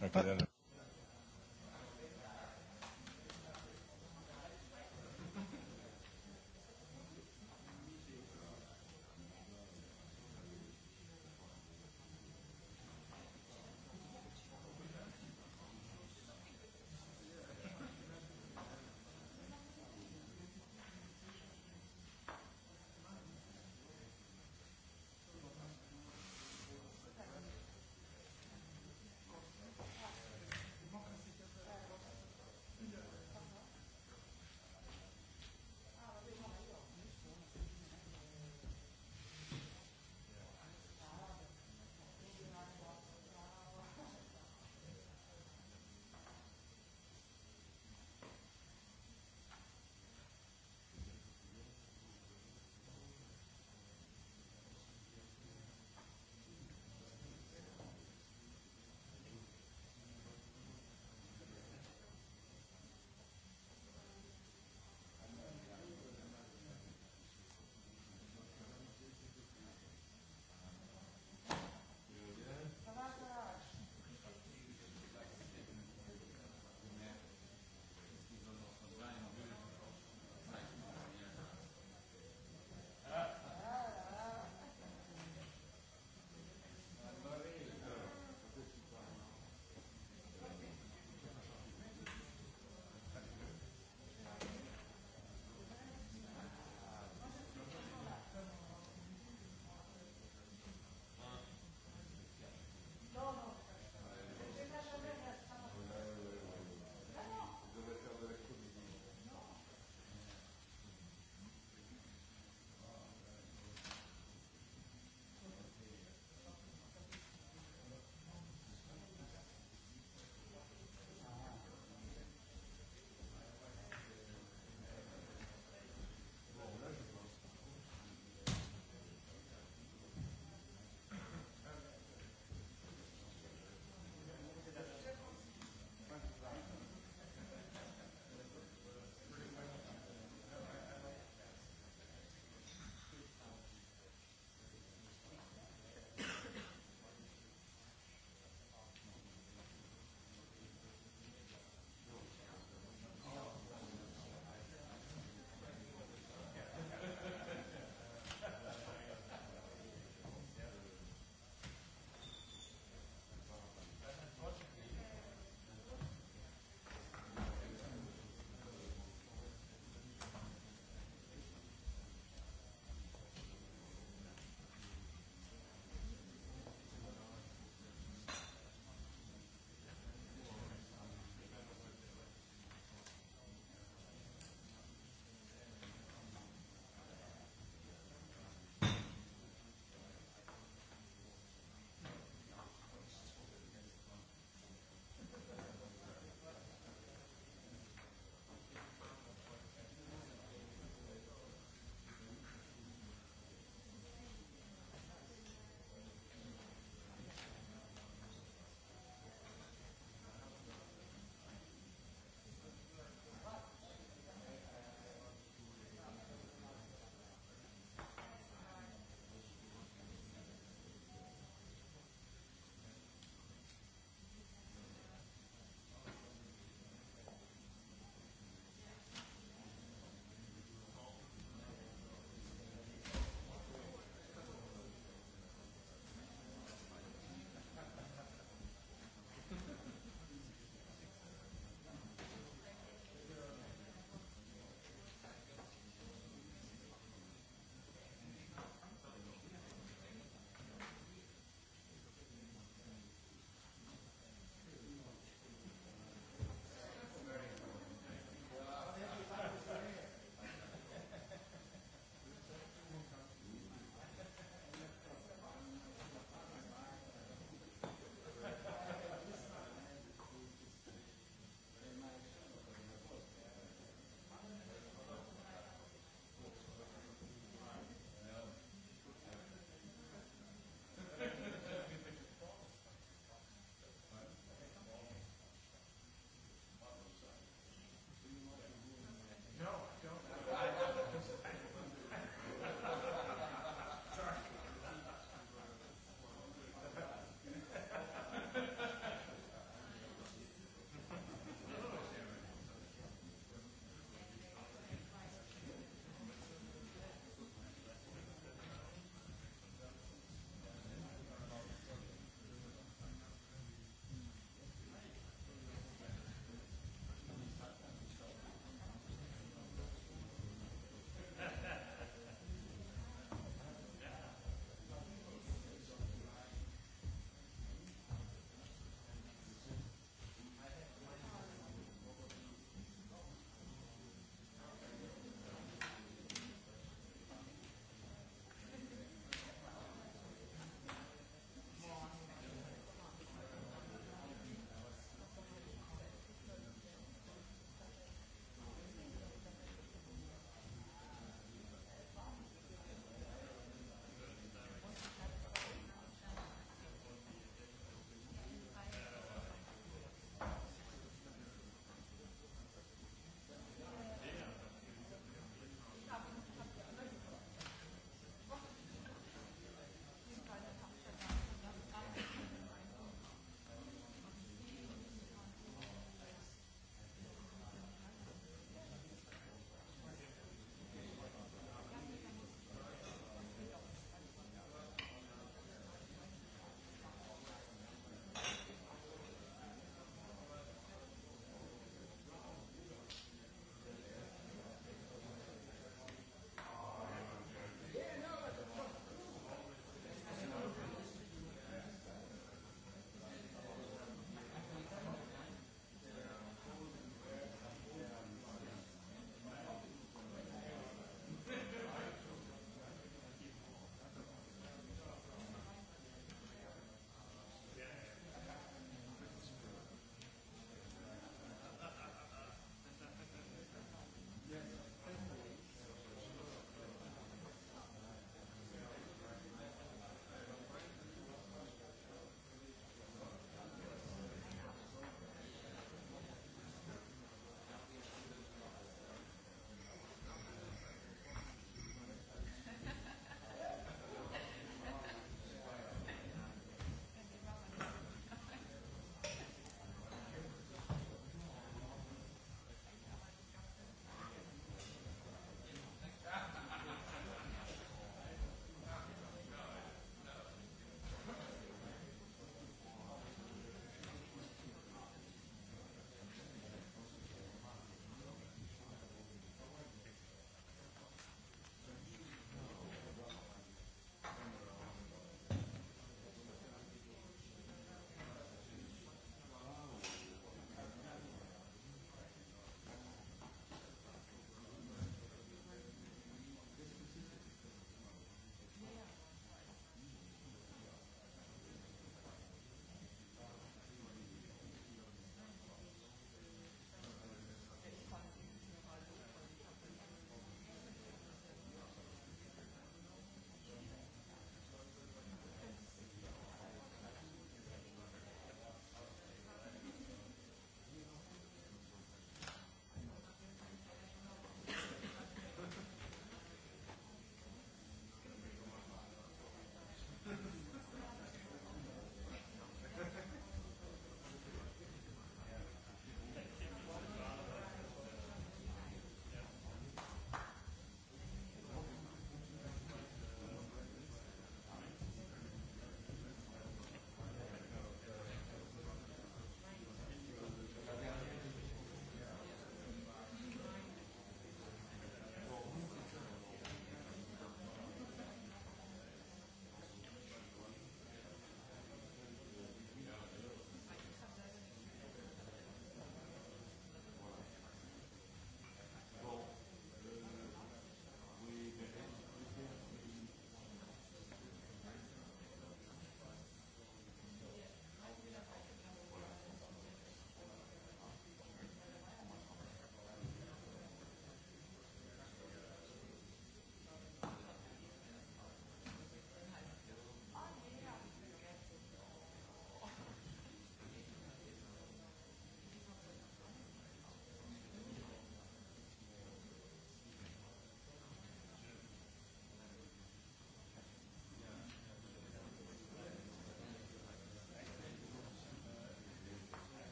Okay, but,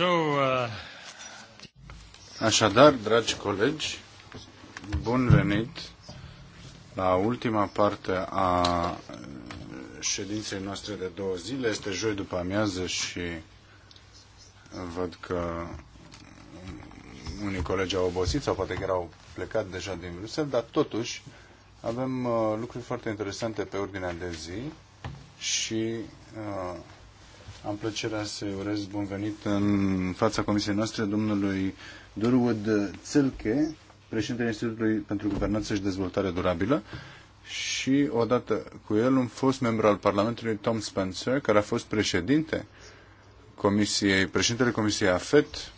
Uh, Așadar, dragi colegi, bun venit la ultima parte a ședinței noastre de două zile. Este joi după amiază și văd că unii colegi au obosit sau poate că au plecat deja din Bruxelles, dar totuși avem uh, lucruri foarte interesante pe ordinea de zi și uh, am plăcerea să urez bun venit în fața comisiei noastre domnului Durwood Țâlche, președintele Institutului pentru Guvernanță și Dezvoltare Durabilă și odată cu el un fost membru al Parlamentului Tom Spencer, care a fost președinte comisiei, președintele comisiei AFET,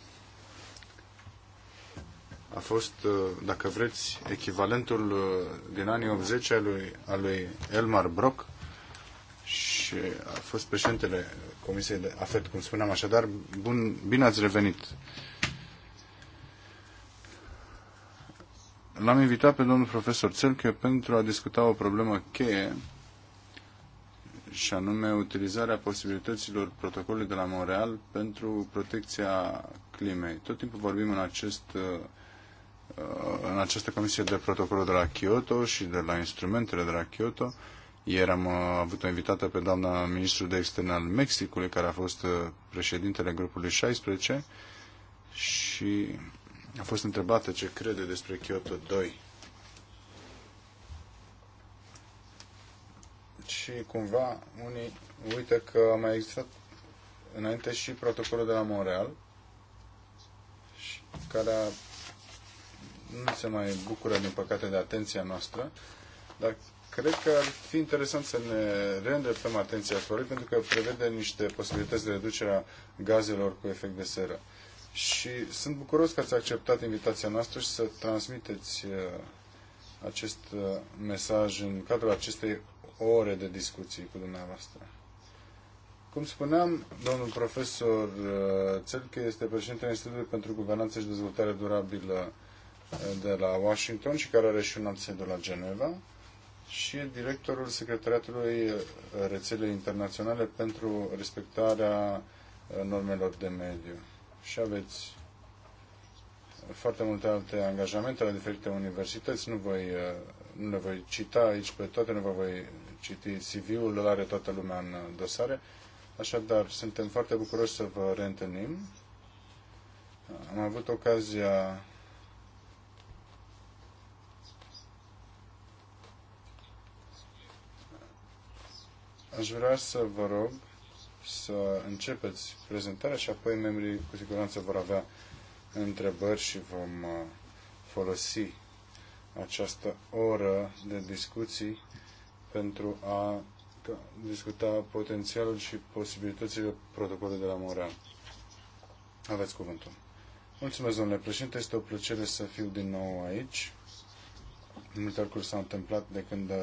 a fost, uh, dacă vreți, echivalentul uh, din anii 80 al lui, al lui Elmar Brock și a fost președintele Comisiei de AFET, cum spuneam așadar. Bun, bine ați revenit! L-am invitat pe domnul profesor Țelche pentru a discuta o problemă cheie și anume utilizarea posibilităților protocolului de la Montreal pentru protecția climei. Tot timpul vorbim în, acest, uh, în această comisie de protocolul de la Kyoto și de la instrumentele de la Kyoto ieri am uh, avut o invitată pe doamna ministru de externe al Mexicului, care a fost uh, președintele grupului 16 și a fost întrebată ce crede despre Kyoto 2. Și cumva unii uită că a mai existat înainte și protocolul de la Montreal, care a, nu se mai bucură, din păcate, de atenția noastră, dar cred că ar fi interesant să ne reîndreptăm atenția spre pentru că prevede niște posibilități de reducere a gazelor cu efect de seră. Și sunt bucuros că ați acceptat invitația noastră și să transmiteți uh, acest uh, mesaj în cadrul acestei ore de discuții cu dumneavoastră. Cum spuneam, domnul profesor uh, Țelche este președintele Institutului pentru Guvernanță și Dezvoltare Durabilă de la Washington și care are și un alt sediu la Geneva și directorul Secretariatului Rețelei Internaționale pentru respectarea uh, normelor de mediu. Și aveți foarte multe alte angajamente la diferite universități, nu, voi, uh, nu le voi cita aici pe toate, nu vă voi citi CV-ul, îl are toată lumea în uh, dosare. Așadar, suntem foarte bucuroși să vă reîntâlnim. Am avut ocazia Aș vrea să vă rog să începeți prezentarea și apoi membrii cu siguranță vor avea întrebări și vom uh, folosi această oră de discuții pentru a discuta potențialul și posibilitățile protocolului de la Montreal. Aveți cuvântul. Mulțumesc, domnule președinte. Este o plăcere să fiu din nou aici. Multe lucruri s-au întâmplat de când uh,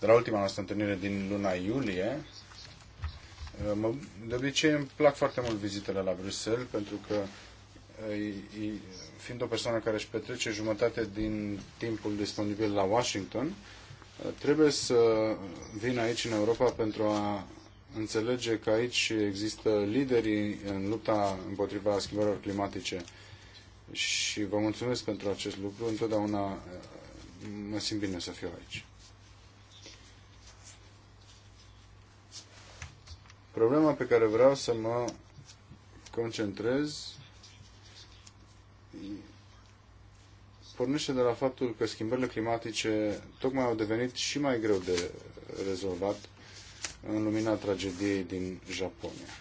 de la ultima noastră întâlnire din luna iulie. Uh, de obicei îmi plac foarte mult vizitele la Bruxelles pentru că uh, fiind o persoană care își petrece jumătate din timpul disponibil la Washington, uh, trebuie să vin aici în Europa pentru a înțelege că aici există liderii în lupta împotriva schimbărilor climatice și vă mulțumesc pentru acest lucru. Întotdeauna mă simt bine să fiu aici. Problema pe care vreau să mă concentrez pornește de la faptul că schimbările climatice tocmai au devenit și mai greu de rezolvat în lumina tragediei din Japonia.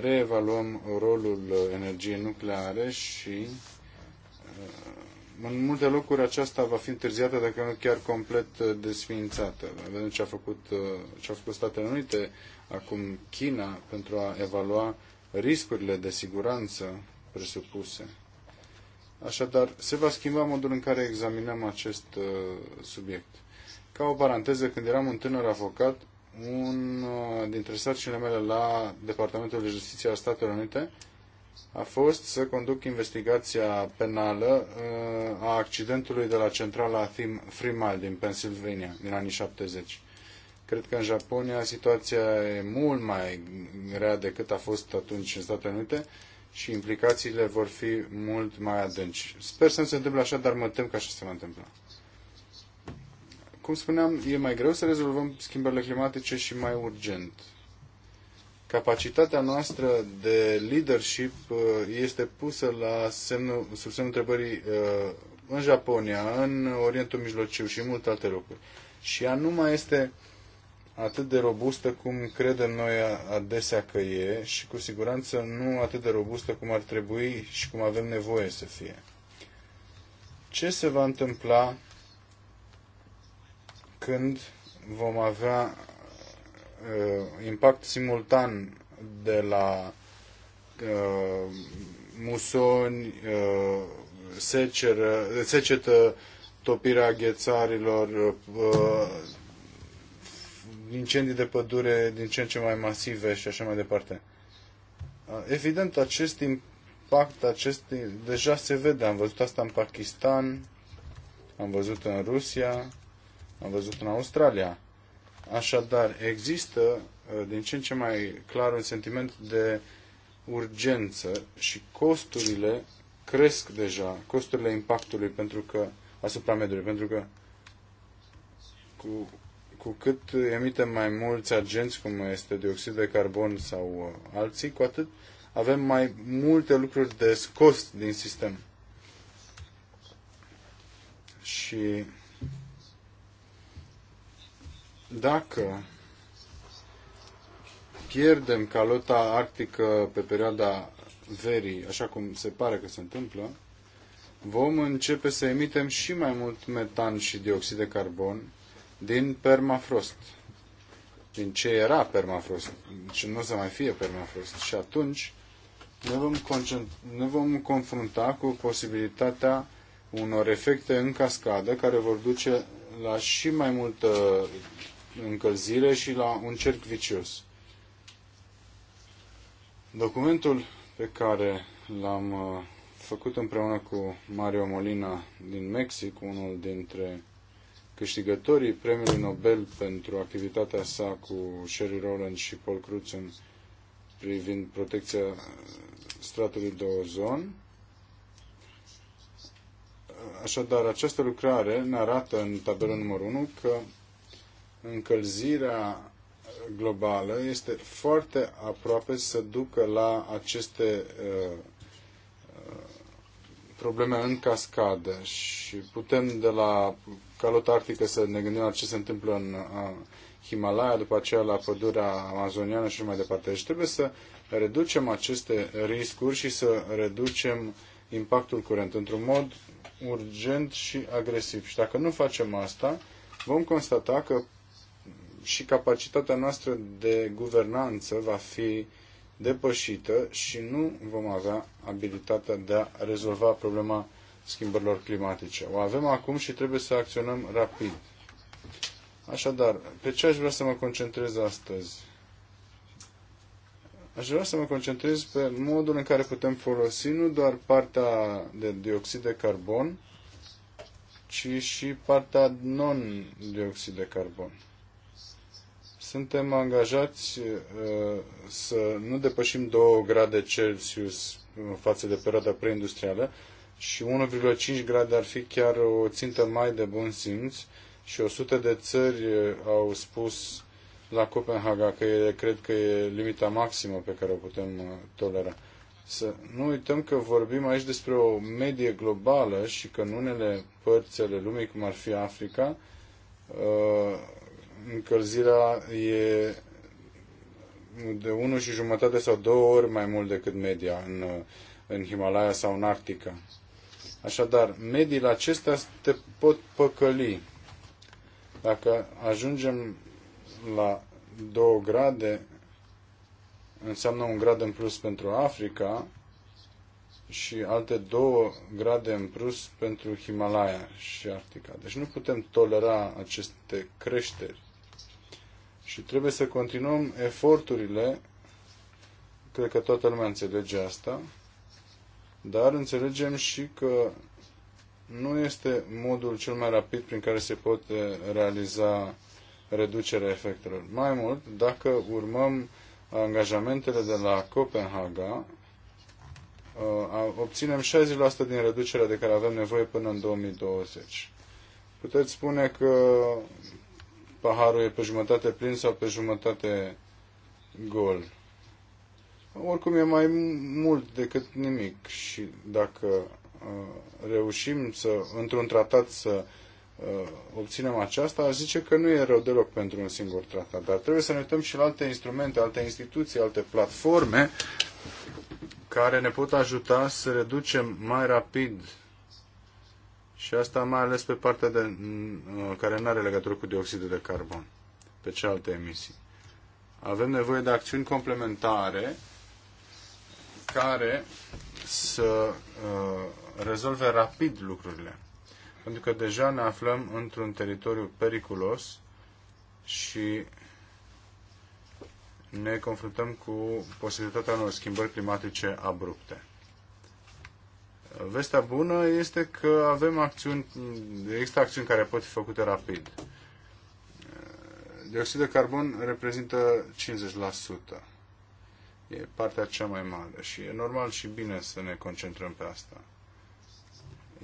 Reevaluăm rolul energiei nucleare și în multe locuri aceasta va fi întârziată, dacă nu chiar complet uh, desființată. Vedem ce a făcut, uh, ce a făcut Statele Unite, acum China, pentru a evalua riscurile de siguranță presupuse. Așadar, se va schimba modul în care examinăm acest uh, subiect. Ca o paranteză, când eram un tânăr avocat, un dintre sarcinile mele la Departamentul de Justiție al Statelor Unite a fost să conduc investigația penală uh, a accidentului de la centrala Frimal din Pennsylvania din anii 70. Cred că în Japonia situația e mult mai grea decât a fost atunci în Statele Unite și implicațiile vor fi mult mai adânci. Sper să nu se întâmple așa, dar mă tem că așa se va întâmpla. Cum spuneam, e mai greu să rezolvăm schimbările climatice și mai urgent capacitatea noastră de leadership uh, este pusă la semnul, sub semnul întrebării uh, în Japonia, în Orientul Mijlociu și în multe alte locuri. Și ea nu mai este atât de robustă cum credem noi adesea că e și cu siguranță nu atât de robustă cum ar trebui și cum avem nevoie să fie. Ce se va întâmpla când vom avea Uh, impact simultan de la uh, musoni, uh, seceră, secetă, topirea ghețarilor, incendii de pădure din ce în ce mai masive și așa mai departe. Evident, acest impact acest, deja se vede. Am văzut asta în Pakistan, am văzut în Rusia, am văzut în Australia. Așadar, există uh, din ce în ce mai clar un sentiment de urgență și costurile cresc deja, costurile impactului pentru că, asupra mediului, pentru că cu, cu cât emitem mai mulți agenți, cum este dioxid de carbon sau uh, alții, cu atât avem mai multe lucruri de scos din sistem. Și dacă pierdem calota arctică pe perioada verii, așa cum se pare că se întâmplă, vom începe să emitem și mai mult metan și dioxid de carbon din permafrost. Din ce era permafrost. Și nu o să mai fie permafrost. Și atunci ne vom, ne vom confrunta cu posibilitatea unor efecte în cascadă care vor duce la și mai multă încălzire și la un cerc vicios. Documentul pe care l-am uh, făcut împreună cu Mario Molina din Mexic, unul dintre câștigătorii premiului Nobel pentru activitatea sa cu Sherry Rowland și Paul Crutzen privind protecția stratului de ozon. Așadar, această lucrare ne arată în tabelul numărul 1 că încălzirea globală este foarte aproape să ducă la aceste uh, probleme în cascadă și putem de la calota arctică să ne gândim la ce se întâmplă în uh, Himalaya, după aceea la pădurea amazoniană și mai departe. Deci trebuie să reducem aceste riscuri și să reducem impactul curent într-un mod urgent și agresiv. Și dacă nu facem asta, vom constata că și capacitatea noastră de guvernanță va fi depășită și nu vom avea abilitatea de a rezolva problema schimbărilor climatice. O avem acum și trebuie să acționăm rapid. Așadar, pe ce aș vrea să mă concentrez astăzi? Aș vrea să mă concentrez pe modul în care putem folosi nu doar partea de dioxid de carbon, ci și partea non-dioxid de carbon. Suntem angajați uh, să nu depășim 2 grade Celsius față de perioada preindustrială și 1,5 grade ar fi chiar o țintă mai de bun simț și 100 de țări uh, au spus la Copenhaga că e, cred că e limita maximă pe care o putem uh, tolera. Să nu uităm că vorbim aici despre o medie globală și că în unele părți ale lumii, cum ar fi Africa, încălzirea e de 1 și jumătate sau două ori mai mult decât media în, în Himalaya sau în Arctica. Așadar, mediile acestea te pot păcăli. Dacă ajungem la 2 grade, înseamnă un grad în plus pentru Africa și alte 2 grade în plus pentru Himalaya și Arctica. Deci nu putem tolera aceste creșteri. Și trebuie să continuăm eforturile, cred că toată lumea înțelege asta, dar înțelegem și că nu este modul cel mai rapid prin care se poate eh, realiza reducerea efectelor. Mai mult, dacă urmăm angajamentele de la Copenhaga, eh, obținem 60% din reducerea de care avem nevoie până în 2020. Puteți spune că paharul e pe jumătate plin sau pe jumătate gol. Oricum e mai mult decât nimic și dacă uh, reușim să, într-un tratat să uh, obținem aceasta, aș zice că nu e rău deloc pentru un singur tratat. Dar trebuie să ne uităm și la alte instrumente, alte instituții, alte platforme care ne pot ajuta să reducem mai rapid și asta mai ales pe partea de, mm, uh, care nu are legătură cu dioxidul de carbon, pe cealaltă emisii. Avem nevoie de acțiuni complementare care să uh, rezolve rapid lucrurile. Pentru că deja ne aflăm într-un teritoriu periculos și ne confruntăm cu posibilitatea unor schimbări climatice abrupte. Vestea bună este că avem acțiuni, există acțiuni care pot fi făcute rapid. Dioxid de carbon reprezintă 50%. E partea cea mai mare și e normal și bine să ne concentrăm pe asta.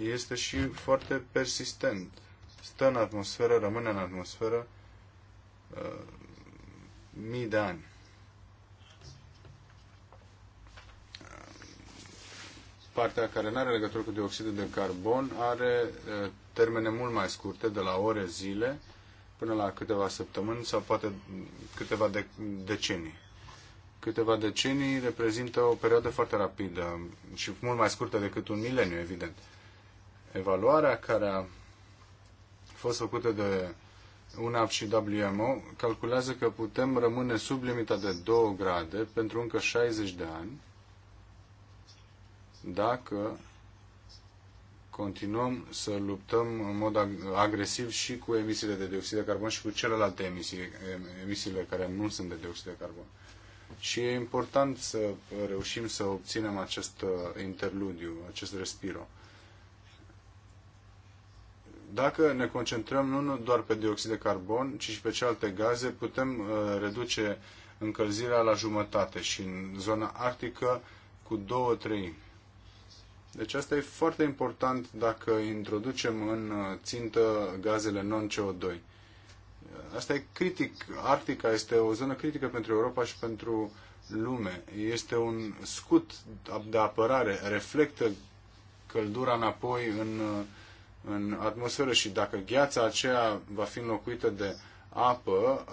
Este și foarte persistent. Stă în atmosferă, rămâne în atmosferă uh, mii de ani. partea care nu are legătură cu dioxidul de carbon are termene mult mai scurte, de la ore, zile, până la câteva săptămâni sau poate câteva de- decenii. Câteva decenii reprezintă o perioadă foarte rapidă și mult mai scurtă decât un mileniu, evident. Evaluarea care a fost făcută de UNAP și WMO calculează că putem rămâne sub limita de 2 grade pentru încă 60 de ani dacă continuăm să luptăm în mod agresiv și cu emisiile de dioxid de carbon și cu celelalte emisii, emisiile care nu sunt de dioxid de carbon. Și e important să reușim să obținem acest uh, interludiu, acest respiro. Dacă ne concentrăm nu doar pe dioxid de carbon, ci și pe celelalte gaze, putem uh, reduce încălzirea la jumătate și în zona arctică cu două treimi. Deci asta e foarte important dacă introducem în uh, țintă gazele non-CO2. Uh, asta e critic. Arctica este o zonă critică pentru Europa și pentru lume. Este un scut de apărare, reflectă căldura înapoi în, uh, în atmosferă și dacă gheața aceea va fi înlocuită de apă,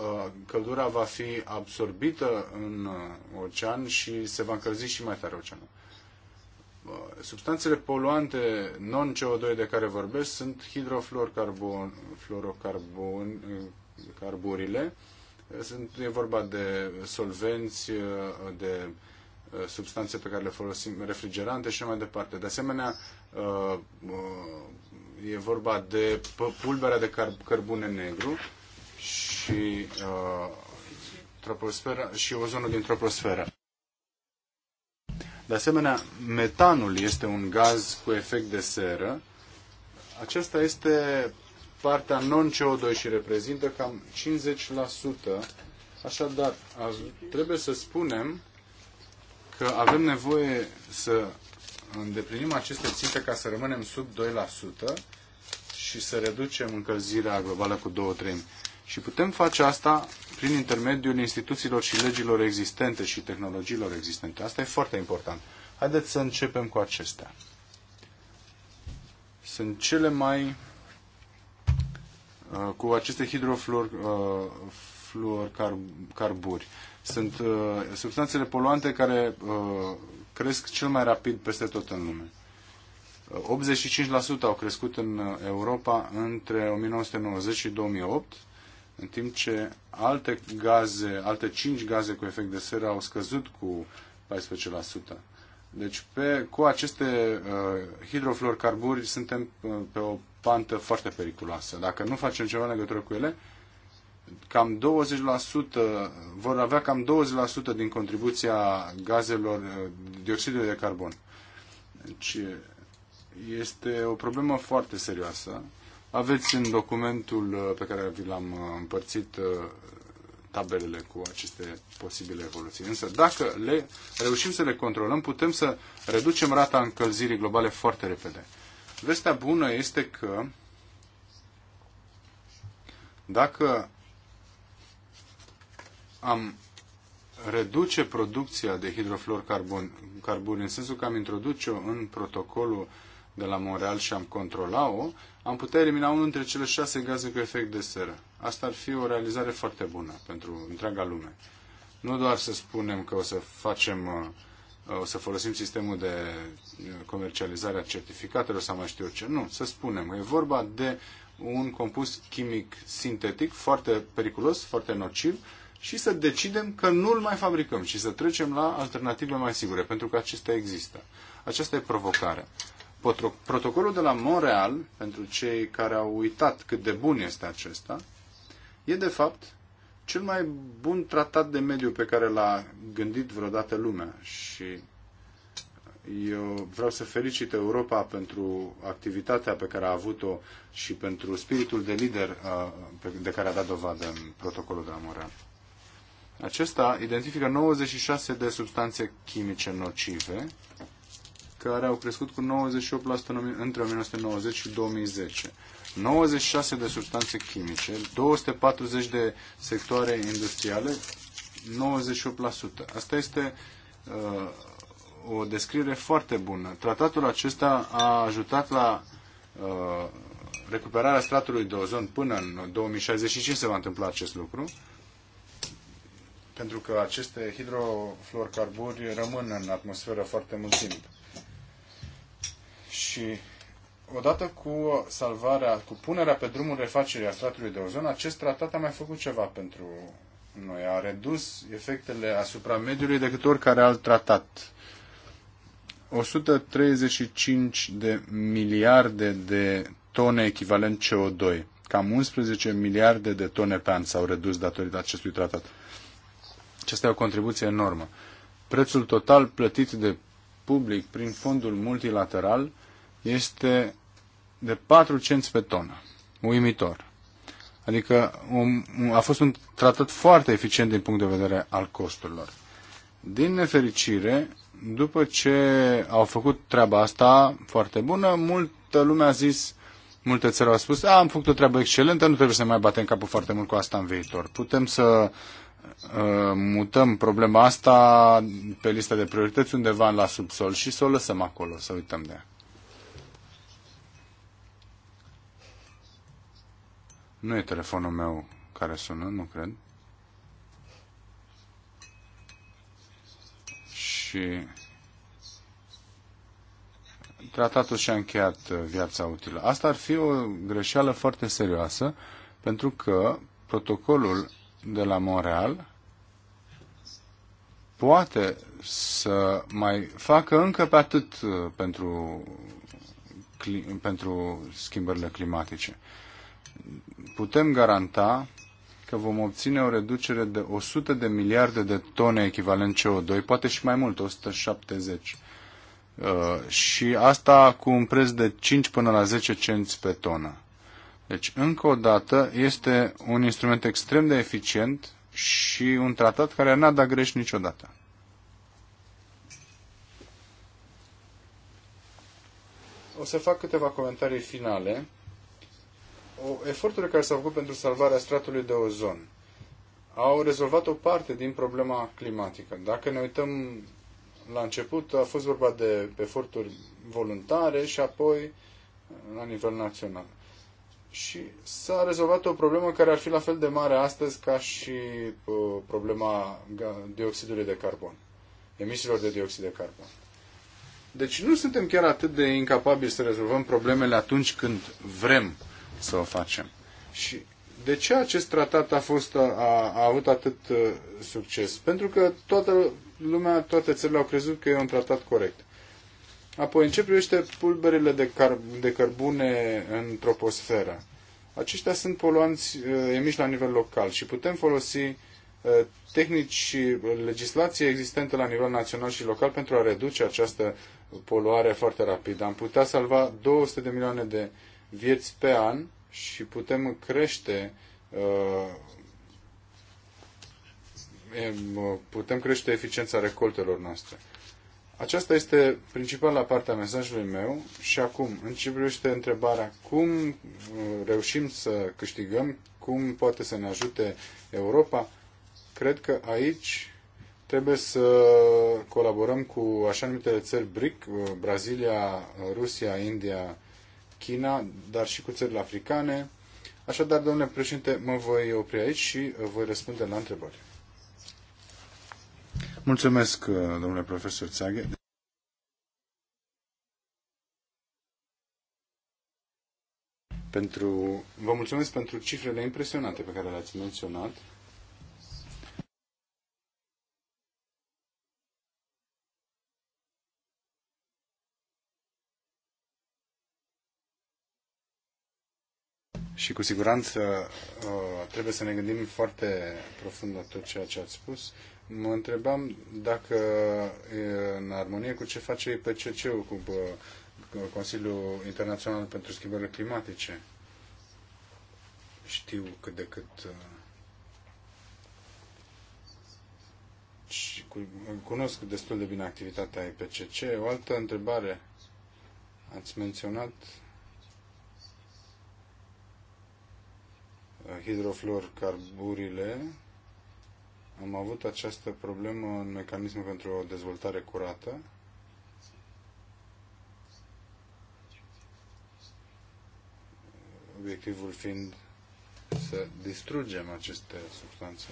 căldura va fi absorbită în ocean și se va încălzi și mai tare oceanul substanțele poluante non-CO2 de care vorbesc sunt hidrofluorocarburile. Sunt, e vorba de solvenți, de substanțe pe care le folosim, refrigerante și mai departe. De asemenea, e vorba de pulberea de cărbune negru și, troposfera, și ozonul din troposferă. De asemenea, metanul este un gaz cu efect de seră. Acesta este partea non-CO2 și reprezintă cam 50%. Așadar, trebuie să spunem că avem nevoie să îndeplinim aceste ținte ca să rămânem sub 2% și să reducem încălzirea globală cu 2-3. Și putem face asta prin intermediul instituțiilor și legilor existente și tehnologiilor existente. Asta e foarte important. Haideți să începem cu acestea. Sunt cele mai uh, cu aceste hidrofluorcarburi. Uh, Sunt uh, substanțele poluante care cresc cel mai rapid peste tot în lume. 85% au crescut în Europa între 1990 și 2008 în timp ce alte gaze, alte 5 gaze cu efect de seră au scăzut cu 14%. Deci pe, cu aceste uh, hidrofluorcarburi suntem uh, pe o pantă foarte periculoasă. Dacă nu facem ceva în legătură cu ele, cam 20% vor avea cam 20% din contribuția gazelor uh, dioxidului de carbon. Deci este o problemă foarte serioasă aveți în documentul uh, pe care vi l-am uh, împărțit uh, tabelele cu aceste posibile evoluții. Însă dacă le reușim să le controlăm, putem să reducem rata încălzirii globale foarte repede. Vestea bună este că dacă am reduce producția de hidrofluorcarbon în sensul că am introduce-o în protocolul de la Montreal și am controla-o, am putea elimina unul dintre cele șase gaze cu efect de seră. Asta ar fi o realizare foarte bună pentru întreaga lume. Nu doar să spunem că o să facem, uh, o să folosim sistemul de uh, comercializare a certificatelor sau mai știu ce. Nu, să spunem. E vorba de un compus chimic sintetic foarte periculos, foarte nociv și să decidem că nu îl mai fabricăm și să trecem la alternative mai sigure, pentru că acestea există. Aceasta e provocarea. Protocolul de la Montreal, pentru cei care au uitat cât de bun este acesta, e de fapt cel mai bun tratat de mediu pe care l-a gândit vreodată lumea și eu vreau să felicit Europa pentru activitatea pe care a avut-o și pentru spiritul de lider uh, de care a dat dovadă în protocolul de la Montreal. Acesta identifică 96 de substanțe chimice nocive care au crescut cu 98% între 1990 și 2010. 96 de substanțe chimice, 240 de sectoare industriale, 98%. Asta este uh, o descriere foarte bună. Tratatul acesta a ajutat la uh, recuperarea stratului de ozon până în 2065 se va întâmpla acest lucru, pentru că aceste hidrofluorcarburi rămân în atmosferă foarte mult timp. Și odată cu salvarea, cu punerea pe drumul refacerii a stratului de ozon, acest tratat a mai făcut ceva pentru noi. A redus efectele asupra mediului decât oricare alt tratat. 135 de miliarde de tone echivalent CO2. Cam 11 miliarde de tone pe an s-au redus datorită acestui tratat. Acesta e o contribuție enormă. Prețul total plătit de public prin fondul multilateral este de 4 cenți pe tonă. Uimitor. Adică a fost un tratat foarte eficient din punct de vedere al costurilor. Din nefericire, după ce au făcut treaba asta foarte bună, multă lume a zis, multe țări au spus, a, am făcut o treabă excelentă, nu trebuie să ne mai batem capul foarte mult cu asta în viitor. Putem să uh, mutăm problema asta pe lista de priorități undeva la subsol și să o lăsăm acolo, să uităm de ea. Nu e telefonul meu care sună, nu cred. Și tratatul și-a încheiat uh, viața utilă. Asta ar fi o greșeală foarte serioasă, pentru că protocolul de la Montreal poate să mai facă încă pe atât uh, pentru, pentru schimbările climatice putem garanta că vom obține o reducere de 100 de miliarde de tone echivalent CO2, poate și mai mult, 170. Uh, și asta cu un preț de 5 până la 10 cenți pe tonă. Deci, încă o dată, este un instrument extrem de eficient și un tratat care n-a dat greș niciodată. O să fac câteva comentarii finale eforturile care s-au făcut pentru salvarea stratului de ozon au rezolvat o parte din problema climatică. Dacă ne uităm la început, a fost vorba de eforturi voluntare și apoi la nivel național. Și s-a rezolvat o problemă care ar fi la fel de mare astăzi ca și uh, problema dioxidului de carbon, emisiilor de dioxid de carbon. Deci nu suntem chiar atât de incapabili să rezolvăm problemele atunci când vrem să o facem. Și de ce acest tratat a, fost, a, a avut atât uh, succes? Pentru că toată lumea, toate țările au crezut că e un tratat corect. Apoi, în ce privește pulberile de, car- de cărbune în troposferă? Aceștia sunt poluanți uh, emiși la nivel local și putem folosi uh, tehnici și legislație existentă la nivel național și local pentru a reduce această poluare foarte rapid. Am putea salva 200 de milioane de vieți pe an și putem crește uh, putem crește eficiența recoltelor noastre. Aceasta este principala parte a mesajului meu și acum, în ce privește întrebarea cum uh, reușim să câștigăm, cum poate să ne ajute Europa, cred că aici trebuie să colaborăm cu așa numitele țări BRIC, uh, Brazilia, Rusia, India China, dar și cu țările africane. Așadar, domnule președinte, mă voi opri aici și uh, voi răspunde la întrebări. Mulțumesc, uh, domnule profesor Țaghe. Pentru, vă mulțumesc pentru cifrele impresionante pe care le-ați menționat. Și cu siguranță uh, trebuie să ne gândim foarte profund la tot ceea ce ați spus. Mă întrebam dacă e în armonie cu ce face IPCC-ul, cu uh, Consiliul Internațional pentru Schimbările Climatice. Știu cât de cât uh, și cunosc destul de bine activitatea IPCC. O altă întrebare. Ați menționat hidrofluorcarburile, am avut această problemă în mecanismul pentru o dezvoltare curată. Obiectivul fiind să distrugem aceste substanțe,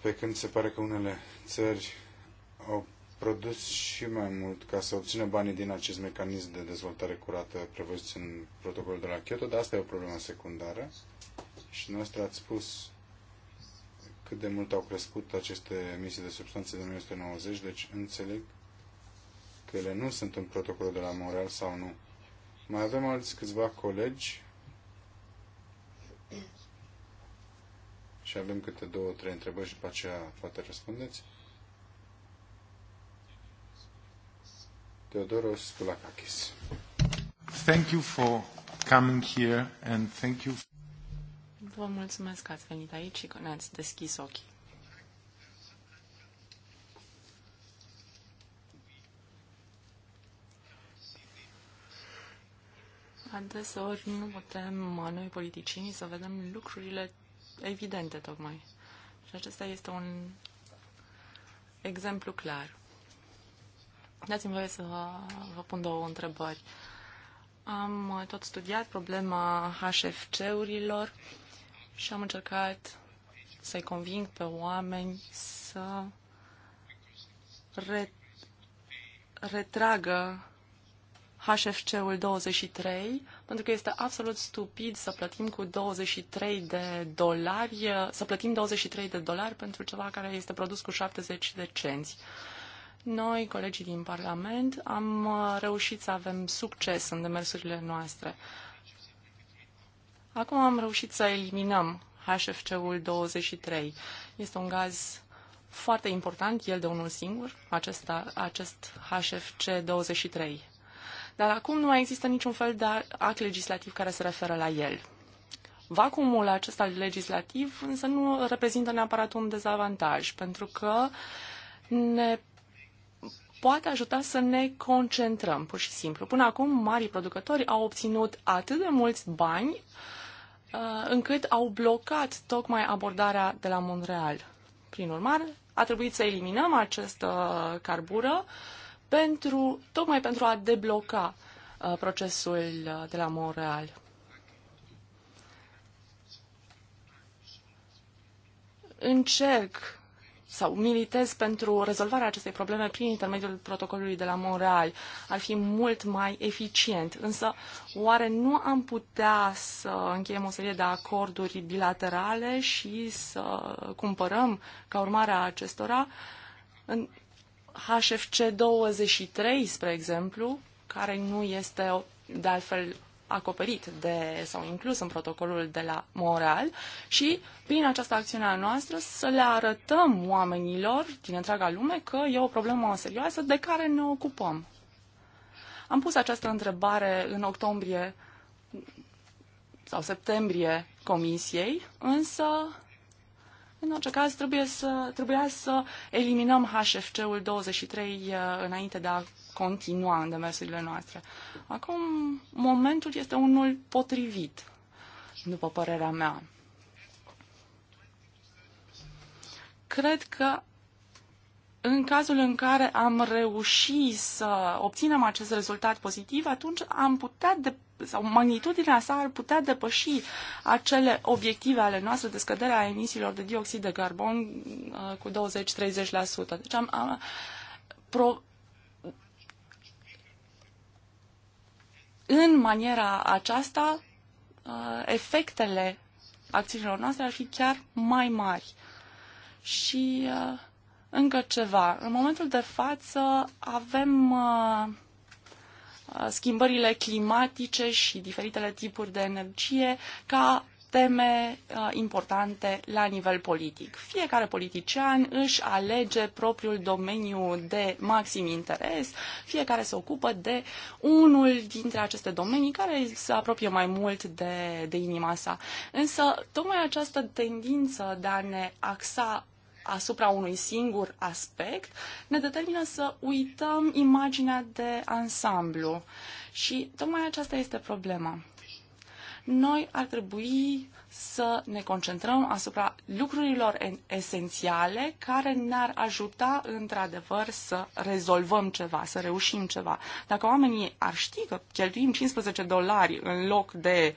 pe când se pare că unele țări au produs și mai mult ca să obțină banii din acest mecanism de dezvoltare curată prevăzut în protocolul de la Kyoto, dar asta e o problemă secundară. Și noastră ați spus cât de mult au crescut aceste emisii de substanțe de 1990, deci înțeleg că ele nu sunt în protocolul de la Montreal sau nu. Mai avem alți câțiva colegi și avem câte două, trei întrebări și după aceea poate răspundeți. Teodoros Koulakakis. Thank you for coming here and thank you Vă mulțumesc că ați venit aici și că ne-ați deschis ochii. Adeseori nu putem noi politicienii să vedem lucrurile evidente tocmai. Și acesta este un exemplu clar. Dați-mi voie să vă pun două întrebări. Am tot studiat problema HFC-urilor și am încercat să-i conving pe oameni să re- retragă HFC-ul 23, pentru că este absolut stupid să plătim cu 23 de dolari, să plătim 23 de dolari pentru ceva care este produs cu 70 de cenți. Noi, colegii din Parlament, am uh, reușit să avem succes în demersurile noastre. Acum am reușit să eliminăm HFC-ul 23. Este un gaz foarte important, el de unul singur, acesta, acest HFC-23. Dar acum nu mai există niciun fel de act legislativ care se referă la el. Vacumul acesta legislativ însă nu reprezintă neapărat un dezavantaj, pentru că ne poate ajuta să ne concentrăm, pur și simplu. Până acum, marii producători au obținut atât de mulți bani uh, încât au blocat tocmai abordarea de la Montreal. Prin urmare, a trebuit să eliminăm această carbură pentru, tocmai pentru a debloca uh, procesul uh, de la Montreal. Încerc sau militez pentru rezolvarea acestei probleme prin intermediul protocolului de la Montreal. Ar fi mult mai eficient. Însă, oare nu am putea să încheiem o serie de acorduri bilaterale și să cumpărăm, ca urmare a acestora, în HFC 23, spre exemplu, care nu este, de altfel, acoperit de, sau inclus în protocolul de la Montreal și prin această acțiune a noastră să le arătăm oamenilor din întreaga lume că e o problemă serioasă de care ne ocupăm. Am pus această întrebare în octombrie sau septembrie comisiei, însă în orice caz trebuie să, trebuia să eliminăm HFC-ul 23 uh, înainte de a continua în demersurile noastre. Acum, momentul este unul potrivit, după părerea mea. Cred că în cazul în care am reușit să obținem acest rezultat pozitiv, atunci am putea de, sau magnitudinea sa ar putea depăși acele obiective ale noastre de scădere a emisiilor de dioxid de carbon uh, cu 20-30%. Deci am, am pro, în maniera aceasta, uh, efectele acțiunilor noastre ar fi chiar mai mari. Și uh, încă ceva. În momentul de față avem uh, schimbările climatice și diferitele tipuri de energie ca teme uh, importante la nivel politic. Fiecare politician își alege propriul domeniu de maxim interes, fiecare se ocupă de unul dintre aceste domenii care se apropie mai mult de, de inima sa. Însă, tocmai această tendință de a ne axa asupra unui singur aspect, ne determină să uităm imaginea de ansamblu. Și tocmai aceasta este problema noi ar trebui să ne concentrăm asupra lucrurilor esențiale care ne-ar ajuta într-adevăr să rezolvăm ceva, să reușim ceva. Dacă oamenii ar ști că cheltuim 15 dolari în loc de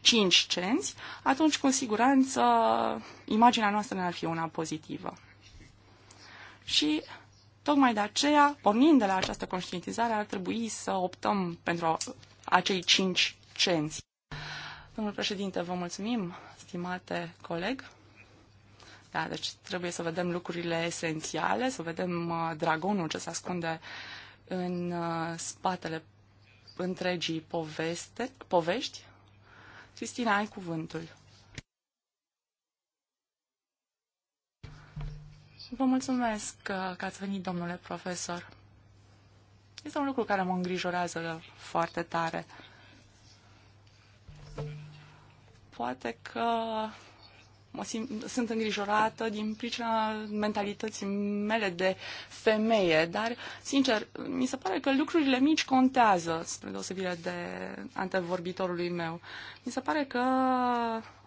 5 cenți, atunci cu siguranță imaginea noastră ne-ar fi una pozitivă. Și tocmai de aceea, pornind de la această conștientizare, ar trebui să optăm pentru acei 5 cenți. Domnul președinte, vă mulțumim, stimate coleg. Da, deci trebuie să vedem lucrurile esențiale, să vedem uh, dragonul ce se ascunde în uh, spatele întregii poveste, povești. Cristina, ai cuvântul. Vă mulțumesc uh, că ați venit, domnule profesor. Este un lucru care mă îngrijorează foarte tare. poate că mă simt, sunt îngrijorată din pricina mentalității mele de femeie, dar, sincer, mi se pare că lucrurile mici contează, spre deosebire de antevorbitorului meu. Mi se pare că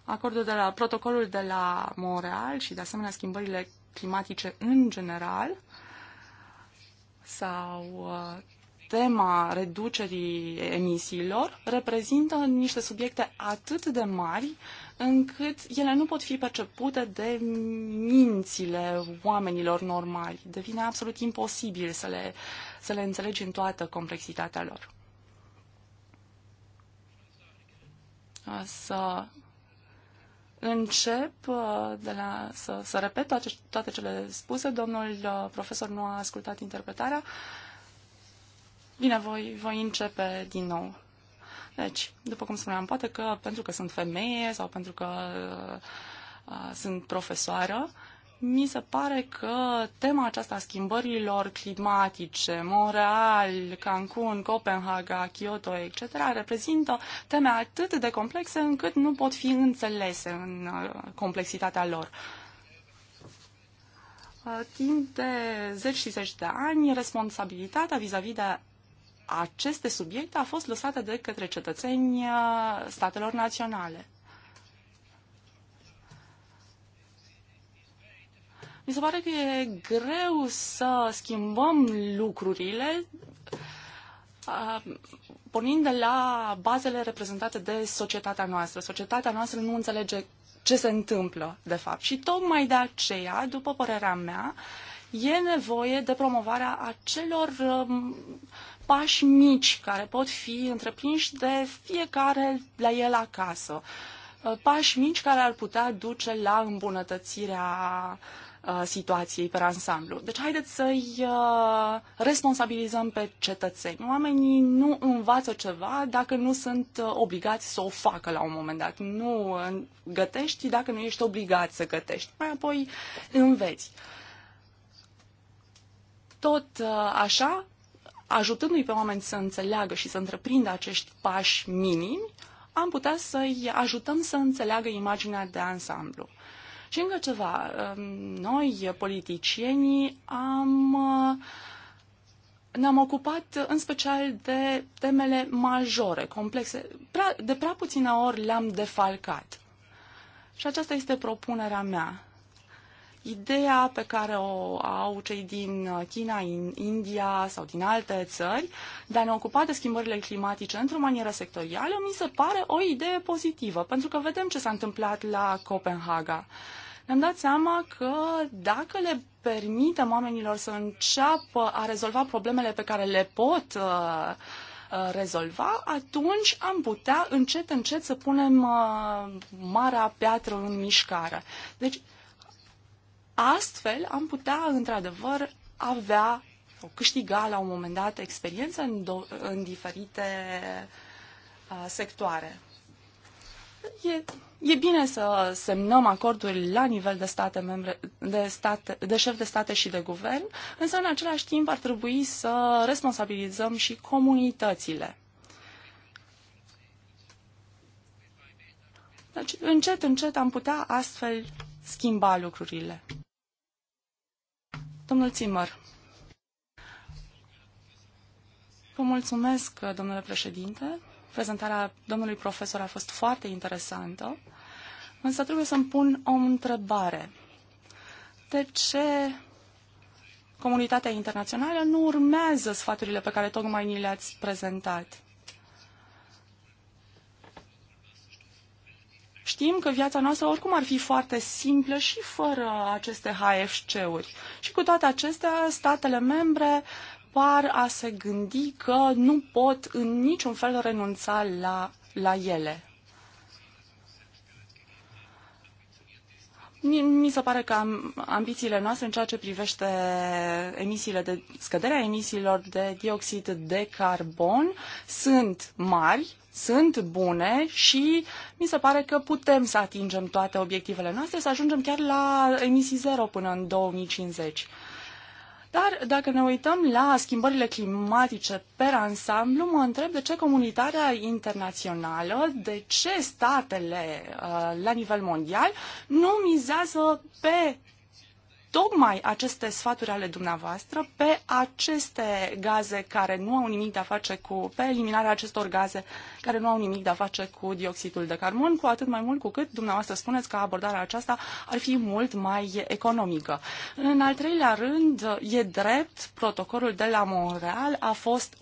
acordul de la, protocolul de la Montreal și, de asemenea, schimbările climatice în general sau uh, tema reducerii emisiilor reprezintă niște subiecte atât de mari încât ele nu pot fi percepute de mințile oamenilor normali. Devine absolut imposibil să le, să le înțelegi în toată complexitatea lor. Să încep uh, de la, să, să repet toate, toate cele spuse. Domnul uh, profesor nu a ascultat interpretarea. Uh, Bine, voi, voi începe din nou. Deci, după cum spuneam, poate că pentru că sunt femeie sau pentru că uh, sunt profesoară, mi se pare că tema aceasta a schimbărilor climatice, Montreal, Cancun, Copenhaga, Kyoto, etc., reprezintă teme atât de complexe încât nu pot fi înțelese în uh, complexitatea lor. Uh, timp de zeci și zeci de ani, responsabilitatea vis-a-vis -vis de aceste subiecte a fost lăsată de către cetățeni uh, statelor naționale. Mi se pare că e greu să schimbăm lucrurile uh, pornind de la bazele reprezentate de societatea noastră. Societatea noastră nu înțelege ce se întâmplă, de fapt. Și tocmai de aceea, după părerea mea, e nevoie de promovarea acelor um, pași mici care pot fi întreprinși de fiecare la el acasă. Uh, pași mici care ar putea duce la îmbunătățirea uh, situației pe ansamblu. Deci haideți să-i uh, responsabilizăm pe cetățeni. Oamenii nu învață ceva dacă nu sunt obligați să o facă la un moment dat. Nu gătești dacă nu ești obligat să gătești. Mai apoi înveți. Tot așa, ajutându-i pe oameni să înțeleagă și să întreprindă acești pași minimi, am putea să-i ajutăm să înțeleagă imaginea de ansamblu. Și încă ceva, um, noi, politicienii, am, uh, ne-am ocupat în special de temele majore, complexe. Prea, de prea puține ori le-am defalcat. Și aceasta este propunerea mea. Ideea pe care o au cei din China, India sau din alte țări de a ne ocupa de schimbările climatice într-o manieră sectorială mi se pare o idee pozitivă, pentru că vedem ce s-a întâmplat la Copenhaga ne-am dat seama că dacă le permitem oamenilor să înceapă a rezolva problemele pe care le pot uh, uh, rezolva, atunci am putea încet, încet să punem uh, marea piatră în mișcare. Deci, Astfel am putea, într-adevăr, avea sau câștiga la un moment dat experiență în, do- în diferite uh, sectoare. E, e bine să semnăm acorduri la nivel de state membre, de, state, de șef de state și de guvern, însă în același timp ar trebui să responsabilizăm și comunitățile. Deci, încet, încet am putea astfel schimba lucrurile. Domnul Zimmer. Vă mulțumesc, domnule președinte. Prezentarea domnului profesor a fost foarte interesantă, însă trebuie să-mi pun o întrebare. De ce comunitatea internațională nu urmează sfaturile pe care tocmai ni le-ați prezentat? Știm că viața noastră oricum ar fi foarte simplă și fără aceste HFC-uri. Și cu toate acestea, statele membre par a se gândi că nu pot în niciun fel renunța la, la ele. Mi se pare că ambițiile noastre în ceea ce privește emisiile de, scăderea emisiilor de dioxid de carbon sunt mari, sunt bune și mi se pare că putem să atingem toate obiectivele noastre, să ajungem chiar la emisii zero până în 2050. Dar dacă ne uităm la schimbările climatice per ansamblu, mă întreb de ce comunitatea internațională, de ce statele uh, la nivel mondial nu mizează pe tocmai aceste sfaturi ale dumneavoastră pe aceste gaze care nu au nimic de a face cu, pe eliminarea acestor gaze care nu au nimic de a face cu dioxidul de carbon, cu atât mai mult cu cât dumneavoastră spuneți că abordarea aceasta ar fi mult mai economică. În al treilea rând, e drept, protocolul de la Montreal a fost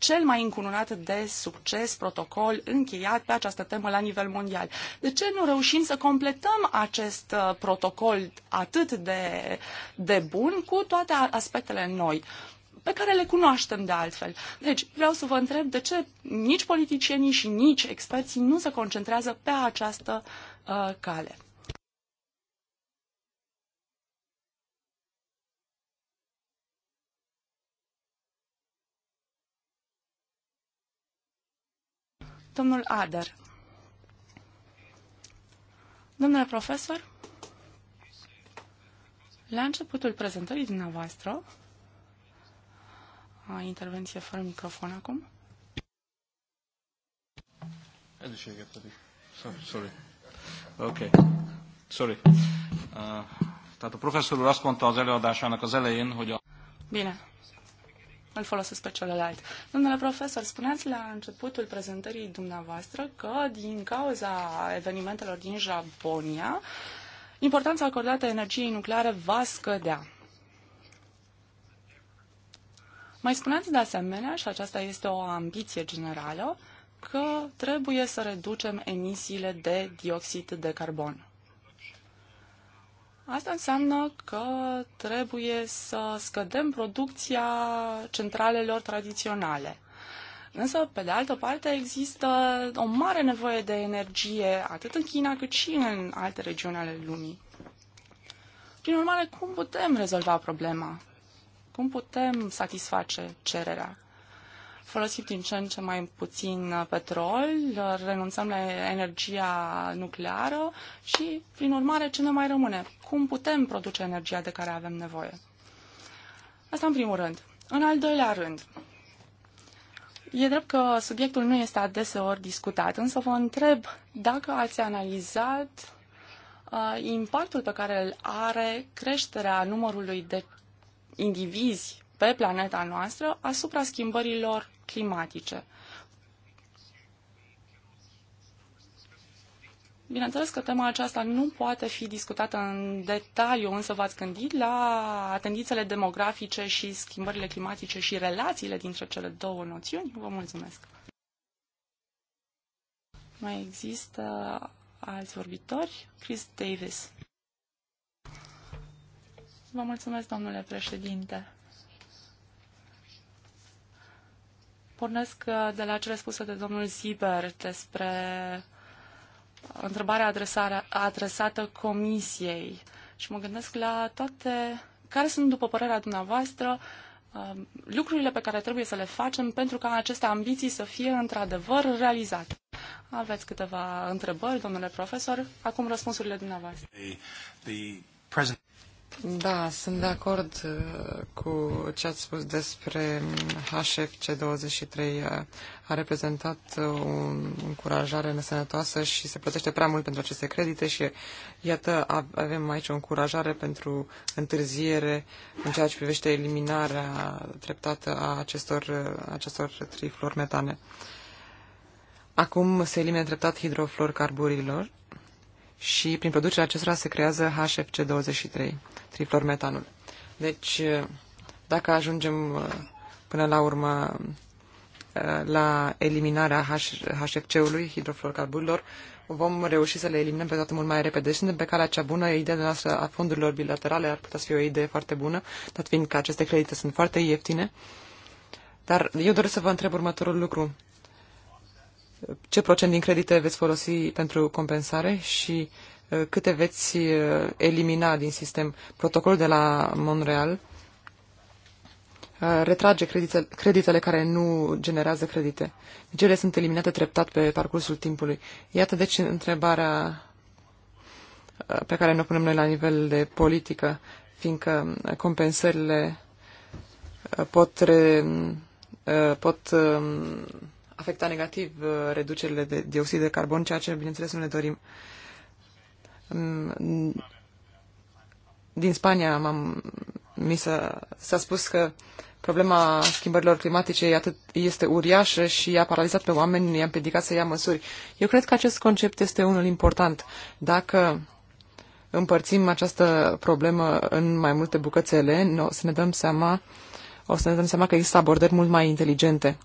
cel mai încununat de succes protocol încheiat pe această temă la nivel mondial. De ce nu reușim să completăm acest uh, protocol atât de, de bun cu toate aspectele noi? pe care le cunoaștem de altfel. Deci, vreau să vă întreb de ce nici politicienii și nici experții nu se concentrează pe această uh, cale. domnul Ader. Domnule profesor, la începutul prezentării dumneavoastră, a intervenție fără microfon acum. Sorry. Okay. Sorry. Uh, tehát a professzor úr azt mondta az előadásának az elején, hogy a... Bine îl folosesc pe celălalt. Domnule profesor, spuneați la începutul prezentării dumneavoastră că din cauza evenimentelor din Japonia, importanța acordată energiei nucleare va scădea. Mai spuneați de asemenea, și aceasta este o ambiție generală, că trebuie să reducem emisiile de dioxid de carbon. Asta înseamnă că trebuie să scădem producția centralelor tradiționale. Însă, pe de altă parte, există o mare nevoie de energie, atât în China cât și în alte regiuni ale lumii. Prin urmare, cum putem rezolva problema? Cum putem satisface cererea? folosim din ce în ce mai puțin uh, petrol, uh, renunțăm la energia nucleară și, prin urmare, ce ne mai rămâne? Cum putem produce energia de care avem nevoie? Asta în primul rând. În al doilea rând, E drept că subiectul nu este adeseori discutat, însă vă întreb dacă ați analizat uh, impactul pe care îl are creșterea numărului de indivizi pe planeta noastră asupra schimbărilor climatice. Bineînțeles că tema aceasta nu poate fi discutată în detaliu, însă v-ați gândit la tendințele demografice și schimbările climatice și relațiile dintre cele două noțiuni? Vă mulțumesc! Mai există alți vorbitori? Chris Davis. Vă mulțumesc, domnule președinte. Pornesc uh, de la cele spuse de domnul Ziber despre întrebarea adresată comisiei și mă gândesc la toate care sunt, după părerea dumneavoastră, uh, lucrurile pe care trebuie să le facem pentru ca aceste ambiții să fie într-adevăr realizate. Aveți câteva întrebări, domnule profesor. Acum răspunsurile dumneavoastră. The, the present... Da, sunt de acord uh, cu ce ați spus despre HFC23. A reprezentat o uh, încurajare nesănătoasă și se plătește prea mult pentru aceste credite și iată, avem aici o încurajare pentru întârziere în ceea ce privește eliminarea treptată a acestor, uh, acestor metane. Acum se elimine treptat hidroflorcarburilor și prin producerea acestora se creează HFC23, triflormetanul. Deci, dacă ajungem până la urmă la eliminarea HFC-ului, hidrofluorocarburilor, vom reuși să le eliminăm pe toată mult mai repede. Suntem pe calea cea bună, ideea noastră a fondurilor bilaterale ar putea să fie o idee foarte bună, dat fiind că aceste credite sunt foarte ieftine. Dar eu doresc să vă întreb următorul lucru ce procent din credite veți folosi pentru compensare și uh, câte veți uh, elimina din sistem. Protocolul de la Montreal uh, retrage creditele, creditele care nu generează credite. Deci ele sunt eliminate treptat pe parcursul timpului. Iată deci întrebarea pe care ne punem noi la nivel de politică, fiindcă compensările pot, re, pot um, afecta negativ uh, reducerile de dioxid de carbon, ceea ce, bineînțeles, nu ne dorim. Mm, mm, din Spania m-am, mi s-a, s-a spus că problema schimbărilor climatice e atât, este uriașă și a paralizat pe oameni, i-a împiedicat să ia măsuri. Eu cred că acest concept este unul important. Dacă împărțim această problemă în mai multe bucățele, o să ne dăm seama, o să ne dăm seama că există abordări mult mai inteligente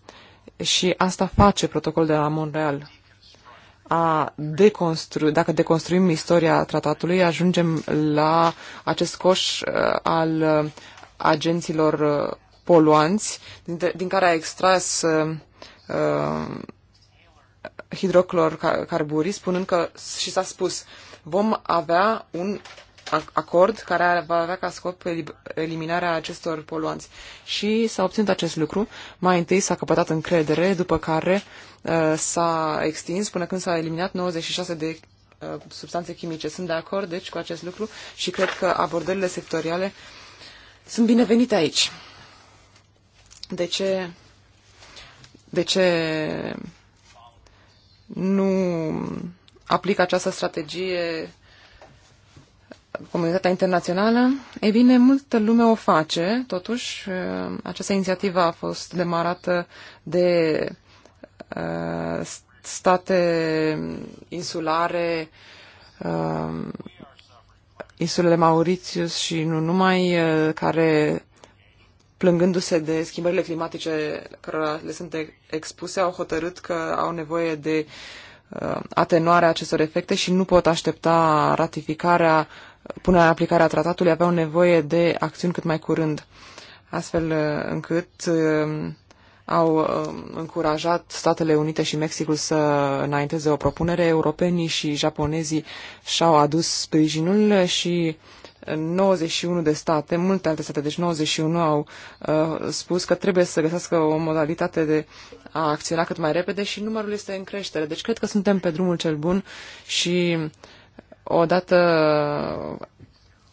și asta face protocolul de la Montreal. A deconstru- dacă deconstruim istoria tratatului, ajungem la acest coș uh, al uh, agenților uh, poluanți, din, din care a extras uh, hidroclorcarburi, spunând că, și s-a spus, vom avea un acord care va avea ca scop eliminarea acestor poluanți. Și s-a obținut acest lucru. Mai întâi s-a căpătat încredere, după care uh, s-a extins până când s-a eliminat 96 de uh, substanțe chimice. Sunt de acord, deci, cu acest lucru și cred că abordările sectoriale sunt binevenite aici. De ce, de ce nu aplic această strategie comunitatea internațională. Ei bine, multă lume o face, totuși uh, această inițiativă a fost demarată de uh, state insulare, uh, insulele Mauritius și nu numai, care plângându-se de schimbările climatice care le sunt expuse, au hotărât că au nevoie de atenuarea acestor efecte și nu pot aștepta ratificarea punerea în aplicare a tratatului aveau nevoie de acțiuni cât mai curând, astfel uh, încât uh, au uh, încurajat Statele Unite și Mexicul să înainteze o propunere. Europenii și japonezii și-au adus sprijinul și 91 de state, multe alte state, deci 91 au uh, spus că trebuie să găsească o modalitate de a acționa cât mai repede și numărul este în creștere. Deci cred că suntem pe drumul cel bun și odată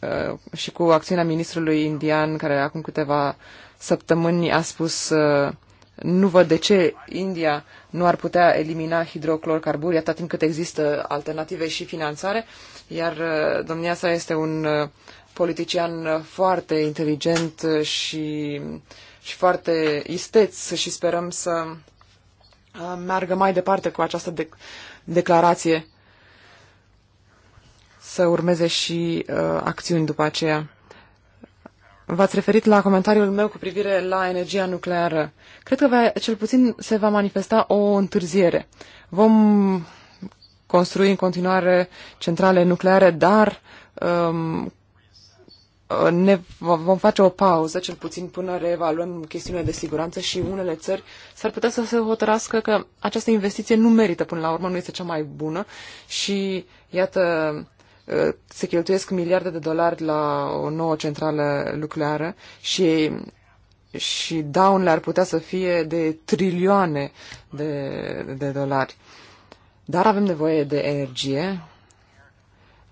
uh, și cu acțiunea ministrului indian, care acum câteva săptămâni a spus uh, nu văd de ce India nu ar putea elimina hidroclorcarburi atât timp cât există alternative și finanțare, iar uh, domnia sa este un politician foarte inteligent și, și foarte isteț și sperăm să meargă mai departe cu această de- declarație să urmeze și uh, acțiuni după aceea. V-ați referit la comentariul meu cu privire la energia nucleară. Cred că va, cel puțin se va manifesta o întârziere. Vom construi în continuare centrale nucleare, dar um, uh, ne vom face o pauză, cel puțin până reevaluăm chestiunile de siguranță și unele țări s-ar putea să se hotărască că această investiție nu merită până la urmă, nu este cea mai bună și iată Uh, se cheltuiesc miliarde de dolari la o nouă centrală nucleară și, și daunele ar putea să fie de trilioane de, de dolari. Dar avem nevoie de energie.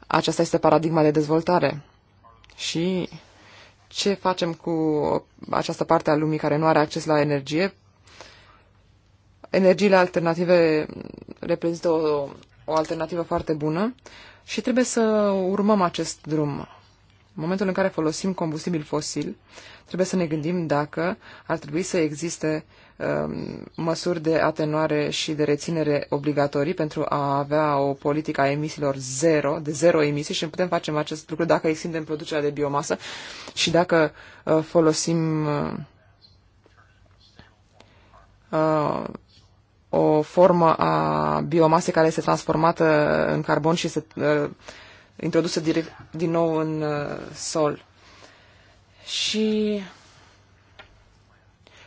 Aceasta este paradigma de dezvoltare. Și ce facem cu această parte a lumii care nu are acces la energie? Energiile alternative reprezintă o, o alternativă foarte bună. Și trebuie să urmăm acest drum. În momentul în care folosim combustibil fosil, trebuie să ne gândim dacă ar trebui să existe um, măsuri de atenuare și de reținere obligatorii pentru a avea o politică a emisiilor zero, de zero emisii și putem face acest lucru dacă extindem producerea de biomasă și dacă uh, folosim uh, uh, o formă a biomasei care este transformată în carbon și este uh, introdusă direct din nou în uh, sol. Și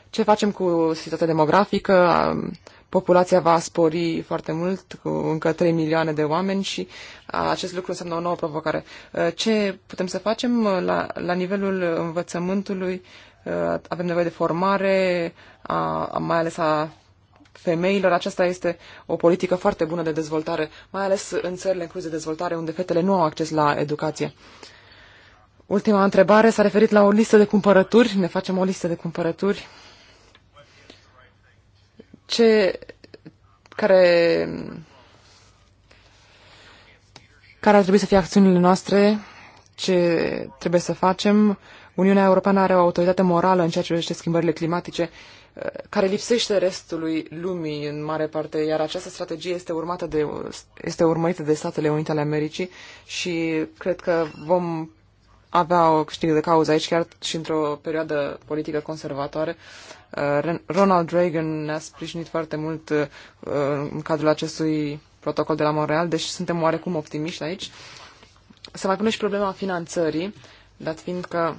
ce facem cu situația demografică? Um, populația va spori foarte mult, cu încă 3 milioane de oameni și uh, acest lucru înseamnă o nouă provocare. Uh, ce putem să facem uh, la, la nivelul învățământului? Avem nevoie de formare, a, mai ales a femeilor. Aceasta este o politică foarte bună de dezvoltare, mai ales în țările în curs de dezvoltare, unde fetele nu au acces la educație. Ultima întrebare s-a referit la o listă de cumpărături. Ne facem o listă de cumpărături. Ce, care, care ar trebui să fie acțiunile noastre? Ce trebuie să facem? Uniunea Europeană are o autoritate morală în ceea ce privește schimbările climatice care lipsește restului lumii în mare parte, iar această strategie este, urmată de, este urmărită de Statele Unite ale Americii și cred că vom avea o câștig de cauză aici, chiar și într-o perioadă politică conservatoare. Uh, Ronald Reagan ne-a sprijinit foarte mult uh, în cadrul acestui protocol de la Montreal, deci suntem oarecum optimiști aici. Se mai pune și problema finanțării, dat fiind că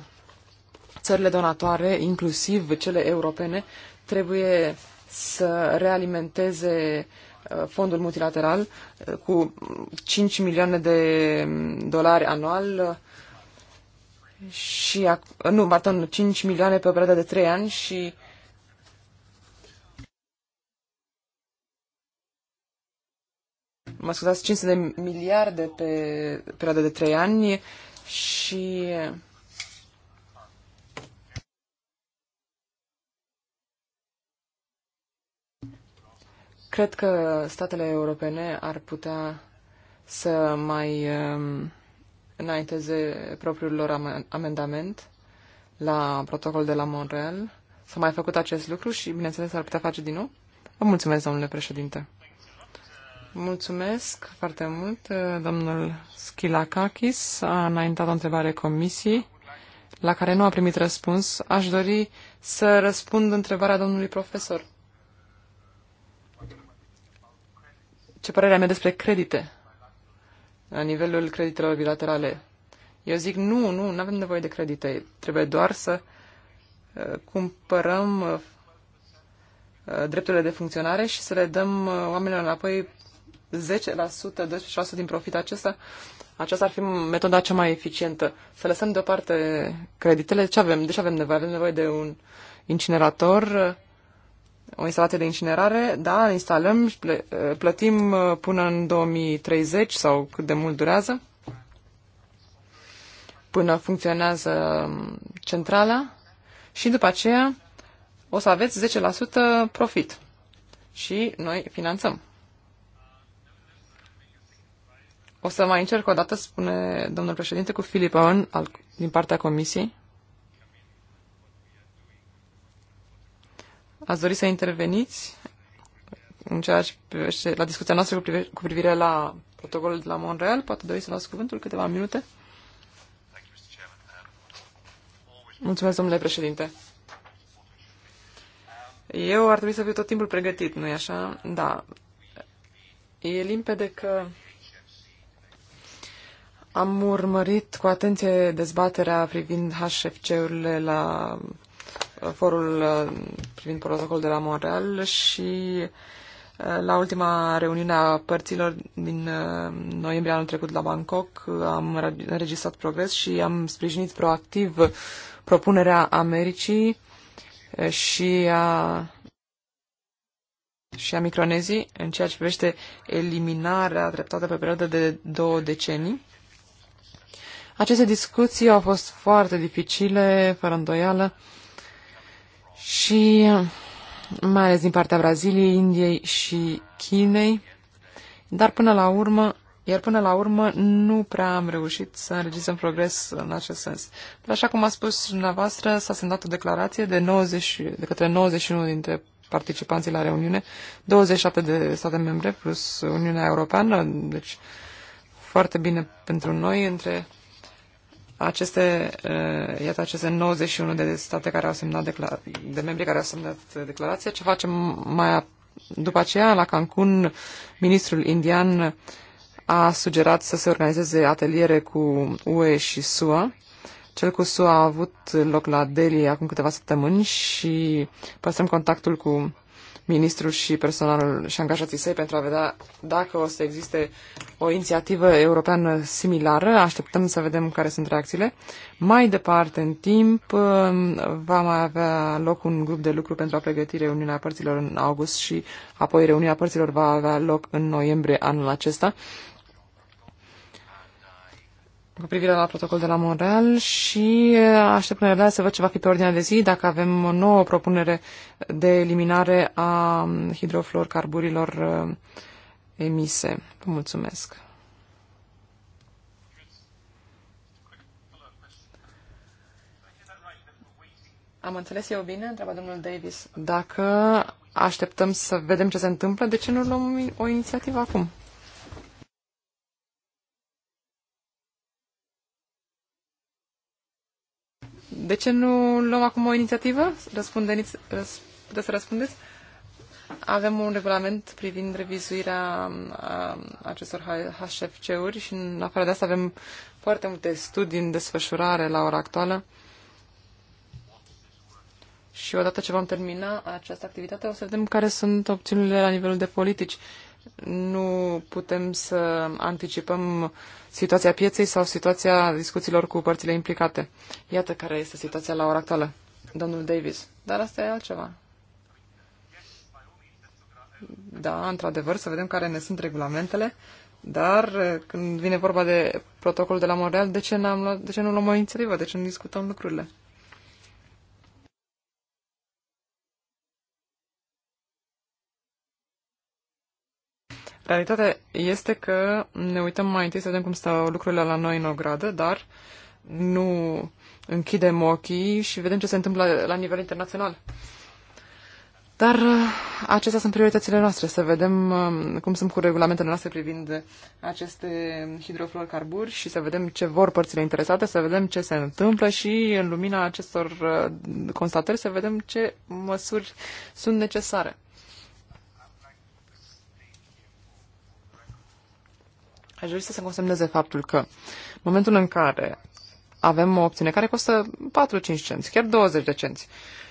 țările donatoare, inclusiv cele europene, trebuie să realimenteze uh, fondul multilateral uh, cu 5 milioane de mm, dolari anual uh, și, nu, pardon, 5 milioane pe o perioadă de 3 ani și mă scuzați, 500 de miliarde pe perioada de 3 ani și Cred că statele europene ar putea să mai um, înainteze propriul lor amendament la protocolul de la Montreal. S-a mai făcut acest lucru și, bineînțeles, ar putea face din nou. Vă mulțumesc, domnule președinte. Mulțumesc foarte mult. Uh, domnul Schilakakis a înaintat o întrebare comisiei la care nu a primit răspuns. Aș dori să răspund întrebarea domnului profesor. ce părerea mea despre credite la nivelul creditelor bilaterale. Eu zic, nu, nu, nu avem nevoie de credite. Trebuie doar să uh, cumpărăm uh, uh, drepturile de funcționare și să le dăm oamenilor înapoi 10%, 12% din profit acesta, aceasta ar fi metoda cea mai eficientă. Să lăsăm deoparte creditele. Ce avem? De deci ce avem nevoie? Avem nevoie de un incinerator o instalație de incinerare, da, instalăm și plătim până în 2030 sau cât de mult durează, până funcționează centrala și după aceea o să aveți 10% profit și noi finanțăm. O să mai încerc o dată, spune domnul președinte, cu Filip Aon, al, din partea comisiei. Ați dori să interveniți în ceea ce privește, la discuția noastră cu, prive, cu privire la protocolul de la Montreal? Poate doriți să luați cuvântul câteva minute? Mulțumesc, domnule președinte. Eu ar trebui să fiu tot timpul pregătit, nu-i așa? Da. E limpede că am urmărit cu atenție dezbaterea privind HFC-urile la forul uh, privind protocolul de la Montreal și uh, la ultima reuniune a părților din uh, noiembrie anul trecut la Bangkok am înregistrat progres și am sprijinit proactiv propunerea Americii și a și a Micronezii în ceea ce privește eliminarea treptată pe perioadă de două decenii. Aceste discuții au fost foarte dificile, fără îndoială, și mai ales din partea Braziliei, Indiei și Chinei, dar până la urmă, iar până la urmă nu prea am reușit să înregistrăm progres în acest sens. Dar așa cum a spus dumneavoastră, s-a semnat o declarație de, 90, de către 91 dintre participanții la reuniune, 27 de state membre plus Uniunea Europeană, deci foarte bine pentru noi, între aceste, uh, iată aceste 91 de state care au semnat de membri care au semnat declarația, ce facem mai după aceea la Cancun, ministrul indian a sugerat să se organizeze ateliere cu UE și SUA. Cel cu SUA a avut loc la Delhi acum câteva săptămâni și păstrăm contactul cu ministrul și personalul și angajații săi pentru a vedea dacă o să existe o inițiativă europeană similară. Așteptăm să vedem care sunt reacțiile. Mai departe, în timp, um, va mai avea loc un grup de lucru pentru a pregăti reuniunea părților în august și apoi reuniunea părților va avea loc în noiembrie anul acesta cu privire la protocol de la Montreal și aștept până la să văd ce va fi pe ordinea de zi, dacă avem o nouă propunere de eliminare a hidrofluorcarburilor uh, emise. Vă mulțumesc. Am înțeles eu bine, întreba domnul Davis. Dacă așteptăm să vedem ce se întâmplă, de ce nu luăm o inițiativă acum? De ce nu luăm acum o inițiativă? Răspundeți, răs, puteți să răspundeți? Avem un regulament privind revizuirea um, acestor HFC-uri și în afară de asta avem foarte multe studii în desfășurare la ora actuală. Și odată ce vom termina această activitate, o să vedem care sunt opțiunile la nivelul de politici. Nu putem să anticipăm uh, situația pieței sau situația discuțiilor cu părțile implicate. Iată care este situația la ora actuală, domnul Davis. Dar asta e altceva. Da, într-adevăr, să vedem care ne sunt regulamentele, dar eh, când vine vorba de protocolul de la Montreal, de ce, n-am luat, de ce nu luăm o inițiativă, de ce nu discutăm lucrurile? Realitatea este că ne uităm mai întâi să vedem cum stau lucrurile la noi în ogradă, dar nu închidem ochii și vedem ce se întâmplă la nivel internațional. Dar uh, acestea sunt prioritățile noastre, să vedem uh, cum sunt cu regulamentele noastre privind aceste hidrofluorcarburi și să vedem ce vor părțile interesate, să vedem ce se întâmplă și în lumina acestor uh, constatări să vedem ce măsuri sunt necesare. Aș dori să se consemneze faptul că în momentul în care avem o opțiune care costă 4-5 cenți, chiar 20 de cenți,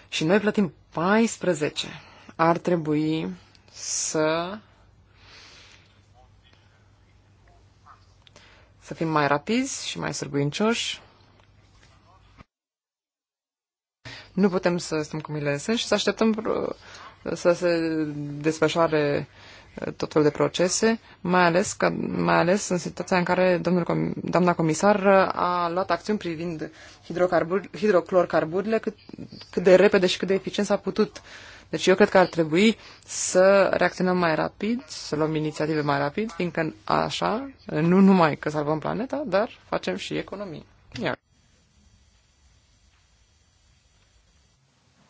și noi plătim 14, ar trebui să să fim mai rapizi și mai sârguincioși. Nu putem să stăm cu milele în sân și să așteptăm uh, să se desfășoare uh, tot felul de procese, mai ales, că, mai ales în situația în care domnul, doamna comisar uh, a luat acțiuni privind hidroclorcarburile cât, cât de repede și cât de eficient s-a putut. Deci eu cred că ar trebui să reacționăm mai rapid, să luăm inițiative mai rapid, fiindcă așa, nu numai că salvăm planeta, dar facem și economii. Iar.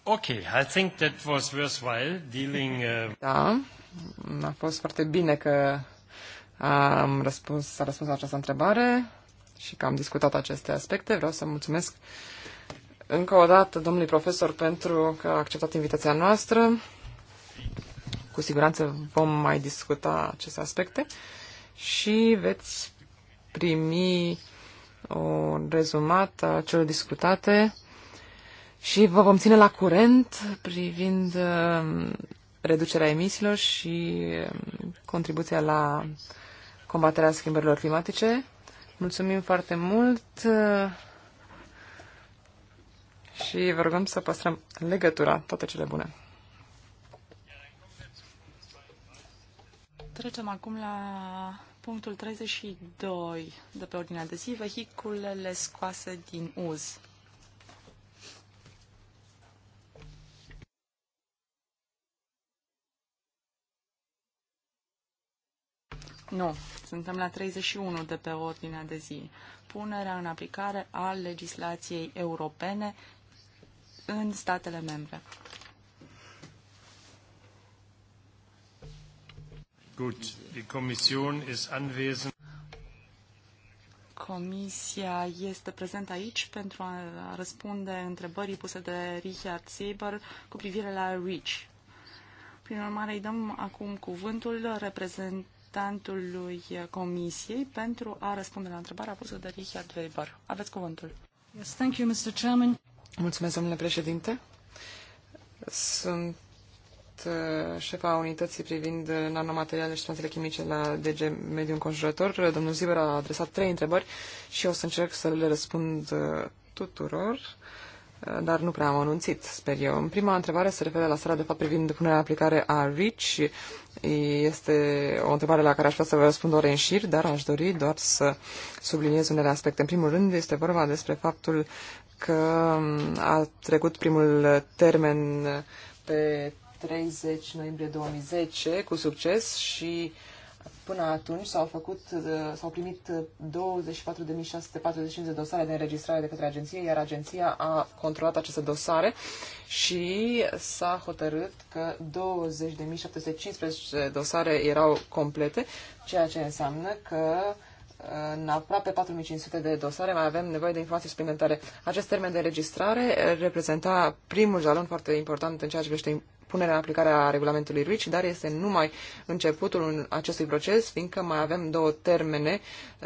Okay, I think that was worthwhile dealing. Uh... Da, a fost foarte bine că am răspuns, s-a răspuns la această întrebare și că am discutat aceste aspecte. Vreau să mulțumesc încă o dată domnului profesor pentru că a acceptat invitația noastră. Cu siguranță vom mai discuta aceste aspecte și veți primi un rezumat a celor discutate și vă vom ține la curent privind reducerea emisiilor și um, contribuția la combaterea schimbărilor climatice. Mulțumim foarte mult uh, și vă rugăm să păstrăm legătura. Toate cele bune! Trecem acum la punctul 32 de pe ordinea de zi, vehiculele scoase din uz. Nu, suntem la 31 de pe ordinea de zi. Punerea în aplicare a legislației europene în statele membre. Gut, die Kommission ist anwesend. Comisia este prezentă aici pentru a răspunde întrebării puse de Richard Sieber cu privire la REACH. Prin urmare, îi dăm acum cuvântul reprezent reprezentantului Comisiei pentru a răspunde la întrebarea pusă de Richard Weber. Aveți cuvântul. Yes, thank you, Mr. Chairman. Mulțumesc, domnule președinte. Sunt uh, șefa unității privind nanomateriale și substanțele chimice la DG Mediu Înconjurător. Domnul Ziber a adresat trei întrebări și o să încerc să le răspund uh, tuturor. Uh, Eh, dar nu prea am anunțit, sper eu. În prima întrebare se referă la starea de fapt privind punerea aplicare a RICH. Este o întrebare la care aș vrea să vă răspund ore în șir, dar aș dori doar să subliniez unele aspecte. În primul rând este vorba despre faptul că mm, a trecut primul termen pe 30 noiembrie 2010 cu succes și uh, Până atunci s-au făcut, uh, s-au primit 24.645 uh, de dosare de înregistrare de către agenție, iar agenția a controlat aceste dosare și s-a hotărât că 20.715 dosare erau complete, ceea ce înseamnă că uh, în aproape 4500 de dosare mai avem nevoie de informații suplimentare. Acest termen de registrare reprezenta primul jalon foarte important în ceea ce privește punerea în aplicare a regulamentului RICI, dar este numai începutul acestui proces, fiindcă mai avem două termene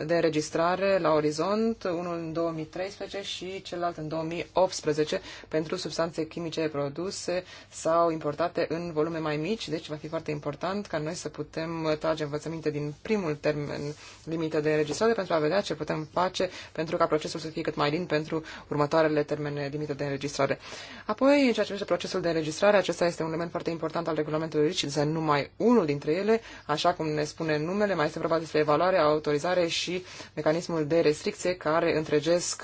de înregistrare la orizont, unul în 2013 și celălalt în 2018 pentru substanțe chimice produse sau importate în volume mai mici, deci va fi foarte important ca noi să putem trage învățăminte din primul termen limită de înregistrare pentru a vedea ce putem face pentru ca procesul să fie cât mai lin pentru următoarele termene limită de înregistrare. Apoi, în ceea ce privește procesul de înregistrare, acesta este un element foarte important al regulamentului RICI, însă numai unul dintre ele, așa cum ne spune numele, mai este vorba despre evaluare, autorizare și mecanismul de restricție care întregesc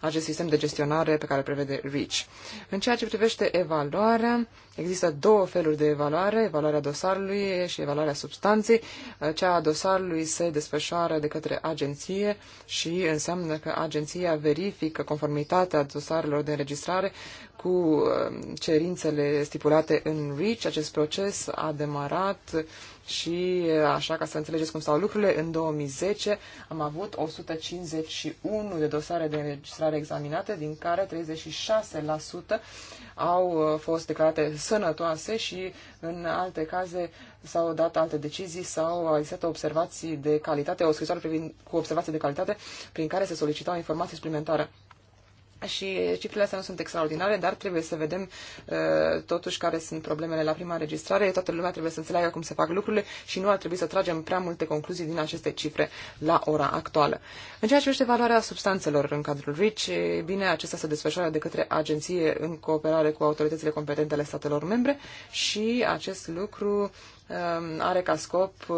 acest sistem de gestionare pe care prevede Rich. În ceea ce privește evaluarea, Există două feluri de evaluare, evaluarea dosarului și evaluarea substanței. Cea a dosarului se desfășoară de către agenție și înseamnă că agenția verifică conformitatea dosarelor de înregistrare cu uh, cerințele stipulate în REACH. Acest proces a demarat și așa ca să înțelegeți cum stau lucrurile, în 2010 am avut 151 de dosare de înregistrare examinate, din care 36% au uh, fost declarate sănătoase și în alte caze s-au dat alte decizii sau au existat observații de calitate, o scrisoare privind, cu observații de calitate prin care se solicitau informații suplimentare și cifrele astea nu sunt extraordinare, dar trebuie să vedem uh, totuși care sunt problemele la prima înregistrare. Toată lumea trebuie să înțeleagă cum se fac lucrurile și nu ar trebui să tragem prea multe concluzii din aceste cifre la ora actuală. În ceea ce privește valoarea substanțelor în cadrul RIC, bine, acesta se desfășoară de către agenție în cooperare cu autoritățile competente ale statelor membre și acest lucru uh, Um, are ca scop um,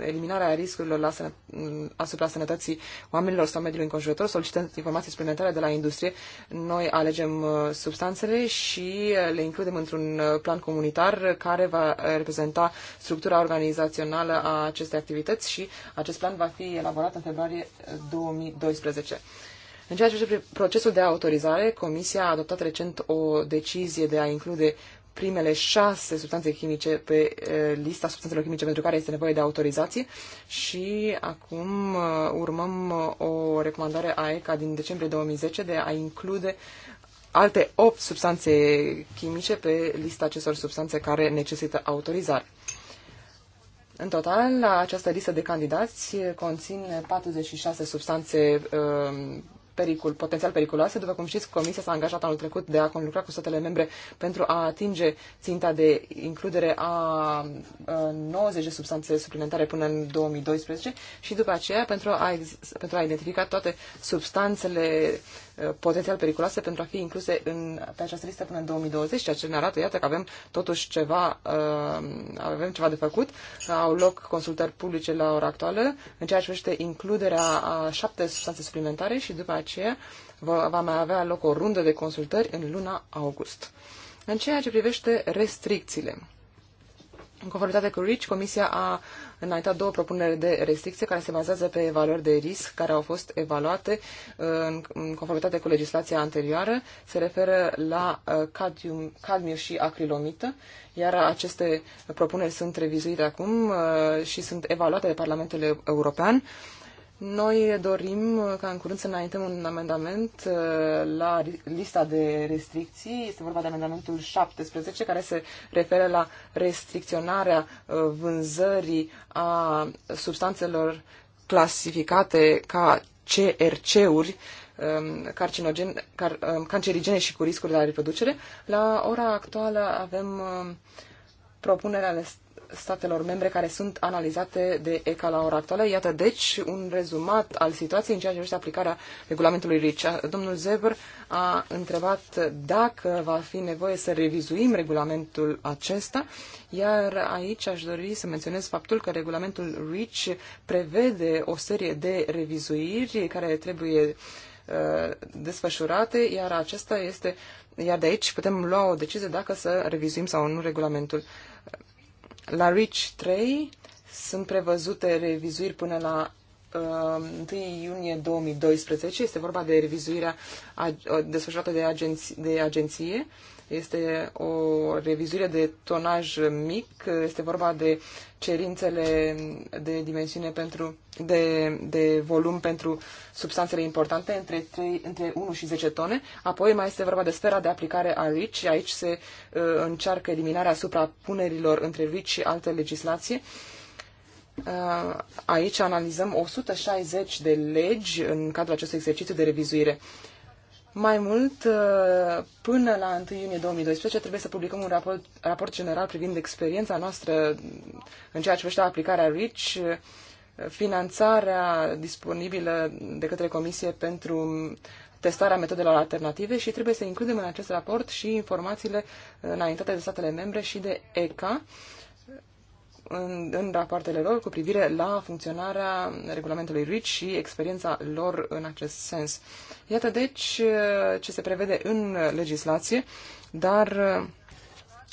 eliminarea riscurilor la sănă, mm, asupra sănătății oamenilor sau mediului înconjurător, solicitând informații suplimentare de la industrie. Noi alegem uh, substanțele și uh, le includem într-un uh, plan comunitar care va reprezenta structura organizațională a acestei activități și acest plan va fi elaborat în februarie 2012. În ceea ce privește procesul de autorizare, Comisia a adoptat recent o decizie de a include primele șase substanțe chimice pe lista substanțelor chimice pentru care este nevoie de autorizație și acum urmăm o recomandare a ECA din decembrie 2010 de a include alte 8 substanțe chimice pe lista acestor substanțe care necesită autorizare. În total, această listă de candidați conține 46 substanțe uh, pericul, potențial periculoase. După cum știți, Comisia s-a angajat anul trecut de a conlucra cu statele membre pentru a atinge ținta de includere a 90 de substanțe suplimentare până în 2012 și după aceea pentru a, pentru a identifica toate substanțele Uh, potențial periculoase pentru a fi incluse în, pe această listă până în 2020, ceea ce ne arată, iată, că avem totuși ceva, uh, avem ceva de făcut. Au loc consultări publice la ora actuală în ceea ce privește includerea a șapte substanțe suplimentare și după aceea va mai avea loc o rundă de consultări în luna august. În ceea ce privește restricțiile, în conformitate cu RICH, Comisia a înaintat două propuneri de restricție care se bazează pe valori de risc care au fost evaluate uh, în conformitate cu legislația anterioară. Se referă la uh, cadmium, cadmiu și acrilomită, iar aceste propuneri sunt revizuite acum uh, și sunt evaluate de Parlamentul European. Noi dorim ca în curând să înaintăm un amendament uh, la lista de restricții. Este vorba de amendamentul 17 care se referă la restricționarea uh, vânzării a substanțelor clasificate ca CRC-uri um, um, cancerigene și cu riscuri de la reproducere. La ora actuală avem uh, propunerea statelor membre care sunt analizate de ECA la ora actuală. Iată, deci, un rezumat al situației în ceea ce privește aplicarea regulamentului RICI. Domnul Zebr a întrebat dacă va fi nevoie să revizuim regulamentul acesta, iar aici aș dori să menționez faptul că regulamentul RICI prevede o serie de revizuiri care trebuie uh, desfășurate, iar acesta este iar de aici putem lua o decizie dacă să revizuim sau nu regulamentul. La RICH 3 sunt prevăzute revizuiri până la uh, 1 iunie 2012. Este vorba de revizuirea desfășurată de, agenț- de agenție este o revizuire de tonaj mic, este vorba de cerințele de dimensiune pentru, de, de volum pentru substanțele importante între, 3, între 1 și 10 tone. Apoi mai este vorba de sfera de aplicare a RICI. Aici se uh, încearcă eliminarea suprapunerilor între RICI și alte legislații. Uh, aici analizăm 160 de legi în cadrul acestui exercițiu de revizuire. Mai mult, uh, până la 1 iunie 2012 trebuie să publicăm un raport, raport general privind experiența noastră în ceea ce privește aplicarea RICH, uh, finanțarea disponibilă de către Comisie pentru testarea metodelor alternative și trebuie să includem în acest raport și informațiile înaintate de statele membre și de ECA în, în rapoartele lor cu privire la funcționarea regulamentului RIC și experiența lor în acest sens. Iată deci ce se prevede în legislație, dar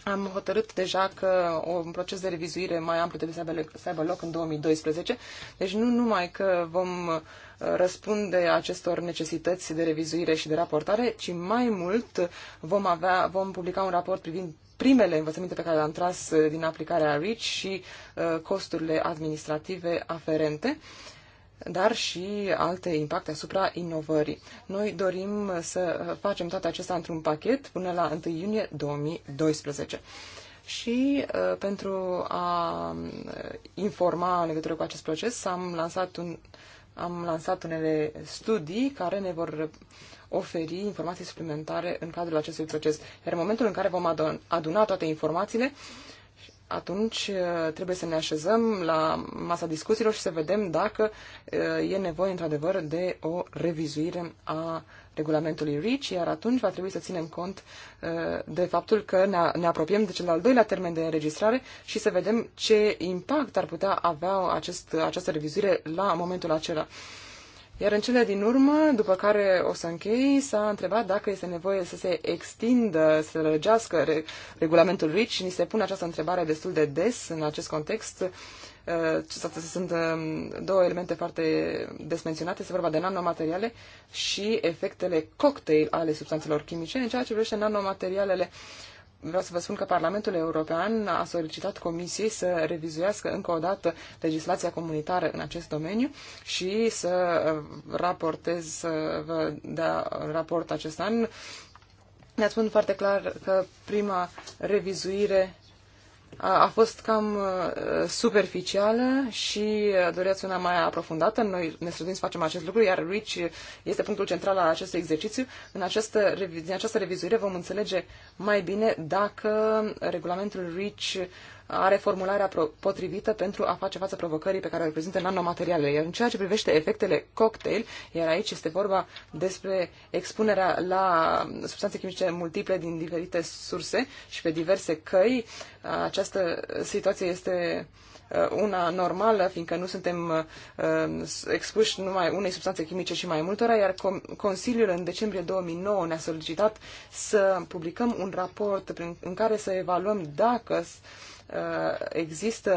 am hotărât deja că un proces de revizuire mai amplu trebuie să aibă, să aibă loc în 2012, deci nu numai că vom uh, răspunde acestor necesități de revizuire și de raportare, ci mai mult vom, avea, vom publica un raport privind primele învățăminte pe care le-am tras uh, din aplicarea REACH și uh, costurile administrative aferente dar și alte impacte asupra inovării. Noi dorim uh, să facem toate acestea într-un pachet până la 1 iunie 2012 și uh, pentru a um, informa în legătură cu acest proces am lansat, un, am lansat unele studii care ne vor oferi informații suplimentare în cadrul acestui proces. Iar în momentul în care vom aduna toate informațiile, atunci uh, trebuie să ne așezăm la masa discuțiilor și să vedem dacă uh, e nevoie într-adevăr de o revizuire a regulamentului REACH, iar atunci va trebui să ținem cont uh, de faptul că ne apropiem de cel al doilea termen de înregistrare și să vedem ce impact ar putea avea acest, această revizuire la momentul acela. Iar în cele din urmă, după care o să închei, s-a întrebat dacă este nevoie să se extindă, să răgească re- regulamentul RICI. Ni se pune această întrebare destul de des în acest context. Uh, sunt um, două elemente foarte desmenționate. Se vorba de nanomateriale și efectele cocktail ale substanțelor chimice. În ceea ce privește nanomaterialele, vreau să vă spun că Parlamentul European a solicitat Comisiei să revizuiască încă o dată legislația comunitară în acest domeniu și să uh, raportez, să vă dea raport acest an. Ne spun foarte clar că prima revizuire a fost cam uh, superficială și uh, doreați una mai aprofundată. Noi ne străduim să facem acest lucru, iar RICH este punctul central al acestui exercițiu. În această, din această revizuire vom înțelege mai bine dacă regulamentul RICH are formularea potrivită pentru a face față provocării pe care o reprezintă nanomaterialele. Iar în ceea ce privește efectele cocktail, iar aici este vorba despre expunerea la substanțe chimice multiple din diferite surse și pe diverse căi, această situație este uh, una normală, fiindcă nu suntem uh, expuși numai unei substanțe chimice și mai multora, iar Consiliul în decembrie 2009 ne-a solicitat să publicăm un raport prin, în care să evaluăm dacă Uh, există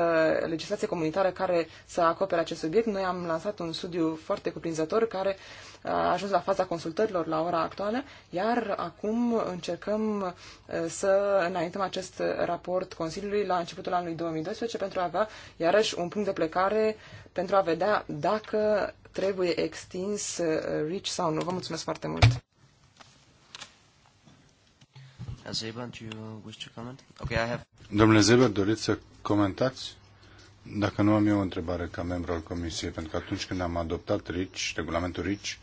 legislație comunitară care să acopere acest subiect. Noi am lansat un studiu foarte cuprinzător care uh, a ajuns la faza consultărilor la ora actuală, iar acum încercăm uh, să înaintăm acest raport Consiliului la începutul anului 2012 pentru a avea iarăși un punct de plecare pentru a vedea dacă trebuie extins REACH sau nu. Vă mulțumesc foarte mult! do you wish to comment? Okay, I have... Domnule Zeber, doriți să comentați? Dacă nu am eu o întrebare ca membru al Comisiei, pentru că atunci când am adoptat RICI, regulamentul RICI,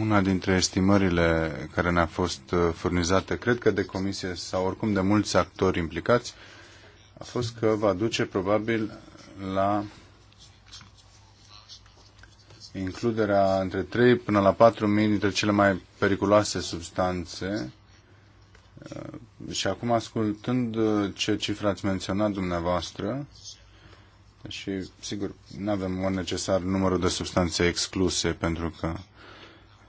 una dintre estimările care ne-a fost uh, furnizate, cred că de comisie sau oricum de mulți actori implicați, a fost că va duce probabil la includerea între 3 până la 4 mii dintre cele mai periculoase substanțe. Uh, și acum, ascultând uh, ce cifre ați menționat dumneavoastră, și sigur, nu avem necesar numărul de substanțe excluse, pentru că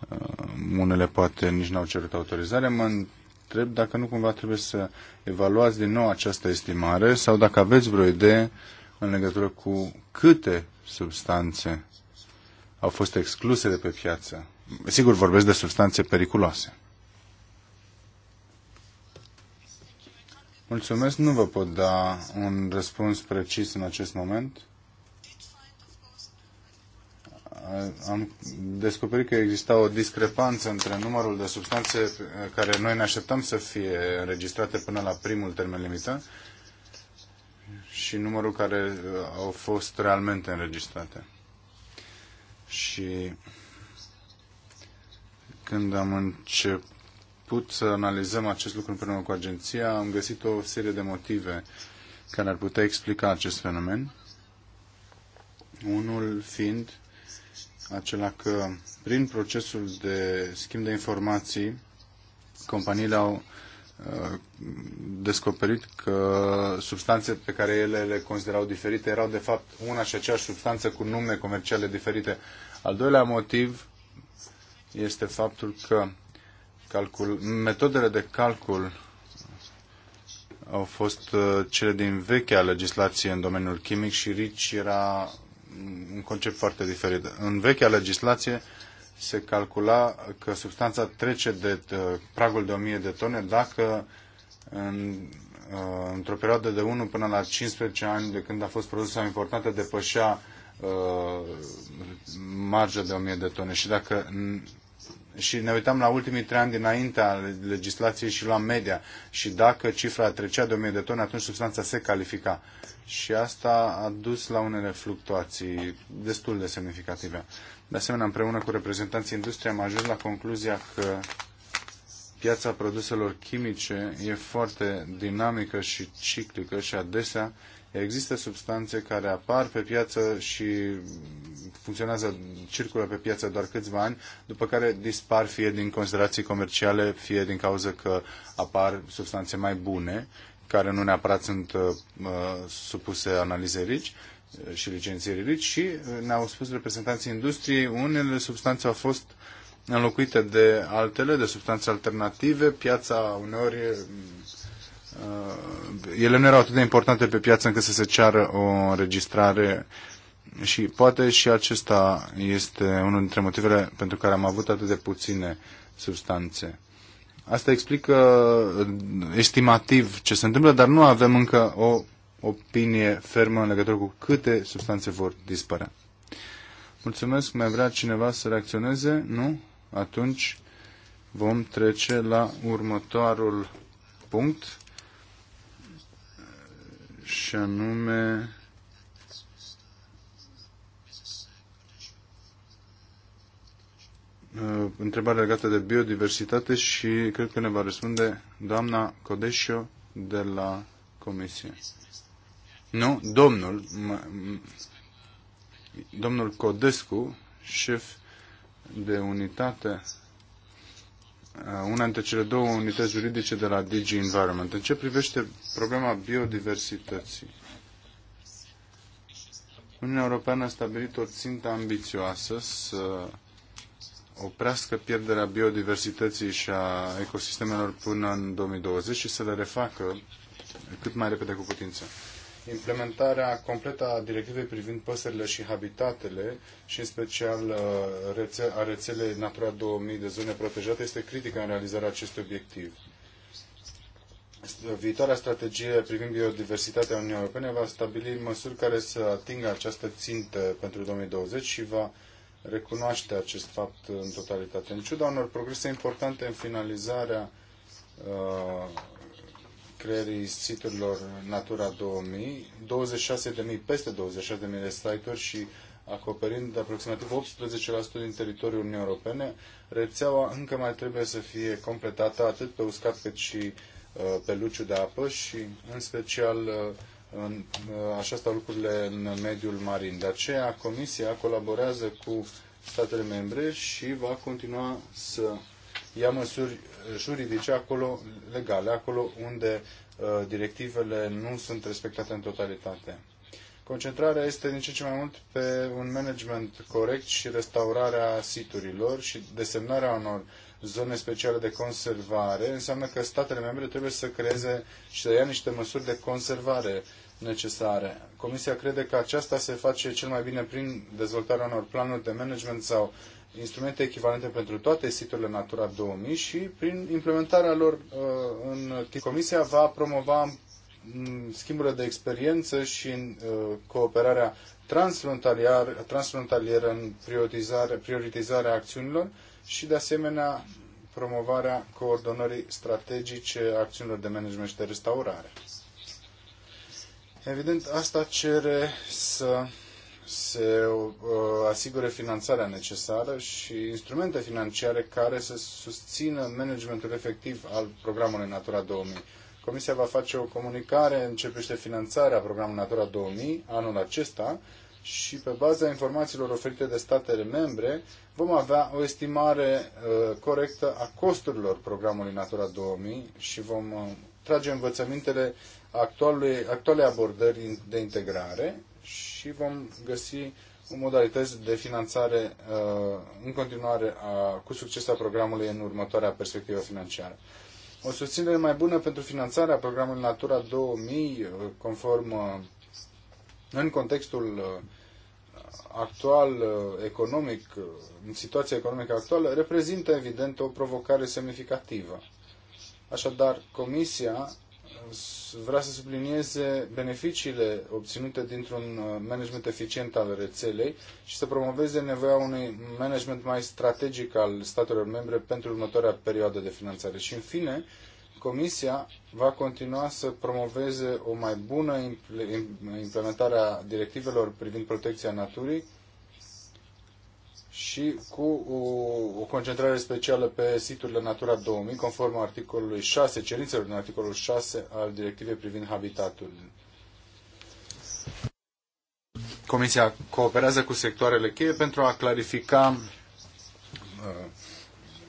uh, unele poate nici n-au cerut autorizare, mă întreb dacă nu cumva trebuie să evaluați din nou această estimare sau dacă aveți vreo idee în legătură cu câte substanțe au fost excluse de pe piață. Sigur, vorbesc de substanțe periculoase. Mulțumesc, nu vă pot da un răspuns precis în acest moment. Am descoperit că exista o discrepanță între numărul de substanțe care noi ne așteptam să fie înregistrate până la primul termen limitat și numărul care au fost realmente înregistrate și când am început să analizăm acest lucru împreună cu agenția, am găsit o serie de motive care ar putea explica acest fenomen. Unul fiind acela că prin procesul de schimb de informații, companiile au descoperit că substanțe pe care ele le considerau diferite erau de fapt una și aceeași substanță cu nume comerciale diferite. Al doilea motiv este faptul că calcul, metodele de calcul au fost uh, cele din vechea legislație în domeniul chimic și RICI era un concept foarte diferit. În vechea legislație se calcula că substanța trece de uh, pragul de 1000 de tone dacă în, uh, într-o perioadă de 1 până la 15 ani de când a fost produsă sau importată depășea uh, marja de 1000 de tone și dacă și ne uitam la ultimii trei ani dinaintea legislației și la media și dacă cifra trecea de 1000 de tone, atunci substanța se califica. Și asta a dus la unele fluctuații destul de semnificative. De asemenea, împreună cu reprezentanții industriei am ajuns la concluzia că piața produselor chimice e foarte dinamică și ciclică și adesea Există substanțe care apar pe piață și funcționează, circulă pe piață doar câțiva ani, după care dispar fie din considerații comerciale, fie din cauza că apar substanțe mai bune, care nu neapărat sunt uh, supuse analizei rici uh, și licențierii rici și uh, ne-au spus reprezentanții industriei, unele substanțe au fost înlocuite de altele, de substanțe alternative, piața uneori mm, Uh, ele nu erau atât de importante pe piață încât să se ceară o înregistrare și poate și acesta este unul dintre motivele pentru care am avut atât de puține substanțe. Asta explică uh, estimativ ce se întâmplă, dar nu avem încă o opinie fermă în legătură cu câte substanțe vor dispărea. Mulțumesc, mai vrea cineva să reacționeze? Nu? Atunci vom trece la următorul punct și anume uh, întrebare legată de biodiversitate și cred că ne va răspunde doamna Codesio de la Comisie. Nu, domnul, domnul Codescu, șef de unitate Uh, una dintre cele două unități juridice de la DG Environment. În ce privește problema biodiversității? Uniunea Europeană a stabilit o țintă ambițioasă să oprească pierderea biodiversității și a ecosistemelor până în 2020 și să le refacă cât mai repede cu putință implementarea completă a directivei privind păsările și habitatele și în special uh, a rețelei Natura 2000 de zone protejate este critică în realizarea acestui obiectiv. Viitoarea strategie privind biodiversitatea Uniunii Europene va stabili măsuri care să atingă această țintă pentru 2020 și va recunoaște acest fapt în totalitate. În ciuda unor progrese importante în finalizarea uh, creării siturilor Natura 2000, 26.000, peste 26.000 de site-uri și acoperind aproximativ 18% din teritoriul Uniunii Europene, rețeaua încă mai trebuie să fie completată atât pe uscat cât și uh, pe luciu de apă și în special uh, în, uh, așa stau lucrurile în mediul marin. De aceea Comisia colaborează cu statele membre și va continua să ia măsuri juridice acolo, legale, acolo unde uh, directivele nu sunt respectate în totalitate. Concentrarea este din ce ce mai mult pe un management corect și restaurarea siturilor și desemnarea unor zone speciale de conservare înseamnă că statele membre trebuie să creeze și să ia niște măsuri de conservare necesare. Comisia crede că aceasta se face cel mai bine prin dezvoltarea unor planuri de management sau instrumente echivalente pentru toate siturile Natura 2000 și prin implementarea lor uh, în Comisia va promova mm, schimburile de experiență și în uh, cooperarea transfrontalieră, transfrontalieră în prioritizare, prioritizarea acțiunilor și de asemenea promovarea coordonării strategice a acțiunilor de management și de restaurare. Evident, asta cere să se uh, asigure finanțarea necesară și instrumente financiare care să susțină managementul efectiv al programului Natura 2000. Comisia va face o comunicare, începește finanțarea programului Natura 2000 anul acesta și pe baza informațiilor oferite de statele membre vom avea o estimare uh, corectă a costurilor programului Natura 2000 și vom uh, trage învățămintele actualei abordări de integrare și vom găsi modalități de finanțare uh, în continuare a, cu succes a programului în următoarea perspectivă financiară. O susținere mai bună pentru finanțarea programului Natura 2000, uh, conform uh, în contextul actual economic, în situația economică actuală, reprezintă evident o provocare semnificativă. Așadar, Comisia vrea să sublinieze beneficiile obținute dintr-un uh, management eficient al rețelei și să promoveze nevoia unui management mai strategic al statelor membre pentru următoarea perioadă de finanțare. Și, în fine, Comisia va continua să promoveze o mai bună implementare a directivelor privind protecția naturii și cu o, o concentrare specială pe siturile Natura 2000, conform articolului 6, cerințelor din articolul 6 al directivei privind habitatul. Comisia cooperează cu sectoarele cheie pentru a clarifica uh,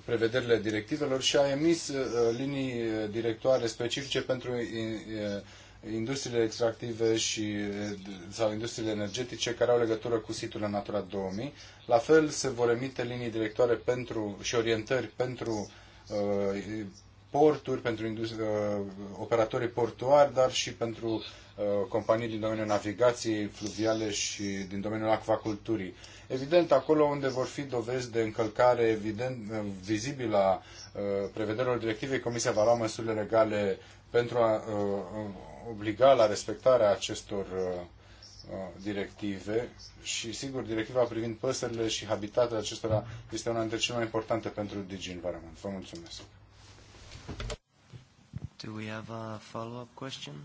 prevederile directivelor și a emis uh, linii uh, directoare specifice pentru industriile extractive și, sau industriile energetice care au legătură cu siturile Natura 2000. La fel se vor emite linii directoare pentru, și orientări pentru uh, porturi, pentru uh, operatorii portuari, dar și pentru uh, companii din domeniul navigației fluviale și din domeniul acvaculturii. Evident, acolo unde vor fi dovezi de încălcare evident, uh, vizibilă a uh, prevederilor directivei, Comisia va lua măsurile legale pentru a uh, obliga la respectarea acestor uh, uh, directive și, sigur, directiva privind păsările și habitatele acestora este una dintre cele mai importante pentru Digi Environment. Vă mulțumesc.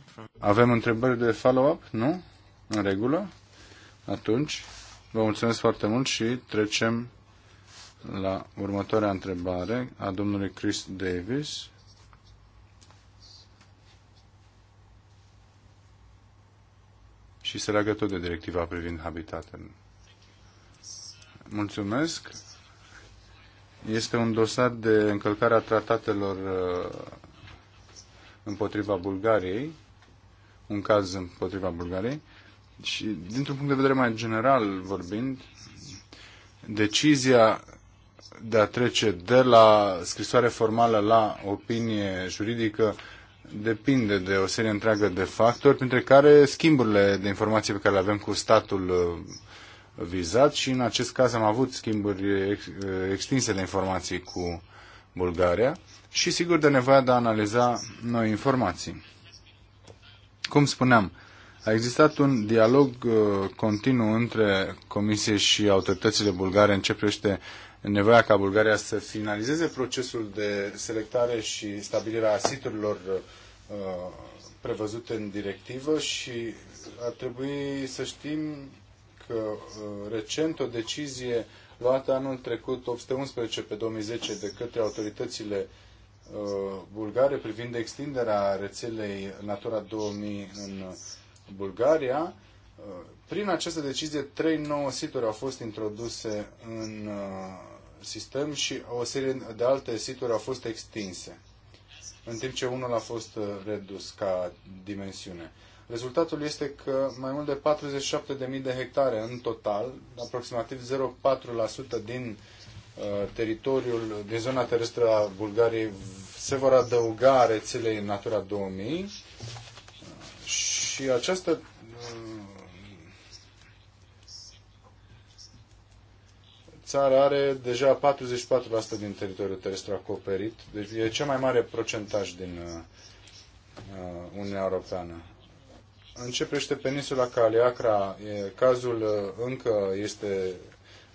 From... Avem întrebări de follow-up? Nu? În regulă? Atunci, vă mulțumesc foarte mult și trecem la următoarea întrebare a domnului Chris Davis și se leagă tot de directiva privind habitatele. Mulțumesc. Este un dosar de încălcare a tratatelor uh, împotriva Bulgariei, un caz împotriva Bulgariei, și dintr-un punct de vedere mai general vorbind, decizia de a trece de la scrisoare formală la opinie juridică depinde de o serie întreagă de factori, printre care schimburile de informații pe care le avem cu statul uh, vizat și în acest caz am avut schimburi uh, uh, extinse de informații cu Bulgaria și sigur de nevoia de a analiza noi informații. Cum spuneam, a existat un dialog continuu între Comisie și autoritățile bulgare în ce privește nevoia ca Bulgaria să finalizeze procesul de selectare și stabilirea siturilor uh, prevăzute în directivă și ar trebui să știm că uh, recent o decizie luată anul trecut 811 pe 2010 de către autoritățile uh, bulgare privind extinderea rețelei Natura 2000 în Bulgaria. Prin această decizie, trei nouă situri au fost introduse în sistem și o serie de alte situri au fost extinse, în timp ce unul a fost uh, redus ca dimensiune. Rezultatul este că mai mult de 47.000 de hectare în total, aproximativ 0,4% din uh, teritoriul din zona terestră a Bulgariei se vor adăuga rețelei Natura 2000 uh, și această țara are deja 44% din teritoriul terestru acoperit, deci e cel mai mare procentaj din uh, uh Uniunea Europeană. Începește peninsula Caliacra, e, cazul uh, încă este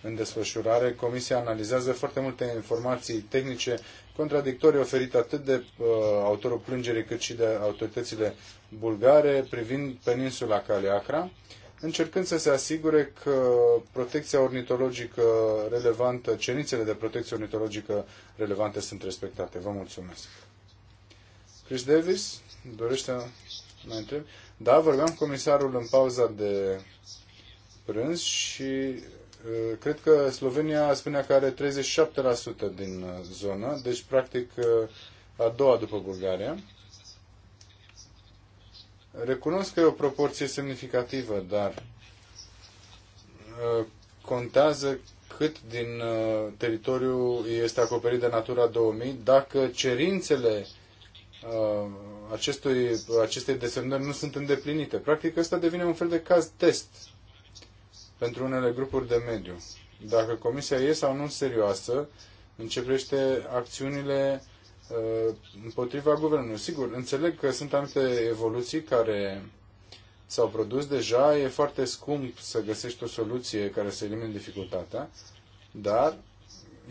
în desfășurare. Comisia analizează foarte multe informații tehnice contradictorii oferite atât de uh, autorul plângerii cât și de autoritățile bulgare privind peninsula Caliacra. Uh, încercând să se asigure că protecția ornitologică relevantă, cerințele de protecție ornitologică relevante sunt respectate. Vă mulțumesc. Chris Davis, dorește mai întreb? Da, vorbeam cu comisarul în pauza de prânz și uh, cred că Slovenia spunea că are 37% din uh, zonă, deci practic uh, a doua după Bulgaria. Recunosc că e o proporție semnificativă, dar uh, contează cât din uh, teritoriu este acoperit de Natura 2000, dacă cerințele uh, acestui, acestei desemnări nu sunt îndeplinite. Practic, ăsta devine un fel de caz test pentru unele grupuri de mediu. Dacă comisia e sau nu serioasă, începește acțiunile Uh, împotriva guvernului. Sigur, înțeleg că sunt anumite evoluții care s-au produs deja, e foarte scump să găsești o soluție care să elimine dificultatea, dar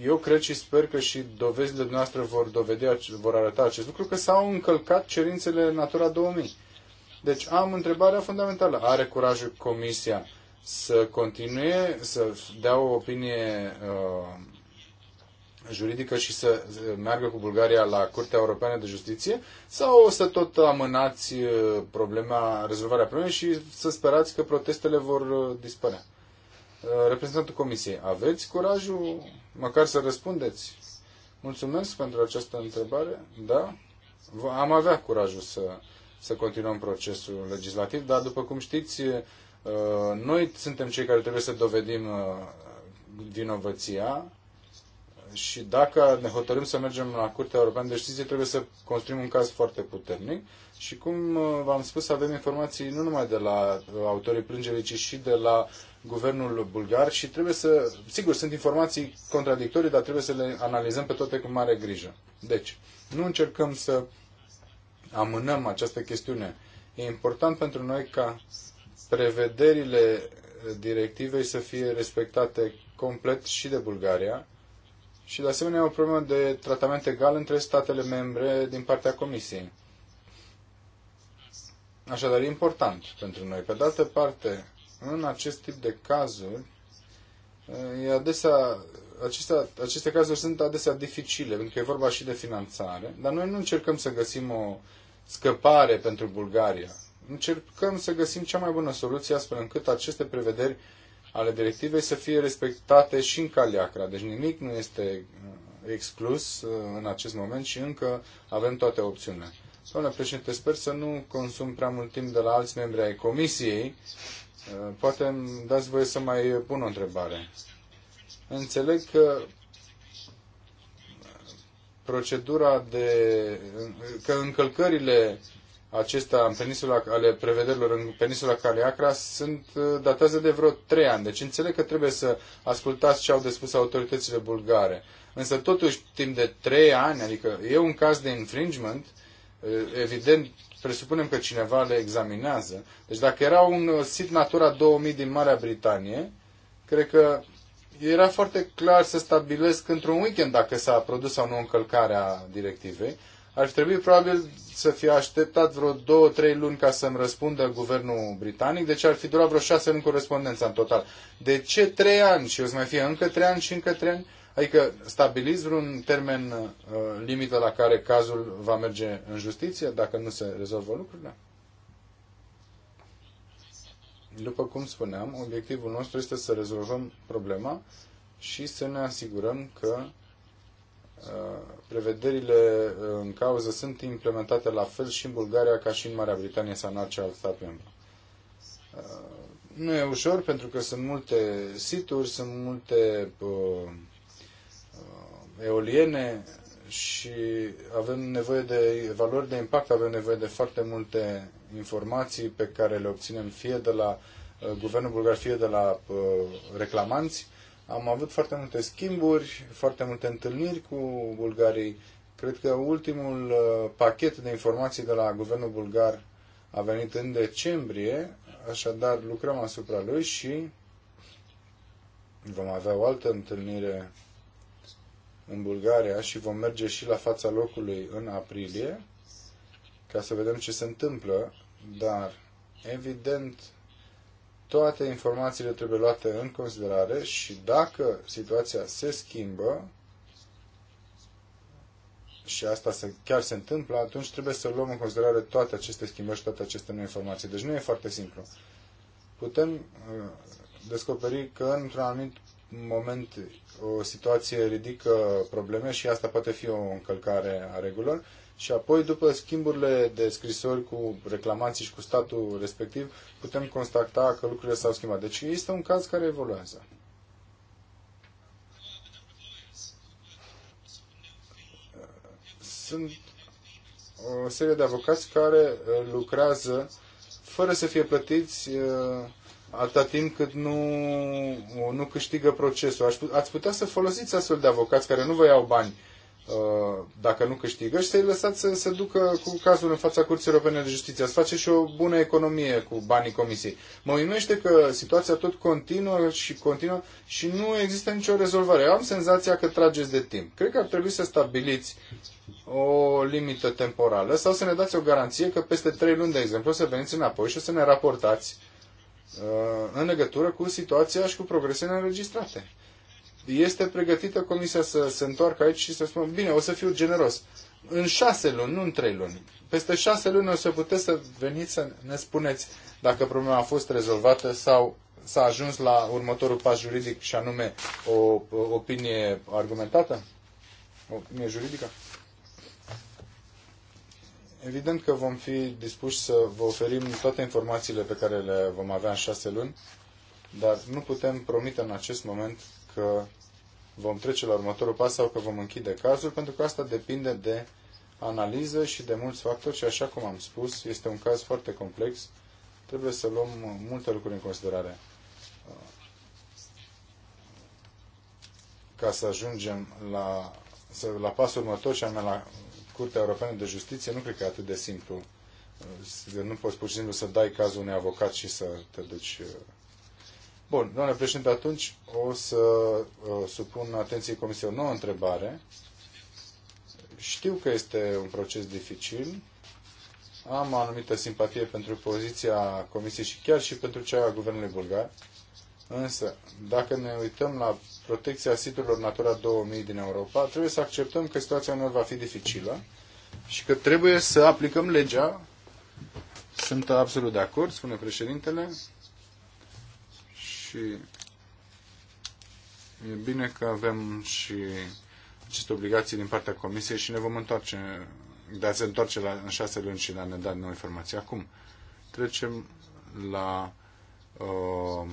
eu cred și sper că și dovezile noastre vor, dovedea, vor arăta acest lucru, că s-au încălcat cerințele Natura 2000. Deci am întrebarea fundamentală. Are curajul Comisia să continue, să dea o opinie uh, juridică și să meargă cu Bulgaria la Curtea Europeană de Justiție sau o să tot amânați uh, problema, rezolvarea problemei și să sperați că protestele vor uh, dispărea? Uh, reprezentantul Comisiei, aveți curajul măcar să răspundeți? Mulțumesc pentru această întrebare. Da? Am avea curajul să, să continuăm procesul legislativ, dar după cum știți, noi suntem cei care trebuie să dovedim vinovăția și dacă ne hotărâm să mergem la Curtea Europeană de Justiție, trebuie să construim un caz foarte puternic și, cum uh, v-am spus, avem informații nu numai de la uh, autorii plângerii, ci și de la guvernul bulgar și trebuie să, sigur, sunt informații contradictorii, dar trebuie să le analizăm pe toate cu mare grijă. Deci, nu încercăm să amânăm această chestiune. E important pentru noi ca prevederile directivei să fie respectate complet și de Bulgaria și de asemenea o problemă de tratament egal între statele membre din partea Comisiei. Așadar, e important pentru noi. Pe de altă parte, în acest tip de cazuri, e adesea, acestea, aceste cazuri sunt adesea dificile, pentru că e vorba și de finanțare, dar noi nu încercăm să găsim o scăpare pentru Bulgaria. Încercăm să găsim cea mai bună soluție astfel încât aceste prevederi ale directivei să fie respectate și în Caliacra. Deci nimic nu este uh, exclus uh, în acest moment și încă avem toate opțiunile. Doamne președinte, sper să nu consum prea mult timp de la alți membri ai comisiei. Uh, poate îmi dați voie să mai pun o întrebare. Înțeleg că procedura de... că încălcările acestea în peninsula, ale prevederilor în peninsula Caleacra sunt, uh, datează de vreo trei ani. Deci înțeleg că trebuie să ascultați ce au de spus autoritățile bulgare. Însă totuși timp de trei ani, adică e un caz de infringement, uh, evident presupunem că cineva le examinează. Deci dacă era un uh, sit Natura 2000 din Marea Britanie, cred că era foarte clar să stabilesc într-un weekend dacă s-a produs sau nu încălcarea directivei. Ar trebui probabil să fie așteptat vreo două, trei luni ca să-mi răspundă guvernul britanic, deci ar fi durat vreo șase luni corespondența în total. De ce trei ani? Și o să mai fie încă trei ani și încă trei ani? Adică stabiliți vreun termen uh, limită la care cazul va merge în justiție dacă nu se rezolvă lucrurile? După cum spuneam, obiectivul nostru este să rezolvăm problema și să ne asigurăm că prevederile uh, în cauză sunt implementate la fel și în Bulgaria ca și în Marea Britanie sau în orice alt stat membru. Uh, nu e ușor pentru că sunt multe situri, sunt multe uh, eoliene și avem nevoie de valori de impact, avem nevoie de foarte multe informații pe care le obținem fie de la guvernul bulgar, fie de la reclamanți am avut foarte multe schimburi, foarte multe întâlniri cu bulgarii. Cred că ultimul uh, pachet de informații de la guvernul bulgar a venit în decembrie, așadar lucrăm asupra lui și vom avea o altă întâlnire în Bulgaria și vom merge și la fața locului în aprilie ca să vedem ce se întâmplă, dar evident toate informațiile trebuie luate în considerare și dacă situația se schimbă, și asta se, chiar se întâmplă, atunci trebuie să luăm în considerare toate aceste schimbări și toate aceste noi informații. Deci nu e foarte simplu. Putem uh, descoperi că într-un anumit moment o situație ridică probleme și asta poate fi o încălcare a regulilor și apoi, după schimburile de scrisori cu reclamații și cu statul respectiv, putem constata că lucrurile s-au schimbat. Deci este un caz care evoluează. Sunt o serie de avocați care uh, lucrează fără să fie plătiți uh, atâta timp cât nu, nu câștigă procesul. Ați putea să folosiți astfel de avocați care nu vă iau bani Uh, dacă nu câștigă și să-i lăsați să se ducă cu cazul în fața Curții Europene de Justiție. Ați face și o bună economie cu banii comisiei. Mă uimește că situația tot continuă și continuă și nu există nicio rezolvare. Eu am senzația că trageți de timp. Cred că ar trebui să stabiliți o limită temporală sau să ne dați o garanție că peste trei luni, de exemplu, să veniți înapoi și să ne raportați uh, în legătură cu situația și cu progresele înregistrate este pregătită Comisia să se întoarcă aici și să spună, bine, o să fiu generos. În șase luni, nu în trei luni. Peste șase luni o să puteți să veniți să ne spuneți dacă problema a fost rezolvată sau s-a ajuns la următorul pas juridic și anume o opinie argumentată? O opinie juridică? Evident că vom fi dispuși să vă oferim toate informațiile pe care le vom avea în șase luni, dar nu putem promite în acest moment că vom trece la următorul pas sau că vom închide cazul, pentru că asta depinde de analiză și de mulți factori și așa cum am spus, este un caz foarte complex, trebuie să luăm multe lucruri în considerare. Ca să ajungem la, să, la pasul următor și anume la Curtea Europeană de Justiție, nu cred că e atât de simplu. Nu poți pur și simplu să dai cazul unui avocat și să te duci Bun, doamne președinte, atunci o să uh, supun atenției Comisiei o nouă întrebare. Știu că este un proces dificil. Am o anumită simpatie pentru poziția Comisiei și chiar și pentru cea a Guvernului Bulgar. Însă, dacă ne uităm la protecția siturilor Natura 2000 din Europa, trebuie să acceptăm că situația noastră va fi dificilă și că trebuie să aplicăm legea. Sunt absolut de acord, spune președintele și e bine că avem și aceste obligații din partea Comisiei și ne vom întoarce, de a se întoarce la, în șase luni și de a ne da noi informații. Acum, trecem la uh,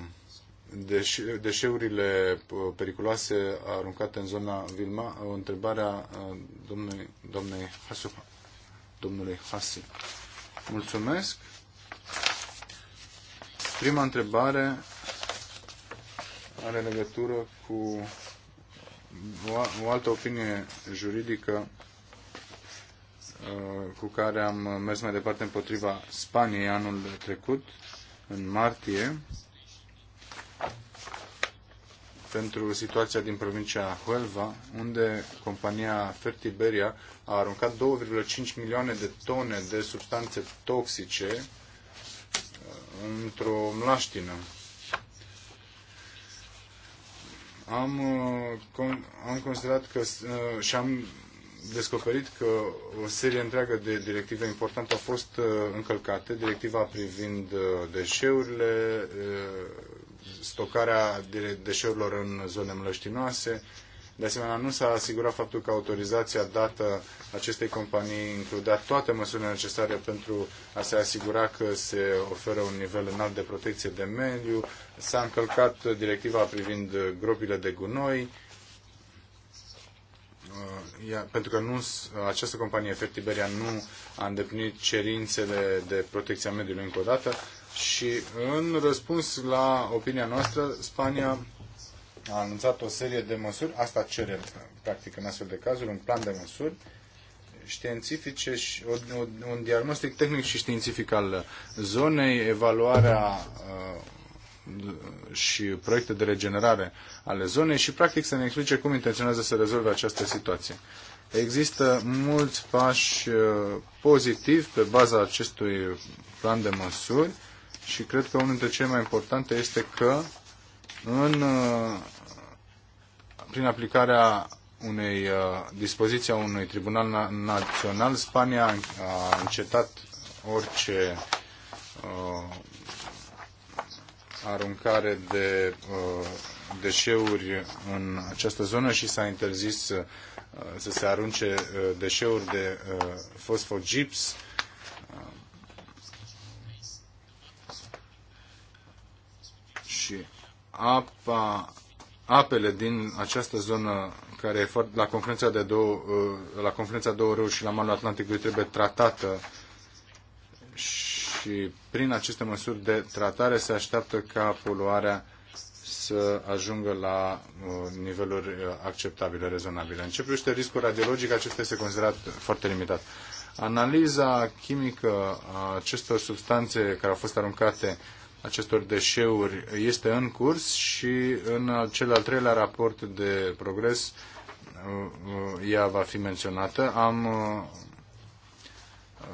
deșe, deșeurile uh, periculoase aruncate în zona Vilma, o întrebare a uh, domnului, domnului Hasu, domnului Hasi. Mulțumesc. Prima întrebare are legătură cu o altă opinie juridică uh, cu care am mers mai departe împotriva Spaniei anul trecut, în martie, pentru situația din provincia Huelva, unde compania Fertiberia a aruncat 2,5 milioane de tone de substanțe toxice uh, într-o mlaștină am, uh, am considerat că uh, și am descoperit că o serie întreagă de directive importante au fost uh, încălcate. Directiva privind deșeurile, stocarea deșeurilor în zone mlăștinoase, de asemenea, nu s-a asigurat faptul că autorizația dată acestei companii includea toate măsurile necesare pentru a se asigura că se oferă un nivel înalt de protecție de mediu. S-a încălcat directiva privind gropile de gunoi, uh, pentru că nu, această companie Fertiberia nu a îndeplinit cerințele de protecție a mediului încă o dată și în răspuns la opinia noastră, Spania a anunțat o serie de măsuri, asta cere, practic, în astfel de cazuri, un plan de măsuri științifice și un diagnostic tehnic și științific al zonei, evaluarea uh, și proiecte de regenerare ale zonei și, practic, să ne explice cum intenționează să rezolve această situație. Există mulți pași uh, pozitivi pe baza acestui plan de măsuri și cred că unul dintre cele mai importante este că în, uh, prin aplicarea unei uh, dispoziții a unui tribunal național, Spania a încetat orice uh, aruncare de uh, deșeuri în această zonă și s-a interzis uh, să se arunce uh, deșeuri de fosfogips apa, apele din această zonă care e foarte, la conferința de două, la conferința două râuri și la malul Atlanticului trebuie tratată și prin aceste măsuri de tratare se așteaptă ca poluarea să ajungă la uh, niveluri uh, acceptabile, rezonabile. În ce privește riscul radiologic, acesta este considerat foarte limitat. Analiza chimică a acestor substanțe care au fost aruncate acestor deșeuri este în curs și în cel al treilea raport de progres uh, ea va fi menționată. Am uh,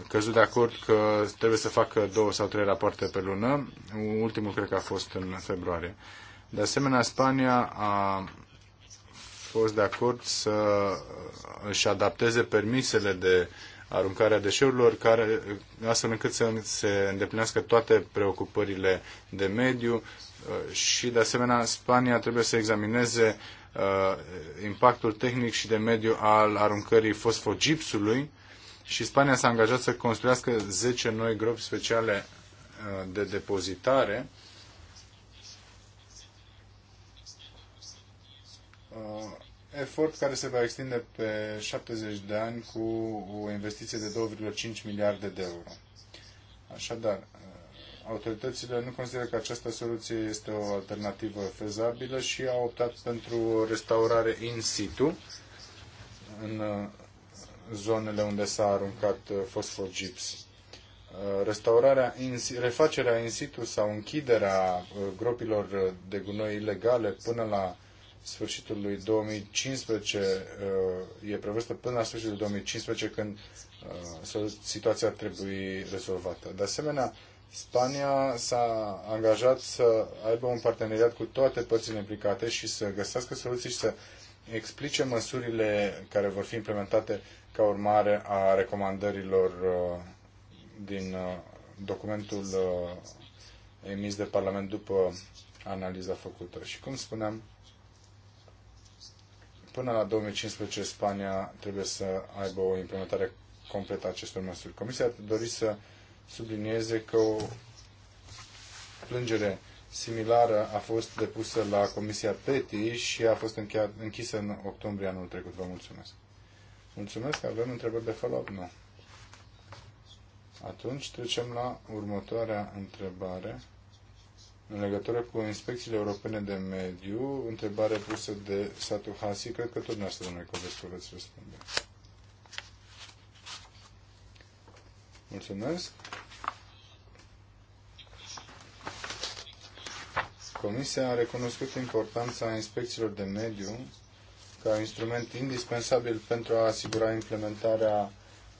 căzut de acord că trebuie să facă două sau trei rapoarte pe lună. Ultimul cred că a fost în februarie. De asemenea, Spania a fost de acord să își adapteze permisele de aruncarea deșeurilor, care, astfel încât să se îndeplinească toate preocupările de mediu uh, și, de asemenea, Spania trebuie să examineze uh, impactul tehnic și de mediu al aruncării fosfogipsului și Spania s-a angajat să construiască 10 noi gropi speciale uh, de depozitare. Uh, efort care se va extinde pe 70 de ani cu o investiție de 2,5 miliarde de euro. Așadar, uh, autoritățile nu consideră că această soluție este o alternativă fezabilă și au optat pentru o restaurare in situ în uh, zonele unde s-a aruncat uh, gips. Restaurarea, refacerea in situ sau închiderea gropilor de gunoi ilegale până la sfârșitul lui 2015, uh, e prevăzută până la sfârșitul 2015 când uh, situația trebuie rezolvată. De asemenea, Spania s-a angajat să aibă un parteneriat cu toate părțile implicate și să găsească soluții și să explice măsurile care vor fi implementate ca urmare a recomandărilor uh, din documentul emis de Parlament după analiza făcută. Și cum spuneam, până la 2015 Spania trebuie să aibă o implementare completă a acestor măsuri. Comisia ar dori să sublinieze că o plângere similară a fost depusă la Comisia PETI și a fost încheiat, închisă în octombrie anul trecut. Vă mulțumesc. Mulțumesc. Avem întrebări de follow-up? Nu. Atunci trecem la următoarea întrebare în legătură cu inspecțiile europene de mediu, întrebare pusă de Satu Hasi, cred că tot dumneavoastră, domnule Covescu, veți răspunde. Mulțumesc. Comisia a recunoscut importanța inspecțiilor de mediu ca instrument indispensabil pentru a asigura implementarea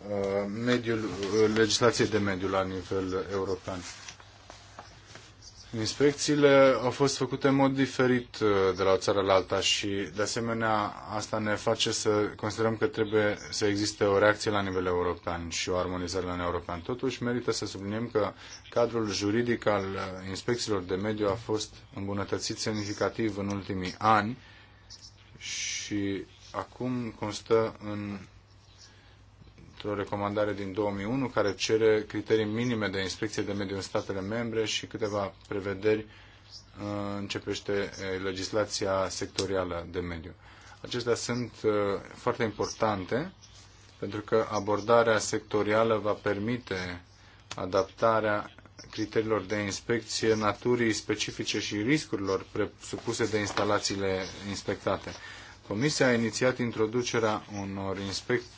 uh, mediul, uh, legislației de mediu la nivel european. Inspecțiile au fost făcute în mod diferit uh, de la o țară la alta și, de asemenea, asta ne face să considerăm că trebuie să existe o reacție la nivel european și o armonizare la nivel european. Totuși, merită să subliniem că cadrul juridic al inspecțiilor de mediu a fost îmbunătățit semnificativ în ultimii ani și acum constă în o recomandare din 2001 care cere criterii minime de inspecție de mediu în statele membre și câteva prevederi uh, începește uh, legislația sectorială de mediu. Acestea sunt uh, foarte importante pentru că abordarea sectorială va permite adaptarea criteriilor de inspecție naturii specifice și riscurilor presupuse de instalațiile inspectate. Comisia a inițiat introducerea unor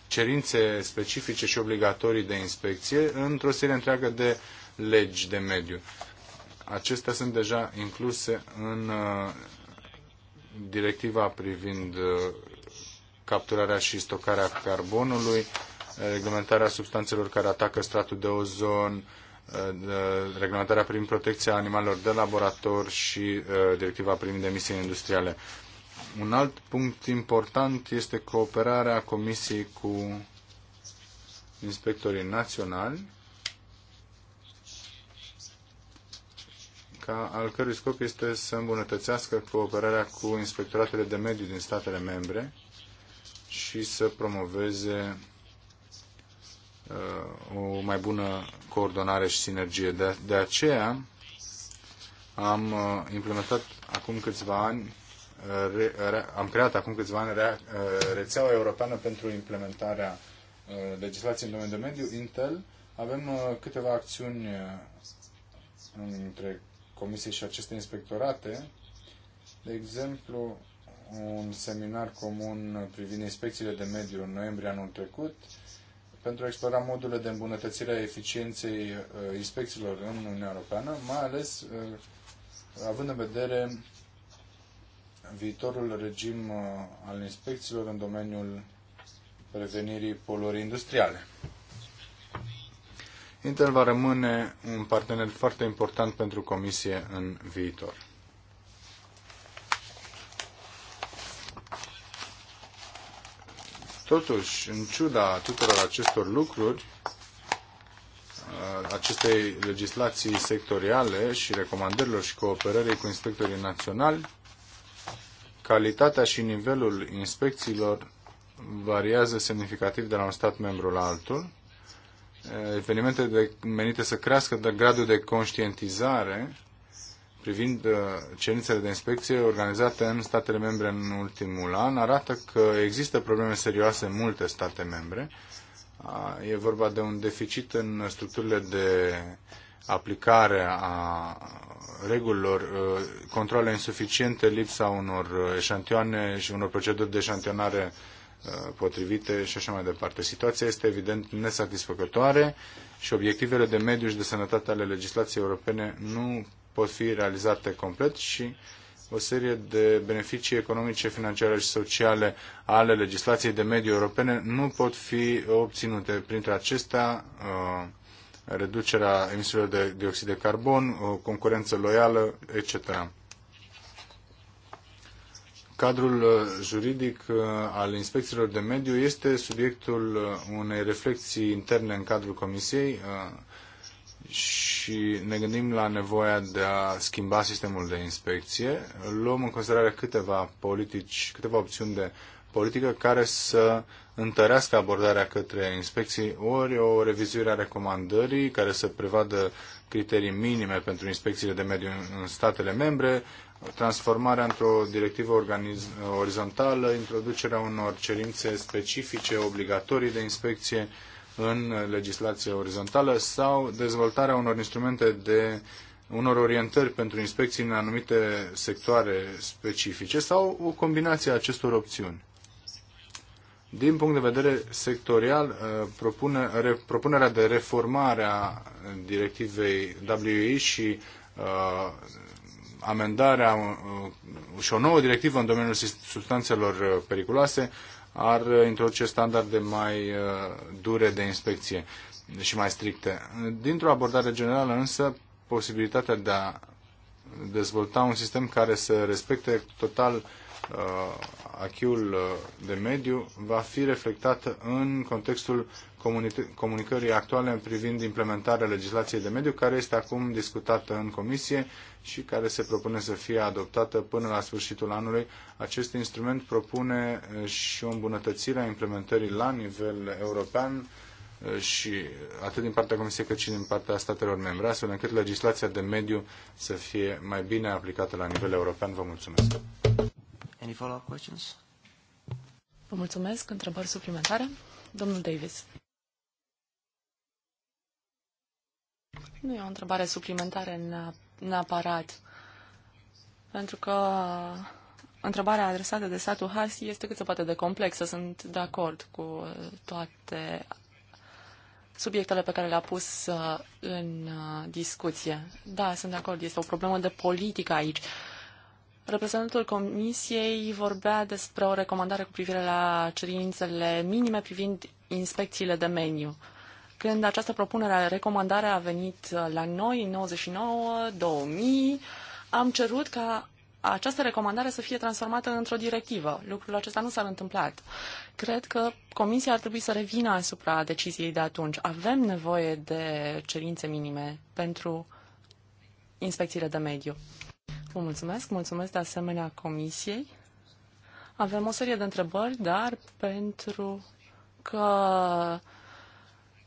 cerințe specifice și obligatorii de inspecție într-o serie întreagă de legi de mediu. Acestea sunt deja incluse în uh, directiva privind uh, capturarea și stocarea carbonului, reglementarea substanțelor care atacă stratul de ozon, uh, reglementarea prin protecția animalelor de laborator și directiva privind emisiile industriale. Un alt punct important este cooperarea Comisiei cu inspectorii naționali, ca, al cărui scop este să îmbunătățească cooperarea cu inspectoratele de mediu din statele membre și să promoveze uh, o mai bună coordonare și sinergie. De, de aceea am uh, implementat acum câțiva ani am creat acum câțiva ani uh, rețeaua europeană pentru implementarea uh, legislației în domeniul de mediu, Intel. Avem uh, câteva acțiuni între comisie și aceste inspectorate. De exemplu, un seminar comun privind inspecțiile de mediu în noiembrie anul trecut pentru a explora modurile de îmbunătățire a eficienței inspecțiilor în Uniunea Europeană, mai ales având în vedere viitorul regim uh, al inspecțiilor în domeniul prevenirii poluării industriale. Intel va rămâne un partener foarte important pentru Comisie în viitor. Totuși, în ciuda tuturor acestor lucruri, uh, acestei legislații sectoriale și recomandărilor și cooperării cu inspectorii naționali, calitatea și nivelul inspecțiilor variază semnificativ de la un stat membru la altul. Evenimente de, menite să crească de gradul de conștientizare privind uh, cerințele de inspecție organizate în statele membre în ultimul an arată că există probleme serioase în multe state membre. E vorba de un deficit în structurile de aplicare a regulilor, uh, controle insuficiente, lipsa unor uh, eșantioane și unor proceduri de eșantionare uh, potrivite și așa mai departe. Situația este evident nesatisfăcătoare și obiectivele de mediu și de sănătate ale legislației europene nu pot fi realizate complet și o serie de beneficii economice, financiare și sociale ale legislației de mediu europene nu pot fi obținute. Printre acestea, uh, reducerea emisiilor de dioxid de carbon, o concurență loială, etc. Cadrul uh, juridic uh, al inspecțiilor de mediu este subiectul uh, unei reflexii interne în cadrul Comisiei și ne gândim la nevoia de a schimba sistemul de inspecție. Luăm în considerare câteva politici, câteva opțiuni de politică care să întărească abordarea către inspecții, ori o revizuire a recomandării care să prevadă criterii minime pentru inspecțiile de mediu în statele membre, transformarea într-o directivă orizontală, introducerea unor cerințe specifice obligatorii de inspecție în legislație orizontală sau dezvoltarea unor instrumente de unor orientări pentru inspecții în anumite sectoare specifice sau o combinație a acestor opțiuni. Din punct de vedere sectorial, uh, propune, re, propunerea de reformare a directivei WI și uh, amendarea uh, și o nouă directivă în domeniul substanțelor uh, periculoase ar introduce standarde mai uh, dure de inspecție și mai stricte. Dintr-o abordare generală, însă, posibilitatea de a dezvolta un sistem care să respecte total uh, achiul uh, de mediu va fi reflectată în contextul comunicării actuale în privind implementarea legislației de mediu, care este acum discutată în comisie și care se propune să fie adoptată până la sfârșitul anului. Acest instrument propune uh, și o îmbunătățire a implementării la nivel european uh, și atât din partea Comisiei cât și din partea statelor membre, astfel încât legislația de mediu să fie mai bine aplicată la nivel european. Vă mulțumesc! Any follow-up questions? Vă mulțumesc. Întrebări suplimentare? Domnul Davis. Nu e o întrebare suplimentară neapărat, pentru că întrebarea adresată de satul Hasi este cât se poate de complexă. Sunt de acord cu toate subiectele pe care le-a pus uh, în uh, discuție. Da, sunt de acord, este o problemă de politică aici. Reprezentantul Comisiei vorbea despre o recomandare cu privire la cerințele minime privind inspecțiile de meniu. Când această propunere, recomandare a venit uh, la noi în 99-2000, am cerut ca această recomandare să fie transformată într-o directivă. Lucrul acesta nu s a întâmplat. Cred că Comisia ar trebui să revină asupra deciziei de atunci. Avem nevoie de cerințe minime pentru inspecțiile de mediu. Vă mulțumesc, mulțumesc de asemenea comisiei. Avem o serie de întrebări, dar pentru că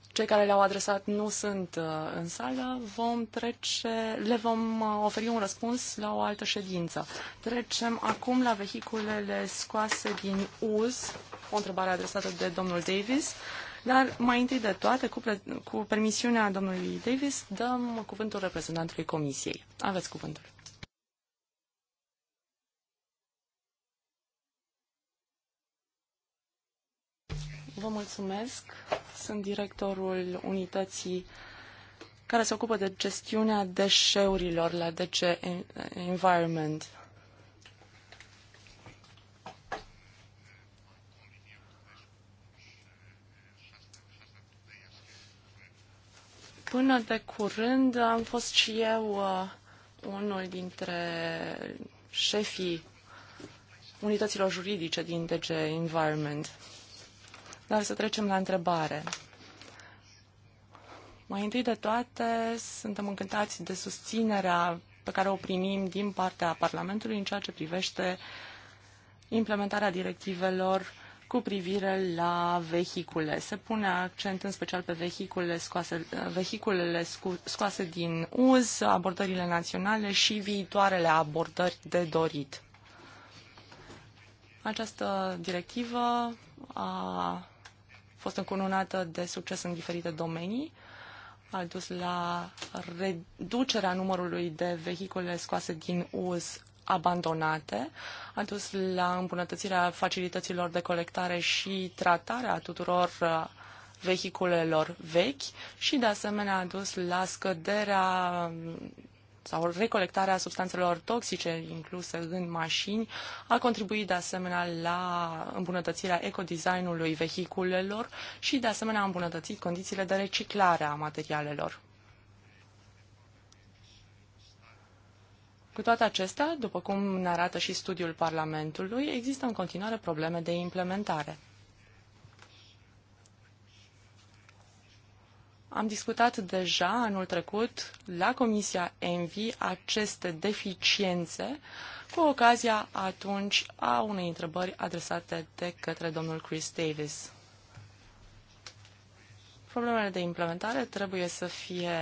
cei care le-au adresat nu sunt uh, în sală, vom trece, le vom uh, oferi un răspuns la o altă ședință. Trecem acum la vehiculele scoase din uz, o întrebare adresată de domnul Davis. Dar mai întâi de toate, cu, pre- cu permisiunea domnului Davis, dăm cuvântul reprezentantului Comisiei. Aveți cuvântul. Vă mulțumesc. Sunt directorul unității care se ocupă de gestiunea deșeurilor la DC Environment. Până de curând am fost și eu uh, unul dintre șefii unităților juridice din DG Environment. Dar să trecem la întrebare. Mai întâi de toate, suntem încântați de susținerea pe care o primim din partea Parlamentului în ceea ce privește implementarea directivelor cu privire la vehicule. Se pune accent în special pe vehiculele scoase, vehiculele scoase din uz, abordările naționale și viitoarele abordări de dorit. Această directivă a fost încununată de succes în diferite domenii, a dus la reducerea numărului de vehicule scoase din uz abandonate, a dus la îmbunătățirea facilităților de colectare și tratare a tuturor uh, vehiculelor vechi și, de asemenea, a dus la scăderea um, sau recolectarea substanțelor toxice incluse în mașini a contribuit de asemenea la îmbunătățirea ecodesignului vehiculelor și de asemenea a îmbunătățit condițiile de reciclare a materialelor. Cu toate acestea, după cum ne arată și studiul Parlamentului, există în continuare probleme de implementare. Am discutat deja anul trecut la Comisia ENVI aceste deficiențe cu ocazia atunci a unei întrebări adresate de către domnul Chris Davis. Problemele de implementare trebuie să fie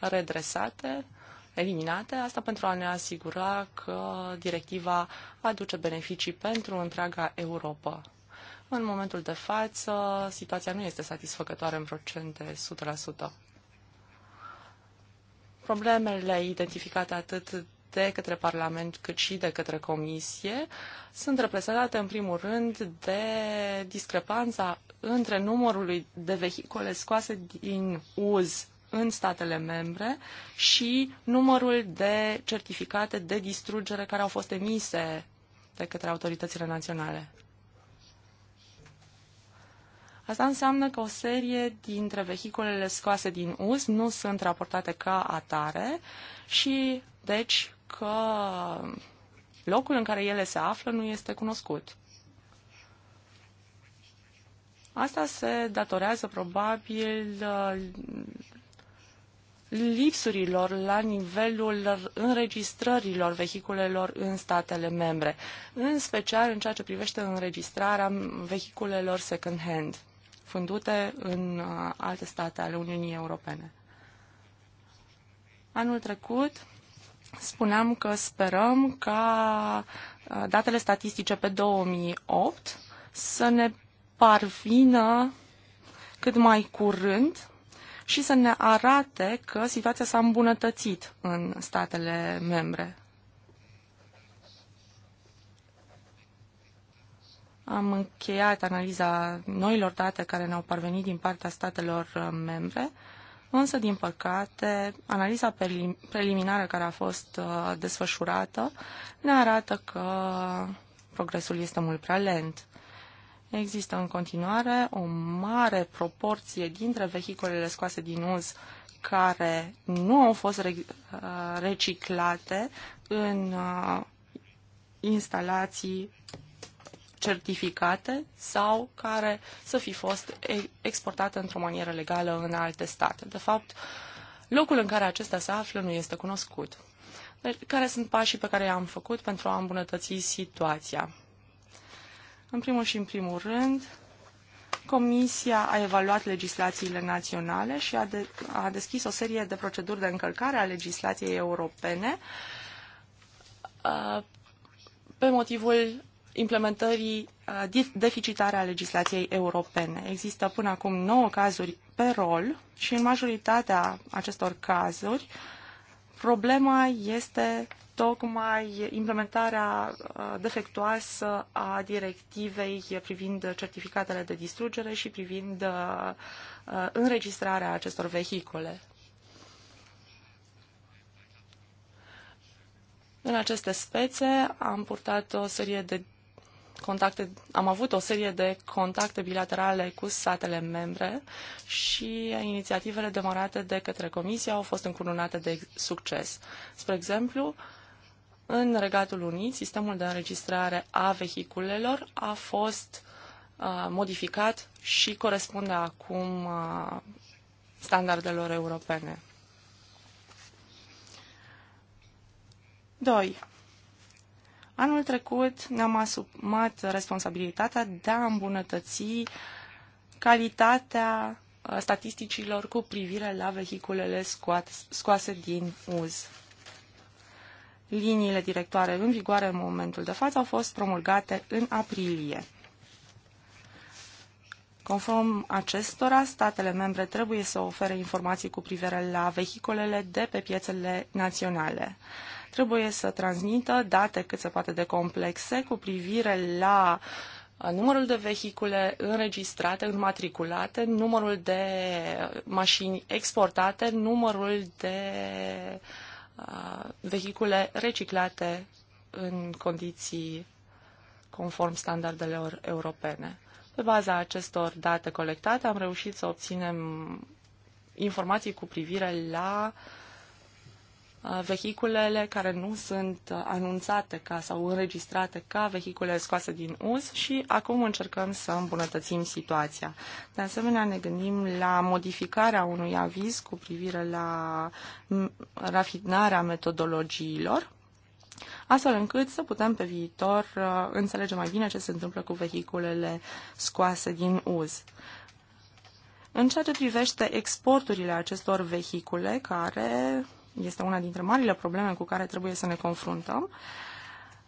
redresate, eliminate, asta pentru a ne asigura că directiva aduce beneficii pentru întreaga Europa. În momentul de față, situația nu este satisfăcătoare în procente 100%. Problemele identificate atât de către Parlament cât și de către Comisie sunt reprezentate în primul rând de discrepanța între numărul de vehicule scoase din uz în statele membre și numărul de certificate de distrugere care au fost emise de către autoritățile naționale. Asta înseamnă că o serie dintre vehiculele scoase din uz nu sunt raportate ca atare și deci că locul în care ele se află nu este cunoscut. Asta se datorează probabil lipsurilor la nivelul înregistrărilor vehiculelor în statele membre, în special în ceea ce privește înregistrarea vehiculelor second-hand vândute în uh, alte state ale Uniunii Europene. Anul trecut spuneam că sperăm ca uh, datele statistice pe 2008 să ne parvină cât mai curând și să ne arate că situația s-a îmbunătățit în statele membre. Am încheiat analiza noilor date care ne-au parvenit din partea statelor uh, membre, însă, din păcate, analiza preliminară care a fost uh, desfășurată ne arată că progresul este mult prea lent. Există în continuare o mare proporție dintre vehiculele scoase din uz care nu au fost uh, reciclate în instalații certificate sau care să fi fost exportate într-o manieră legală în alte state. De fapt, locul în care acestea se află nu este cunoscut. Deci, care sunt pașii pe care i-am făcut pentru a îmbunătăți situația? În primul și în primul rând, Comisia a evaluat legislațiile naționale și a, de, a deschis o serie de proceduri de încălcare a legislației europene uh, pe motivul implementării deficitare a legislației europene. Există până acum 9 cazuri pe rol și în majoritatea acestor cazuri problema este tocmai implementarea defectuoasă a directivei privind certificatele de distrugere și privind înregistrarea acestor vehicule. În aceste spețe am purtat o serie de contacte, am avut o serie de contacte bilaterale cu statele membre și inițiativele demarate de către Comisie au fost încununate de succes. Spre exemplu, în Regatul Unit, sistemul de înregistrare a vehiculelor a fost uh, modificat și corespunde acum uh, standardelor europene. 2. Anul trecut ne-am asumat responsabilitatea de a îmbunătăți calitatea uh, statisticilor cu privire la vehiculele scoase din uz. Liniile directoare în vigoare în momentul de față au fost promulgate în aprilie. Conform acestora, statele membre trebuie să ofere informații cu privire la vehiculele de pe piețele naționale trebuie să transmită date cât se poate de complexe cu privire la uh, numărul de vehicule înregistrate, înmatriculate, numărul de uh, mașini exportate, numărul de uh, vehicule reciclate în condiții conform standardelor europene. Pe baza acestor date colectate am reușit să obținem informații cu privire la uh, Uh, vehiculele care nu sunt uh, anunțate ca sau înregistrate ca vehicule scoase din uz și acum încercăm să îmbunătățim situația. De asemenea, ne gândim la modificarea unui aviz cu privire la mm, rafinarea metodologiilor astfel încât să putem pe viitor uh, înțelege mai bine ce se întâmplă cu vehiculele scoase din uz. În ceea ce privește exporturile acestor vehicule care este una dintre marile probleme cu care trebuie să ne confruntăm,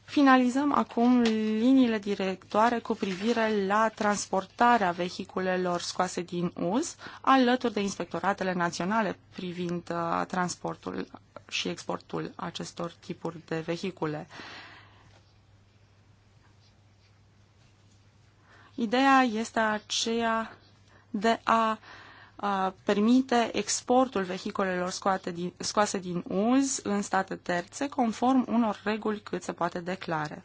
finalizăm acum liniile directoare cu privire la transportarea vehiculelor scoase din uz, alături de inspectoratele naționale privind uh, transportul și exportul acestor tipuri de vehicule. Ideea este aceea de a uh, permite exportul vehiculelor scoate din, scoase din uz în state terțe, conform unor reguli cât se poate declare.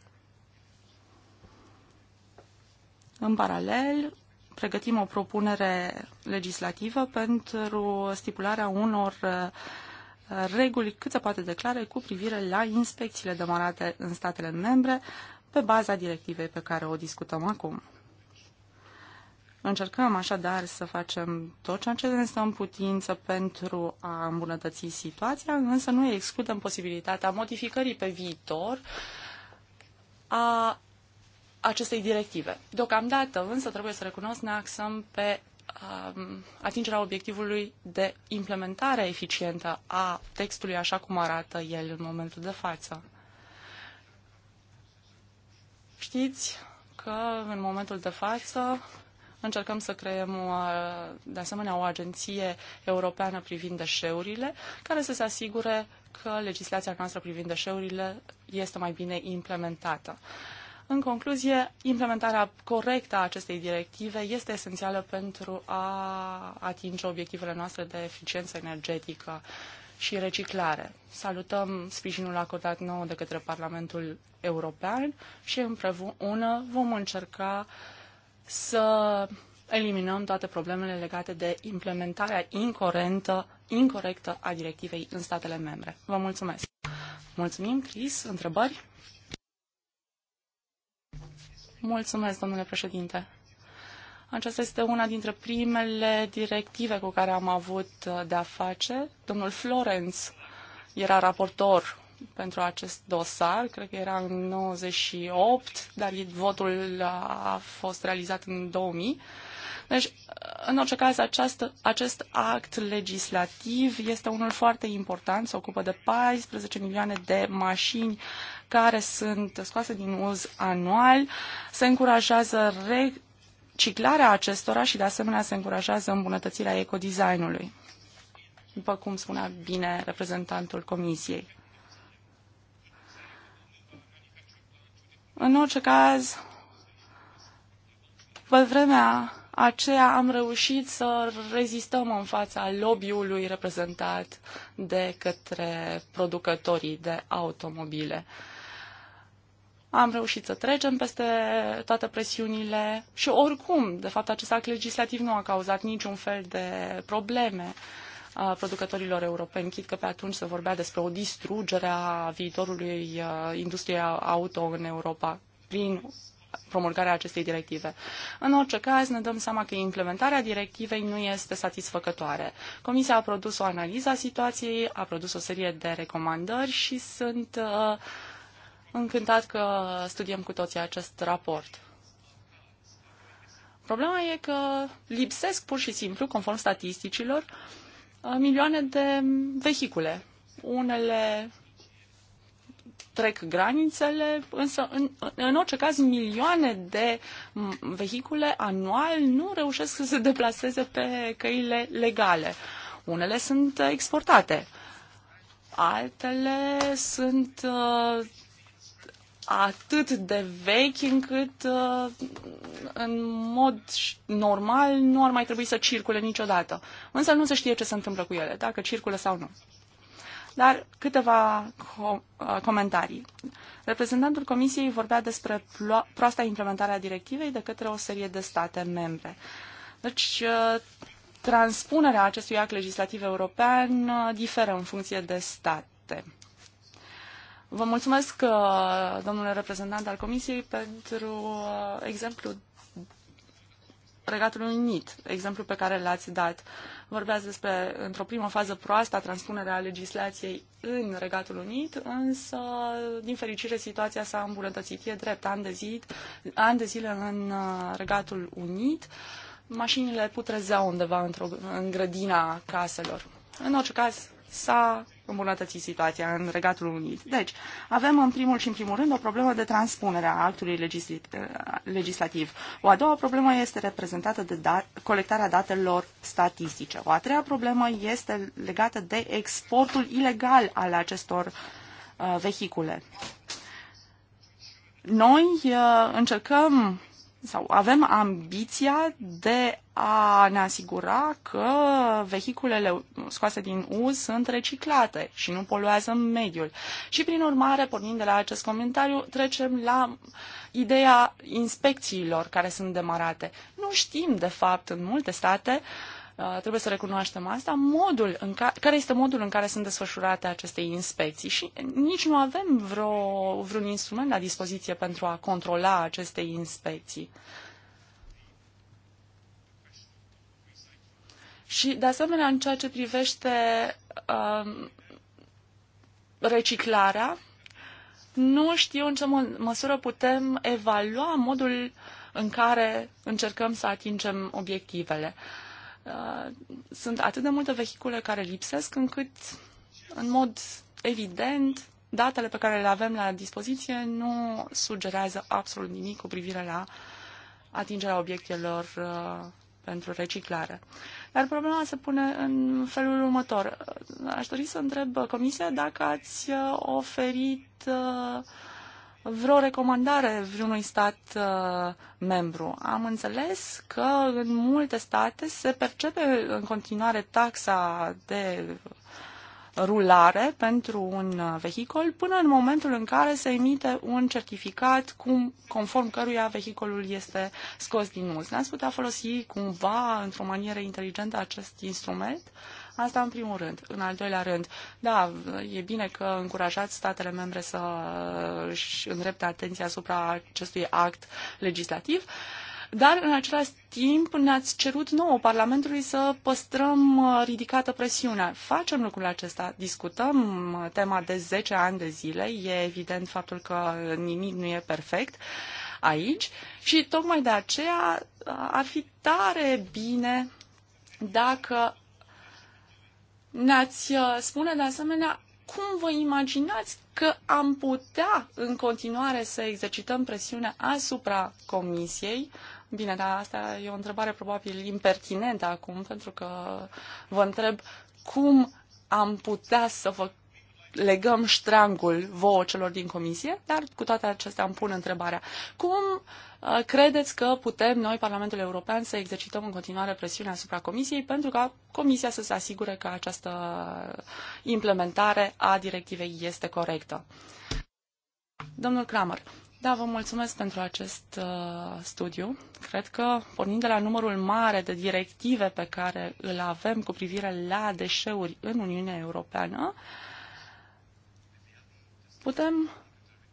În paralel, pregătim o propunere legislativă pentru stipularea unor uh, reguli cât se poate declare cu privire la inspecțiile demarate în statele membre pe baza directivei pe care o discutăm acum. Încercăm așadar să facem tot ceea ce ne stă în putință pentru a îmbunătăți situația, însă nu excludem posibilitatea modificării pe viitor a acestei directive. Deocamdată, însă, trebuie să recunosc, ne axăm pe um, atingerea obiectivului de implementare eficientă a textului așa cum arată el în momentul de față. Știți că în momentul de față Încercăm să creăm o, de asemenea o agenție europeană privind deșeurile, care să se asigure că legislația noastră privind deșeurile este mai bine implementată. În concluzie, implementarea corectă a acestei directive este esențială pentru a atinge obiectivele noastre de eficiență energetică și reciclare. Salutăm sprijinul acordat nou de către Parlamentul European și împreună vom încerca uh, să eliminăm toate problemele legate de implementarea incorentă, incorrectă a directivei în statele membre. Vă mulțumesc! Mulțumim, Cris. Întrebări? Mulțumesc, domnule președinte. Aceasta este una dintre primele directive cu care am avut de-a face. Domnul Florenț era raportor pentru acest dosar, cred că era în 98, dar votul a fost realizat în 2000. Deci, în orice caz, această, acest act legislativ este unul foarte important, se ocupă de 14 milioane de mașini care sunt scoase din uz anual, se încurajează reciclarea acestora și, de asemenea, se încurajează îmbunătățirea ecodesignului, după cum spunea bine reprezentantul Comisiei. În orice caz, pe vremea aceea am reușit să rezistăm în fața lobby-ului reprezentat de către producătorii de automobile. Am reușit să trecem peste toate presiunile și oricum, de fapt, acest act legislativ nu a cauzat niciun fel de probleme. Uh, producătorilor europeni. Chit că pe atunci se vorbea despre o distrugere a viitorului uh, industriei auto în Europa prin promulgarea acestei directive. În orice caz, ne dăm seama că implementarea directivei nu este satisfăcătoare. Comisia a produs o analiză a situației, a produs o serie de recomandări și sunt uh, încântat că studiem cu toții acest raport. Problema e că lipsesc pur și simplu, conform statisticilor, uh, Uh, milioane de vehicule. Unele trec granițele, însă în, în orice caz milioane de vehicule anual nu reușesc să se deplaseze pe căile legale. Unele sunt exportate, altele sunt uh, atât de vechi încât uh, în mod normal nu ar mai trebui să circule niciodată. Însă nu se știe ce se întâmplă cu ele, dacă circulă sau nu. Dar câteva com- uh, comentarii. Reprezentantul Comisiei vorbea despre proasta implementare a directivei de către o serie de state membre. Deci, uh, transpunerea acestui act legislativ european diferă în funcție de state. Vă mulțumesc, uh, domnule reprezentant al Comisiei, pentru uh, exemplu Regatul Unit, exemplu pe care l-ați dat. Vorbeați despre, într-o primă fază proastă, transpunerea legislației în Regatul Unit, însă, din fericire, situația s-a îmbunătățit. E drept, ani de, zi, an de zile în uh, Regatul Unit, mașinile putrezeau undeva într-o, în grădina caselor. În orice caz, s-a îmbunătăți situația în Regatul Unit. Deci, avem în primul și în primul rând o problemă de transpunere a actului legislativ. O a doua problemă este reprezentată de dat colectarea datelor statistice. O a treia problemă este legată de exportul ilegal al acestor uh, vehicule. Noi uh, încercăm sau avem ambiția de a ne asigura că vehiculele scoase din uz sunt reciclate și nu poluează mediul. Și prin urmare, pornind de la acest comentariu, trecem la ideea inspecțiilor care sunt demarate. Nu știm, de fapt, în multe state uh, Uh, trebuie să recunoaștem asta, modul în care, care este modul în care sunt desfășurate aceste inspecții și nici nu avem vreo, vreun instrument la dispoziție pentru a controla aceste inspecții. Și, de asemenea, în ceea ce privește uh, reciclarea, nu știu în ce mă măsură putem evalua modul în care încercăm să atingem obiectivele. Uh, Uh, sunt atât de multe vehicule care lipsesc încât, în mod evident, datele pe care le avem la dispoziție nu sugerează absolut nimic cu privire la atingerea obiectelor uh, pentru reciclare. Dar problema se pune în felul următor. Aș dori să întreb Comisia dacă ați uh, oferit vreo recomandare vreunui stat uh, membru. Am înțeles că în multe state se percepe în continuare taxa de rulare pentru un uh, vehicul până în momentul în care se emite un certificat cum, conform căruia vehiculul este scos din uz. Ne-ați putea folosi cumva, într-o manieră inteligentă, acest instrument Asta în primul rând. În al doilea rând, da, e bine că încurajați statele membre să își îndrepte atenția asupra acestui act legislativ dar în același timp ne-ați cerut nouă Parlamentului să păstrăm uh, ridicată presiunea. Facem lucrul acesta, discutăm uh, tema de 10 ani de zile, e evident faptul că nimic nu e perfect aici și tocmai de aceea uh, ar fi tare bine dacă ne-ați uh, spune de asemenea cum vă imaginați că am putea în continuare să exercităm presiunea asupra Comisiei? Bine, dar asta e o întrebare probabil impertinentă acum, pentru că vă întreb cum am putea să vă legăm ștrangul vouă celor din comisie, dar cu toate acestea îmi pun întrebarea. Cum uh, credeți că putem noi, Parlamentul European, să exercităm în continuare presiunea asupra comisiei pentru ca comisia să se asigure că această implementare a directivei este corectă? Domnul Kramer, da, vă mulțumesc pentru acest uh, studiu. Cred că, pornind de la numărul mare de directive pe care îl avem cu privire la deșeuri în Uniunea Europeană, uh, Putem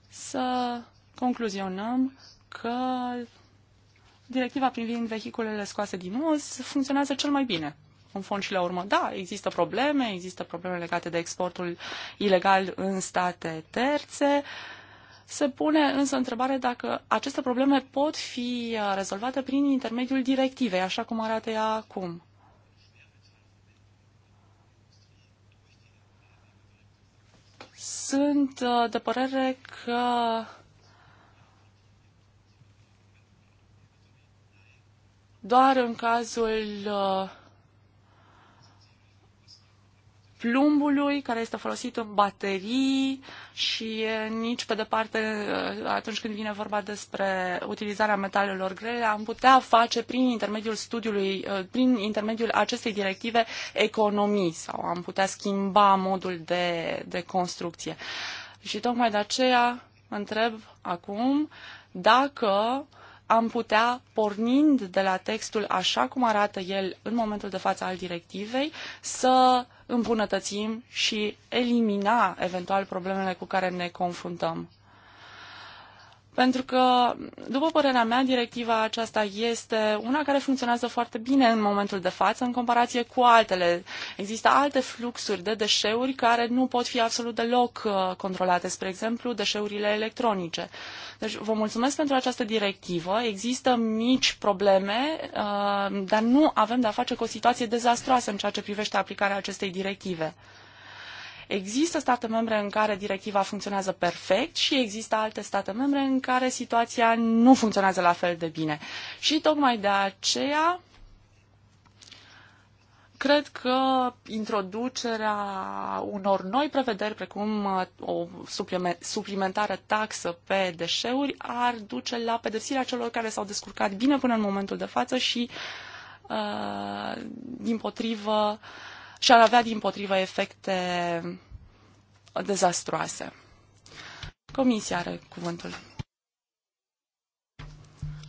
să concluzionăm că directiva privind vehiculele scoase din uz funcționează cel mai bine. În fond și la urmă, da, există probleme, există probleme legate de exportul ilegal în state terțe. Se pune însă întrebare dacă aceste probleme pot fi rezolvate prin intermediul directivei, așa cum arată ea acum. Sunt uh, de părere că doar în cazul uh, plumbului care este folosit în baterii și nici pe departe uh, atunci când vine vorba despre utilizarea metalelor grele, am putea face prin intermediul studiului, uh, prin intermediul acestei directive economii sau am putea schimba modul de, de construcție. Și tocmai de aceea întreb acum dacă am putea, pornind de la textul așa cum arată el în momentul de față al directivei, să îmbunătăim și elimina eventual problemele cu care ne confruntăm. Pentru că, după părerea mea, directiva aceasta este una care funcționează foarte bine în momentul de față în comparație cu altele. Există alte fluxuri de deșeuri care nu pot fi absolut deloc uh, controlate, spre exemplu, deșeurile electronice. Deci vă mulțumesc pentru această directivă. Există mici probleme, uh, dar nu avem de-a face cu o situație dezastroasă în ceea ce privește aplicarea acestei directive. Există state membre în care directiva funcționează perfect și există alte state membre în care situația nu funcționează la fel de bine. Și tocmai de aceea cred că introducerea unor noi prevederi, precum uh, o suplimentară taxă pe deșeuri, ar duce la pedepsirea celor care s-au descurcat bine până în momentul de față și, uh, din potrivă, și ar avea din potrivă efecte dezastroase. Comisia are cuvântul.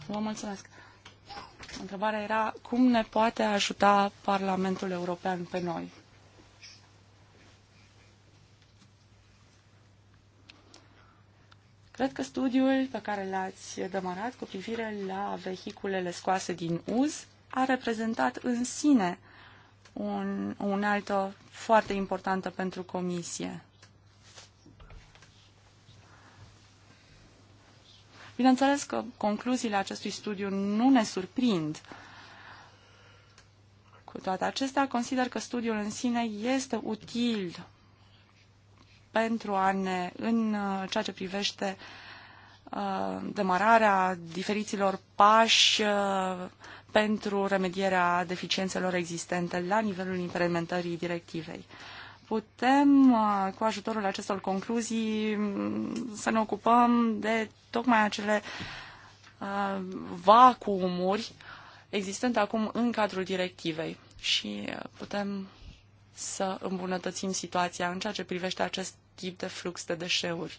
Vă mulțumesc. Întrebarea era cum ne poate ajuta Parlamentul European pe noi? Cred că studiul pe care l-ați demarat cu privire la vehiculele scoase din uz a reprezentat în sine un, o unealtă foarte importantă pentru comisie. Bineînțeles că concluziile acestui studiu nu ne surprind. Cu toate acestea, consider că studiul în sine este util pentru a ne, în uh, ceea ce privește uh, demararea diferiților pași, uh, pentru remedierea deficiențelor existente la nivelul implementării directivei. Putem, uh, cu ajutorul acestor concluzii, mm, să ne ocupăm de tocmai acele uh, vacuumuri existente acum în cadrul directivei și putem să îmbunătățim situația în ceea ce privește acest tip de flux de deșeuri.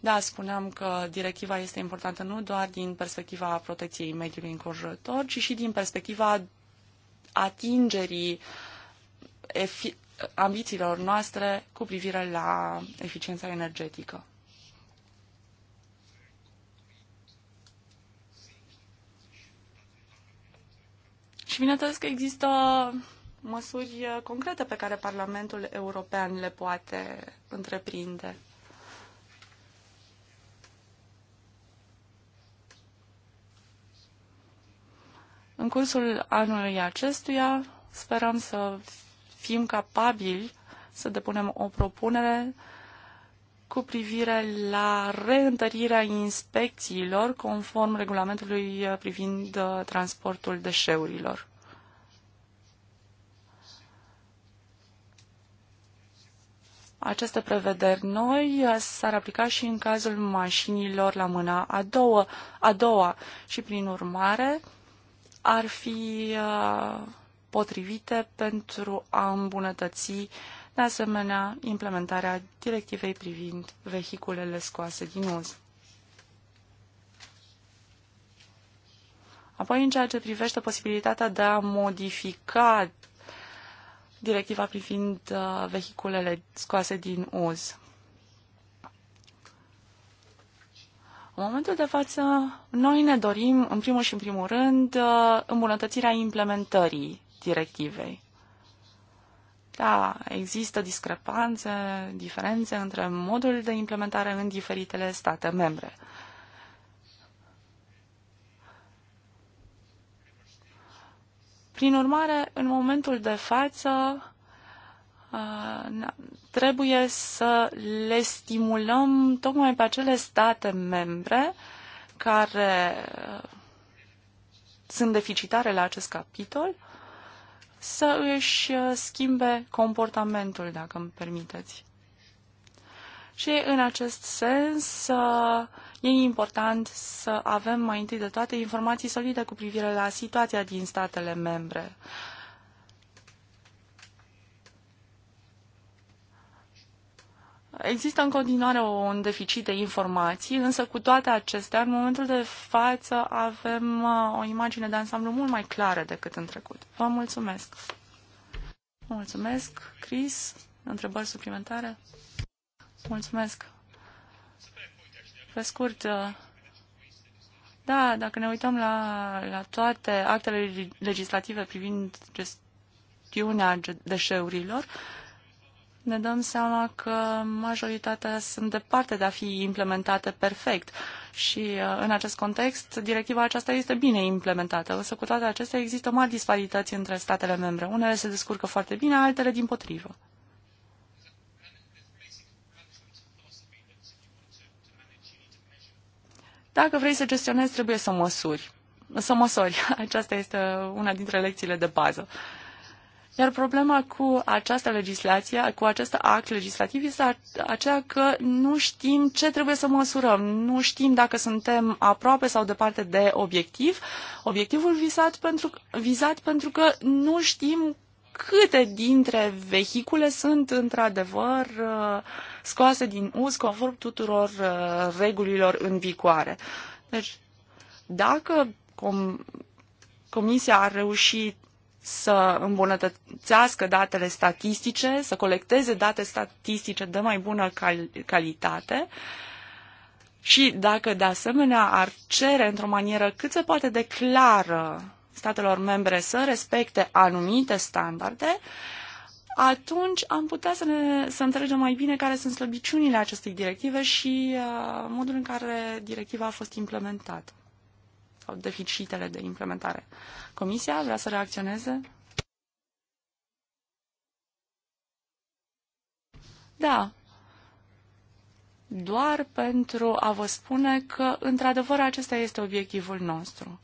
Da, spuneam că directiva este importantă nu doar din perspectiva protecției mediului înconjurător, ci și din perspectiva atingerii ambițiilor noastre cu privire la eficiența energetică. Și bineînțeles că există măsuri uh, concrete pe care Parlamentul European le poate întreprinde. În cursul anului acestuia sperăm să fim capabili să depunem o propunere cu privire la reîntărirea inspecțiilor conform regulamentului uh, privind uh, transportul deșeurilor. aceste prevederi noi uh, s-ar aplica și în cazul mașinilor la mâna a doua, a doua și, prin urmare, ar fi uh, potrivite pentru a îmbunătăți, de asemenea, implementarea directivei privind vehiculele scoase din uz. Apoi, în ceea ce privește posibilitatea de a modifica directiva privind uh, vehiculele scoase din uz. În momentul de față, noi ne dorim, în primul și în primul rând, uh, îmbunătățirea implementării directivei. Da, există discrepanțe, diferențe între modul de implementare în diferitele state membre. Prin urmare, în momentul de față, trebuie să le stimulăm tocmai pe acele state membre care sunt deficitare la acest capitol să își schimbe comportamentul, dacă îmi permiteți. Și în acest sens, uh, E important să avem mai întâi de toate informații solide cu privire la situația din statele membre. Există în continuare un deficit de informații, însă cu toate acestea, în momentul de față avem uh, o imagine de ansamblu mult mai clară decât în trecut. Vă mulțumesc! Mulțumesc, Chris. Întrebări suplimentare? Mulțumesc! Pe scurt, uh, da, dacă ne uităm la, la toate actele legislative privind gestiunea deșeurilor, ne dăm seama că majoritatea sunt departe de a fi implementate perfect și uh, în acest context directiva aceasta este bine implementată, însă cu toate acestea există mari disparități între statele membre. Unele se descurcă foarte bine, altele din potrivă. Dacă vrei să gestionezi, trebuie să măsuri. Să măsori. Aceasta este una dintre lecțiile de bază. Iar problema cu această legislație, cu acest act legislativ este aceea că nu știm ce trebuie să măsurăm, nu știm dacă suntem aproape sau departe de obiectiv, obiectivul visat pentru, vizat pentru că nu știm câte dintre vehicule sunt într-adevăr uh, scoase din uz conform tuturor uh, regulilor în vigoare. Deci, dacă com Comisia a reușit să îmbunătățească datele statistice, să colecteze date statistice de mai bună cal calitate, și dacă de asemenea ar cere într-o manieră cât se poate de clară statelor membre să respecte anumite standarde, uh, atunci am putea să, ne, să înțelegem mai bine care sunt slăbiciunile acestei directive și uh, modul în care directiva a fost implementată sau deficitele de implementare. Comisia vrea să reacționeze? Da. Doar pentru a vă spune că, într-adevăr, acesta este obiectivul nostru.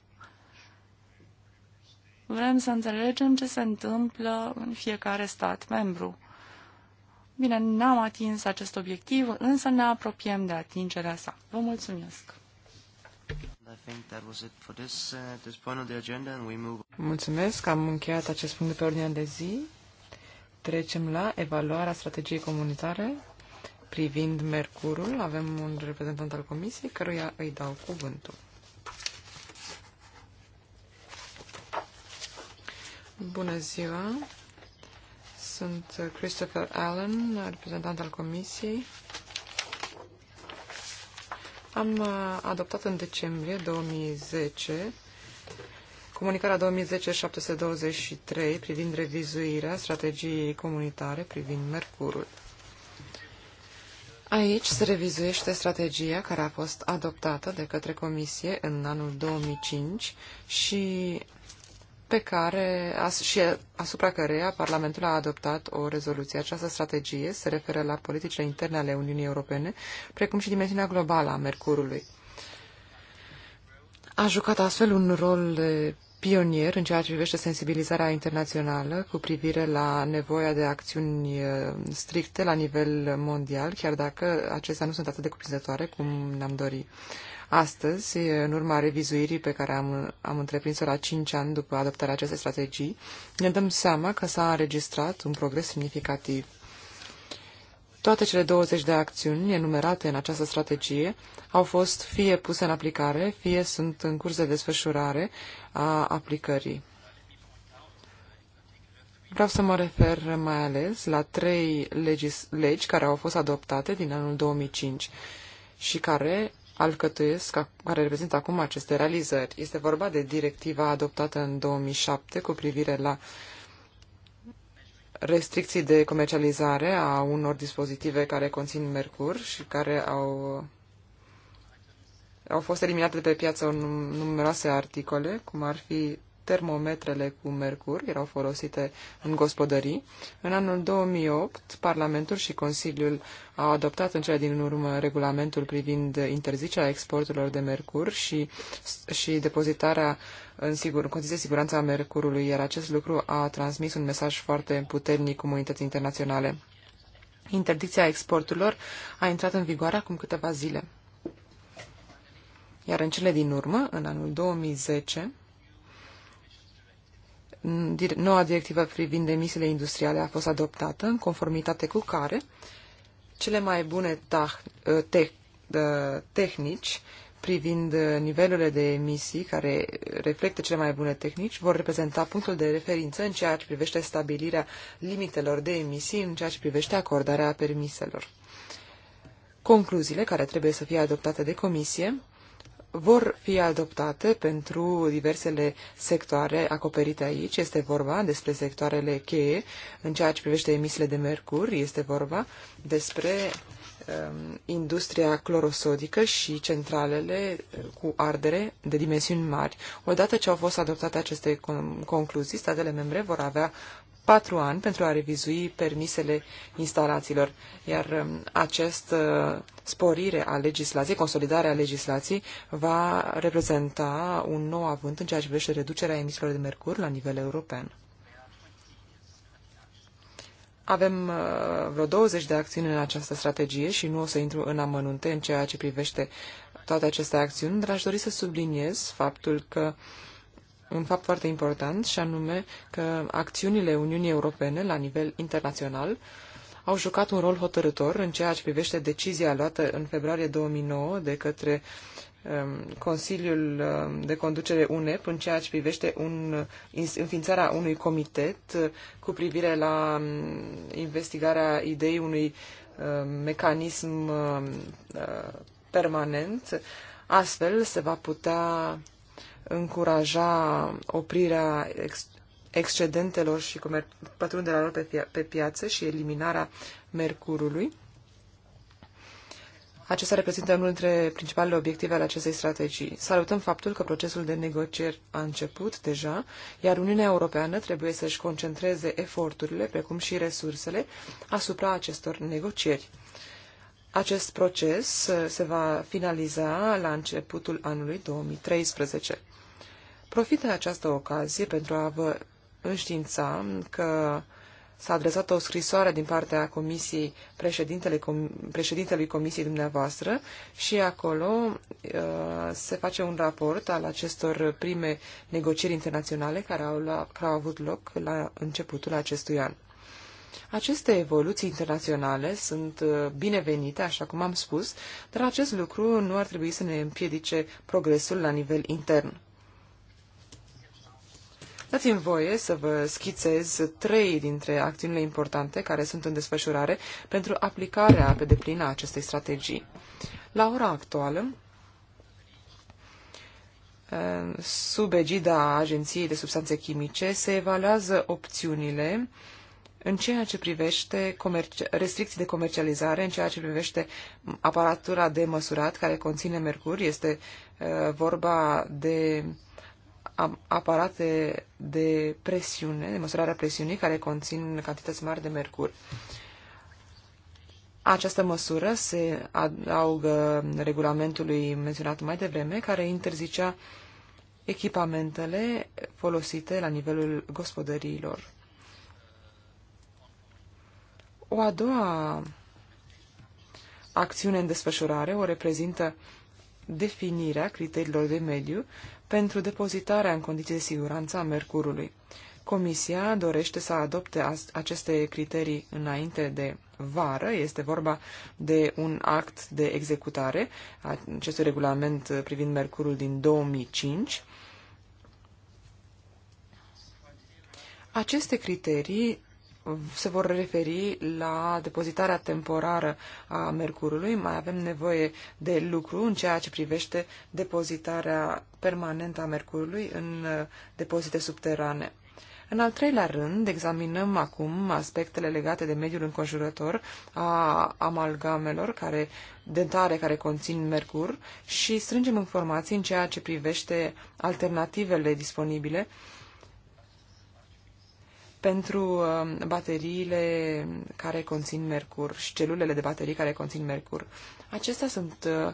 Vrem să înțelegem ce se întâmplă în fiecare stat membru. Bine, n-am atins acest obiectiv, însă ne apropiem de atingerea sa. Vă mulțumesc! Uh, mulțumesc, am încheiat acest punct de pe ordinea de zi. Trecem la evaluarea strategiei comunitare privind Mercurul. Avem un reprezentant al Comisiei, căruia îi dau cuvântul. Bună ziua! Sunt Christopher Allen, reprezentant al Comisiei. Am uh, adoptat în decembrie 2010 comunicarea 2010-723 privind revizuirea strategiei comunitare privind Mercurul. Aici se revizuiește strategia care a fost adoptată de către Comisie în anul 2005 și pe care as, și asupra căreia Parlamentul a adoptat o rezoluție. Această strategie se referă la politicile interne ale Uniunii Europene, precum și dimensiunea globală a Mercurului. A jucat astfel un rol pionier în ceea ce privește sensibilizarea internațională cu privire la nevoia de acțiuni uh, stricte la nivel mondial, chiar dacă acestea nu sunt atât de cuprinzătoare cum ne-am dorit. Astăzi, în urma revizuirii pe care am, am întreprins-o la 5 ani după adoptarea acestei strategii, ne dăm seama că s-a înregistrat un progres semnificativ. Toate cele 20 de acțiuni enumerate în această strategie au fost fie puse în aplicare, fie sunt în curs de desfășurare a aplicării. Vreau să mă refer mai ales la trei legi care au fost adoptate din anul 2005 și care alcătuiesc, care reprezintă acum aceste realizări. Este vorba de directiva adoptată în 2007 cu privire la restricții de comercializare a unor dispozitive care conțin mercur și care au, au fost eliminate de pe piață numeroase articole, cum ar fi termometrele cu mercur erau folosite în gospodării. În anul 2008, Parlamentul și Consiliul au adoptat în cele din urmă regulamentul privind interzicerea exporturilor de mercur și, și depozitarea în, sigur, în condiții de siguranță a mercurului, iar acest lucru a transmis un mesaj foarte puternic comunității internaționale. Interdicția exporturilor a intrat în vigoare acum câteva zile. Iar în cele din urmă, în anul 2010, noua directivă privind emisiile industriale a fost adoptată, în conformitate cu care cele mai bune ă, te ă, tehnici privind nivelurile de emisii care reflectă cele mai bune tehnici vor reprezenta punctul de referință în ceea ce privește stabilirea limitelor de emisii, în ceea ce privește acordarea permiselor. Concluziile care trebuie să fie adoptate de comisie vor fi adoptate pentru diversele sectoare acoperite aici. Este vorba despre sectoarele cheie. În ceea ce privește emisiile de mercur, este vorba despre um, industria clorosodică și centralele uh, cu ardere de dimensiuni mari. Odată ce au fost adoptate aceste concluzii, statele membre vor avea patru ani pentru a revizui permisele instalațiilor, iar um, acest uh, sporire a legislației, consolidarea legislației, va reprezenta un nou avânt în ceea ce privește reducerea emisiilor de mercur la nivel european. Avem uh, vreo 20 de acțiuni în această strategie și nu o să intru în amănunte în ceea ce privește toate aceste acțiuni, dar aș dori să subliniez faptul că uh, un fapt foarte important și anume că acțiunile Uniunii Europene la nivel internațional au jucat un rol hotărător în ceea ce privește decizia luată în februarie 2009 de către um, Consiliul um, de Conducere UNEP în ceea ce privește un, înființarea unui comitet uh, cu privire la um, investigarea ideii unui mecanism uh, permanent. Astfel se va putea încuraja oprirea ex- excedentelor și pătrunderea lor pe, pe piață și eliminarea mercurului. Acesta reprezintă unul dintre principalele obiective ale acestei strategii. Salutăm faptul că procesul de negocieri a început deja, iar Uniunea Europeană trebuie să-și concentreze eforturile, precum și resursele, asupra acestor negocieri. Acest proces uh, se va finaliza la începutul anului 2013. Profit de această ocazie pentru a vă înștiința că s-a adresat o scrisoare din partea comisiei președintele, com, președintelui comisiei dumneavoastră și acolo uh, se face un raport al acestor prime negocieri internaționale care au, la, care au avut loc la începutul acestui an. Aceste evoluții internaționale sunt uh, binevenite, așa cum am spus, dar acest lucru nu ar trebui să ne împiedice progresul la nivel intern. Dați-mi voie să vă schițez trei dintre acțiunile importante care sunt în desfășurare pentru aplicarea pe deplin a acestei strategii. La ora actuală, sub egida Agenției de Substanțe Chimice, se evaluează opțiunile în ceea ce privește restricții de comercializare, în ceea ce privește aparatura de măsurat care conține mercur, este uh, vorba de uh, aparate de presiune, de măsurare a presiunii, care conțin cantități mari de mercur. Această măsură se adaugă regulamentului menționat mai devreme, care interzicea echipamentele folosite la nivelul gospodăriilor. O a doua acțiune în desfășurare o reprezintă definirea criteriilor de mediu pentru depozitarea în condiții de siguranță a mercurului. Comisia dorește să adopte aceste criterii înainte de vară. Este vorba de un act de executare a acestui regulament privind mercurul din 2005. Aceste criterii se vor referi la depozitarea temporară a mercurului. Mai avem nevoie de lucru în ceea ce privește depozitarea permanentă a mercurului în uh, depozite subterane. În al treilea rând, examinăm acum aspectele legate de mediul înconjurător a amalgamelor care, dentare care conțin mercur și strângem informații în ceea ce privește alternativele disponibile uh, pentru um, bateriile care conțin mercur și celulele de baterii care conțin mercur. Acestea sunt uh,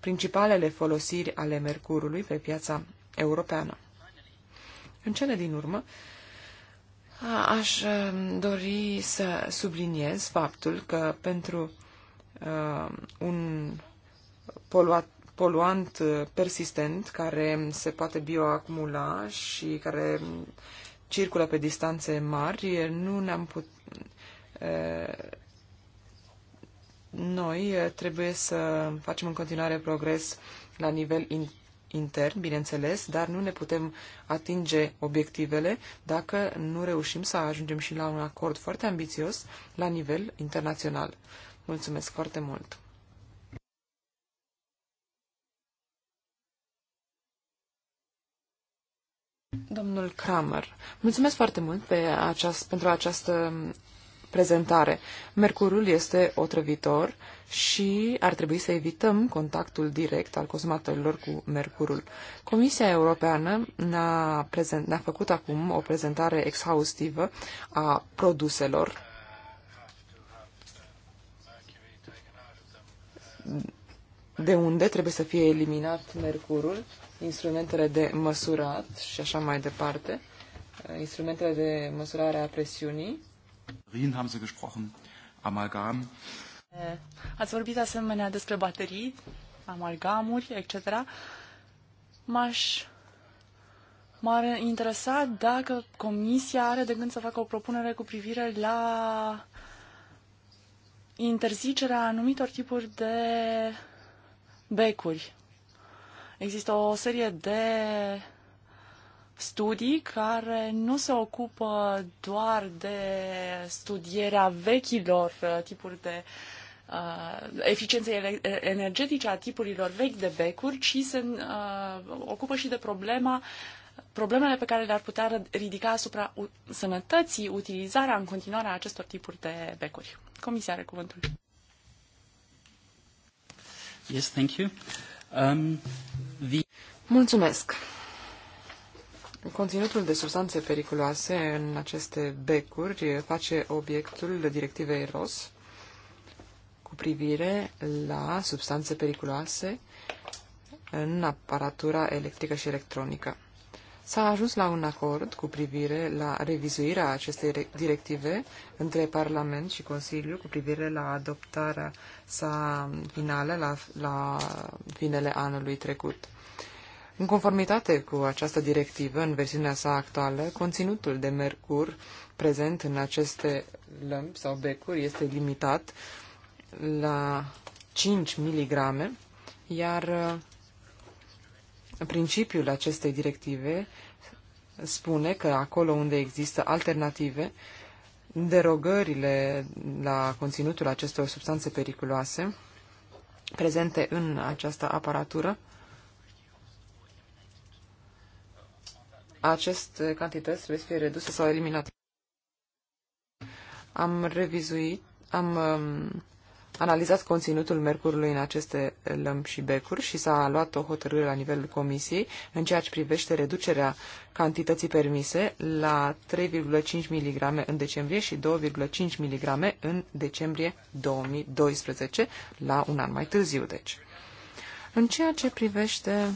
principalele folosiri ale mercurului pe piața europeană. În cele din urmă, aș um, dori să subliniez faptul că pentru uh, un poluat, poluant uh, persistent care se poate bioacumula și care circulă pe distanțe mari, nu ne-am put... Noi trebuie să facem în continuare progres la nivel intern, bineînțeles, dar nu ne putem atinge obiectivele dacă nu reușim să ajungem și la un acord foarte ambițios la nivel internațional. Mulțumesc foarte mult! Domnul Kramer, mulțumesc foarte mult pe aceast, pentru această prezentare. Mercurul este otrăvitor și ar trebui să evităm contactul direct al consumatorilor cu mercurul. Comisia Europeană ne-a, prezent, ne-a făcut acum o prezentare exhaustivă a produselor de unde trebuie să fie eliminat mercurul instrumentele de măsurat și așa mai departe, uh, instrumentele de măsurare a presiunii. Rin am să gesprochen, amalgam. Eh, ați vorbit asemenea despre baterii, amalgamuri, etc. M-aș M-ar interesa dacă Comisia are de gând să facă o propunere cu privire la interzicerea anumitor tipuri de becuri Există o serie de studii care nu se ocupă doar de studierea vechilor uh, tipuri de uh, eficienței energetice a tipurilor vechi de becuri, ci se uh, ocupă și de problema problemele pe care le-ar putea ridica asupra sănătății utilizarea în continuare a acestor tipuri de becuri. Comisia are cuvântul. Yes, thank you. Um, Mulțumesc! Conținutul de substanțe periculoase în aceste becuri face obiectul directivei ROS cu privire la substanțe periculoase în aparatura electrică și electronică. S-a ajuns la un acord cu privire la revizuirea acestei directive între Parlament și Consiliu cu privire la adoptarea sa finală la, la finele anului trecut. În conformitate cu această directivă, în versiunea sa actuală, conținutul de mercur prezent în aceste lămpi sau becuri este limitat la 5 mg, iar uh, Principiul acestei directive spune că acolo unde există alternative, derogările la conținutul acestor substanțe periculoase prezente în această aparatură, aceste cantități trebuie să fie reduse sau eliminate. Am revizuit, am um, analizat conținutul mercurului în aceste lămpi și becuri și s-a luat o hotărâre la nivelul comisiei în ceea ce privește reducerea cantității permise la 3,5 mg în decembrie și 2,5 mg în decembrie 2012, la un an mai târziu, deci. În ceea ce privește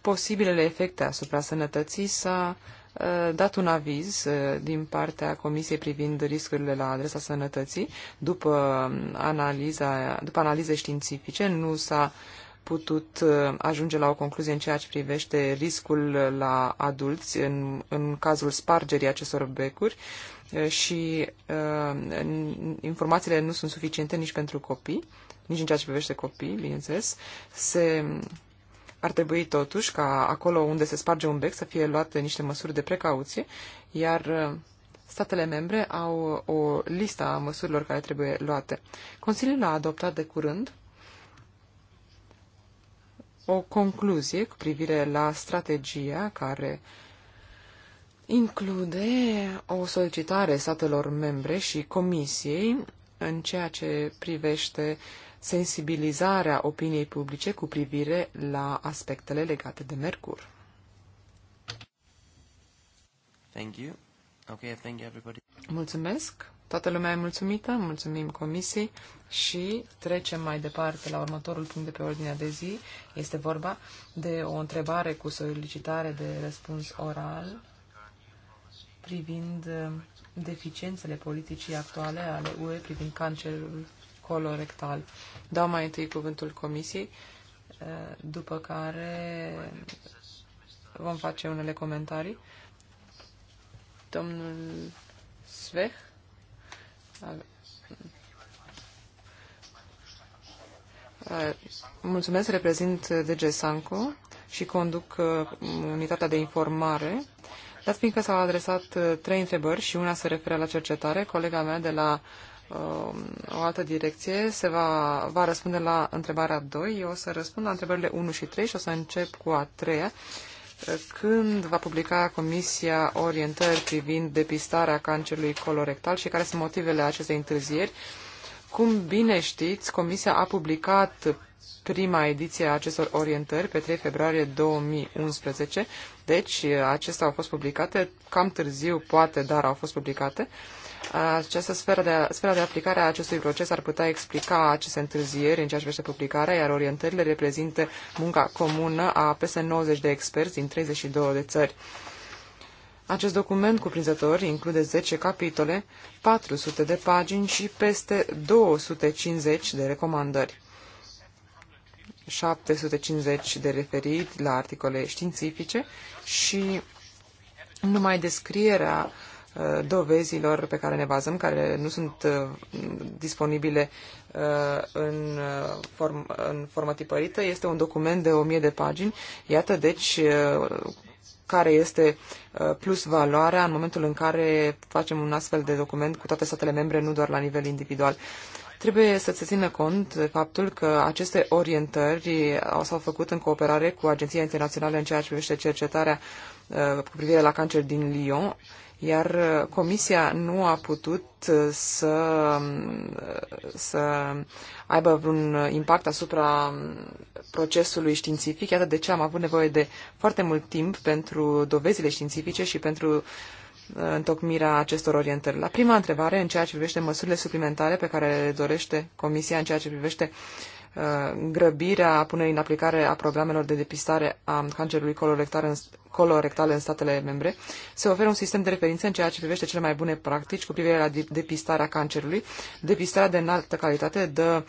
posibilele efecte asupra sănătății s-a uh, Eh, dat un aviz eh, din partea Comisiei privind riscurile la adresa sănătății. După, mm, analiza, după analize științifice nu s-a putut eh, ajunge la o concluzie în ceea ce privește riscul la adulți în, în cazul spargerii acestor becuri și uh, informațiile nu sunt suficiente nici pentru copii, nici în ceea ce privește copii, bineînțeles. Se ar trebui totuși ca acolo unde se sparge un bec să fie luate niște măsuri de precauție, iar uh, statele membre au o listă a măsurilor care trebuie luate. Consiliul a adoptat de curând o concluzie cu privire la strategia care include o solicitare statelor membre și comisiei în ceea ce privește uh, sensibilizarea opiniei publice cu privire la aspectele legate de Mercur. Thank you. Okay, thank you everybody. Mulțumesc. Toată lumea e mulțumită, mulțumim comisiei și trecem mai departe la următorul punct de pe ordinea de zi. Este vorba de o întrebare cu solicitare de răspuns oral privind uh, deficiențele politicii actuale ale UE privind cancerul colorectal. Dau mai întâi cuvântul comisiei, după care vom face unele comentarii. Domnul Sveh. Mulțumesc, reprezint DG Sanco și conduc uh, unitatea de informare. Dat fiindcă s-au adresat uh, trei întrebări și una se referă la cercetare, colega mea de la uh, Um, o altă direcție, se va, va răspunde la întrebarea 2, eu o să răspund la întrebările 1 și 3 și o să încep cu a treia. Când va publica Comisia orientări privind depistarea cancerului colorectal și care sunt motivele acestei întârzieri? Cum bine știți, Comisia a publicat prima ediție a acestor orientări pe 3 februarie 2011, deci acestea au fost publicate cam târziu, poate, dar au fost publicate. Această sferă de, de aplicare a acestui proces ar putea explica aceste întârzieri în ceea ce privește publicarea, iar orientările reprezintă munca comună a peste 90 de experți din 32 de țări. Acest document cuprinzător include 10 capitole, 400 de pagini și peste 250 de recomandări. 750 de referiri la articole științifice și numai descrierea uh, Uh, dovezilor pe care ne bazăm, care nu sunt uh, disponibile uh, în, form, în formă tipărită. Este un document de 1000 de pagini. Iată, deci, care este plus valoarea în momentul în care facem un astfel de document cu toate statele membre, nu doar la nivel individual. Trebuie să se țină cont de faptul că aceste orientări s-au făcut în cooperare cu Agenția Internațională în ceea ce privește cercetarea cu privire la cancer din Lyon, iar uh, comisia nu a putut uh, să, uh, să aibă un impact asupra um, procesului științific. Iată de ce am avut nevoie de foarte mult timp pentru dovezile științifice și pentru întocmirea acestor orientări. La prima întrebare, în ceea ce privește măsurile suplimentare pe care le dorește Comisia, în ceea ce privește uh, Uh, grăbirea punerii în aplicare a programelor de depistare a cancerului colorectal în, colorectal în statele membre, se oferă un sistem de referință în ceea ce privește cele mai bune practici cu privire la depistarea cancerului. Depistarea de înaltă calitate dă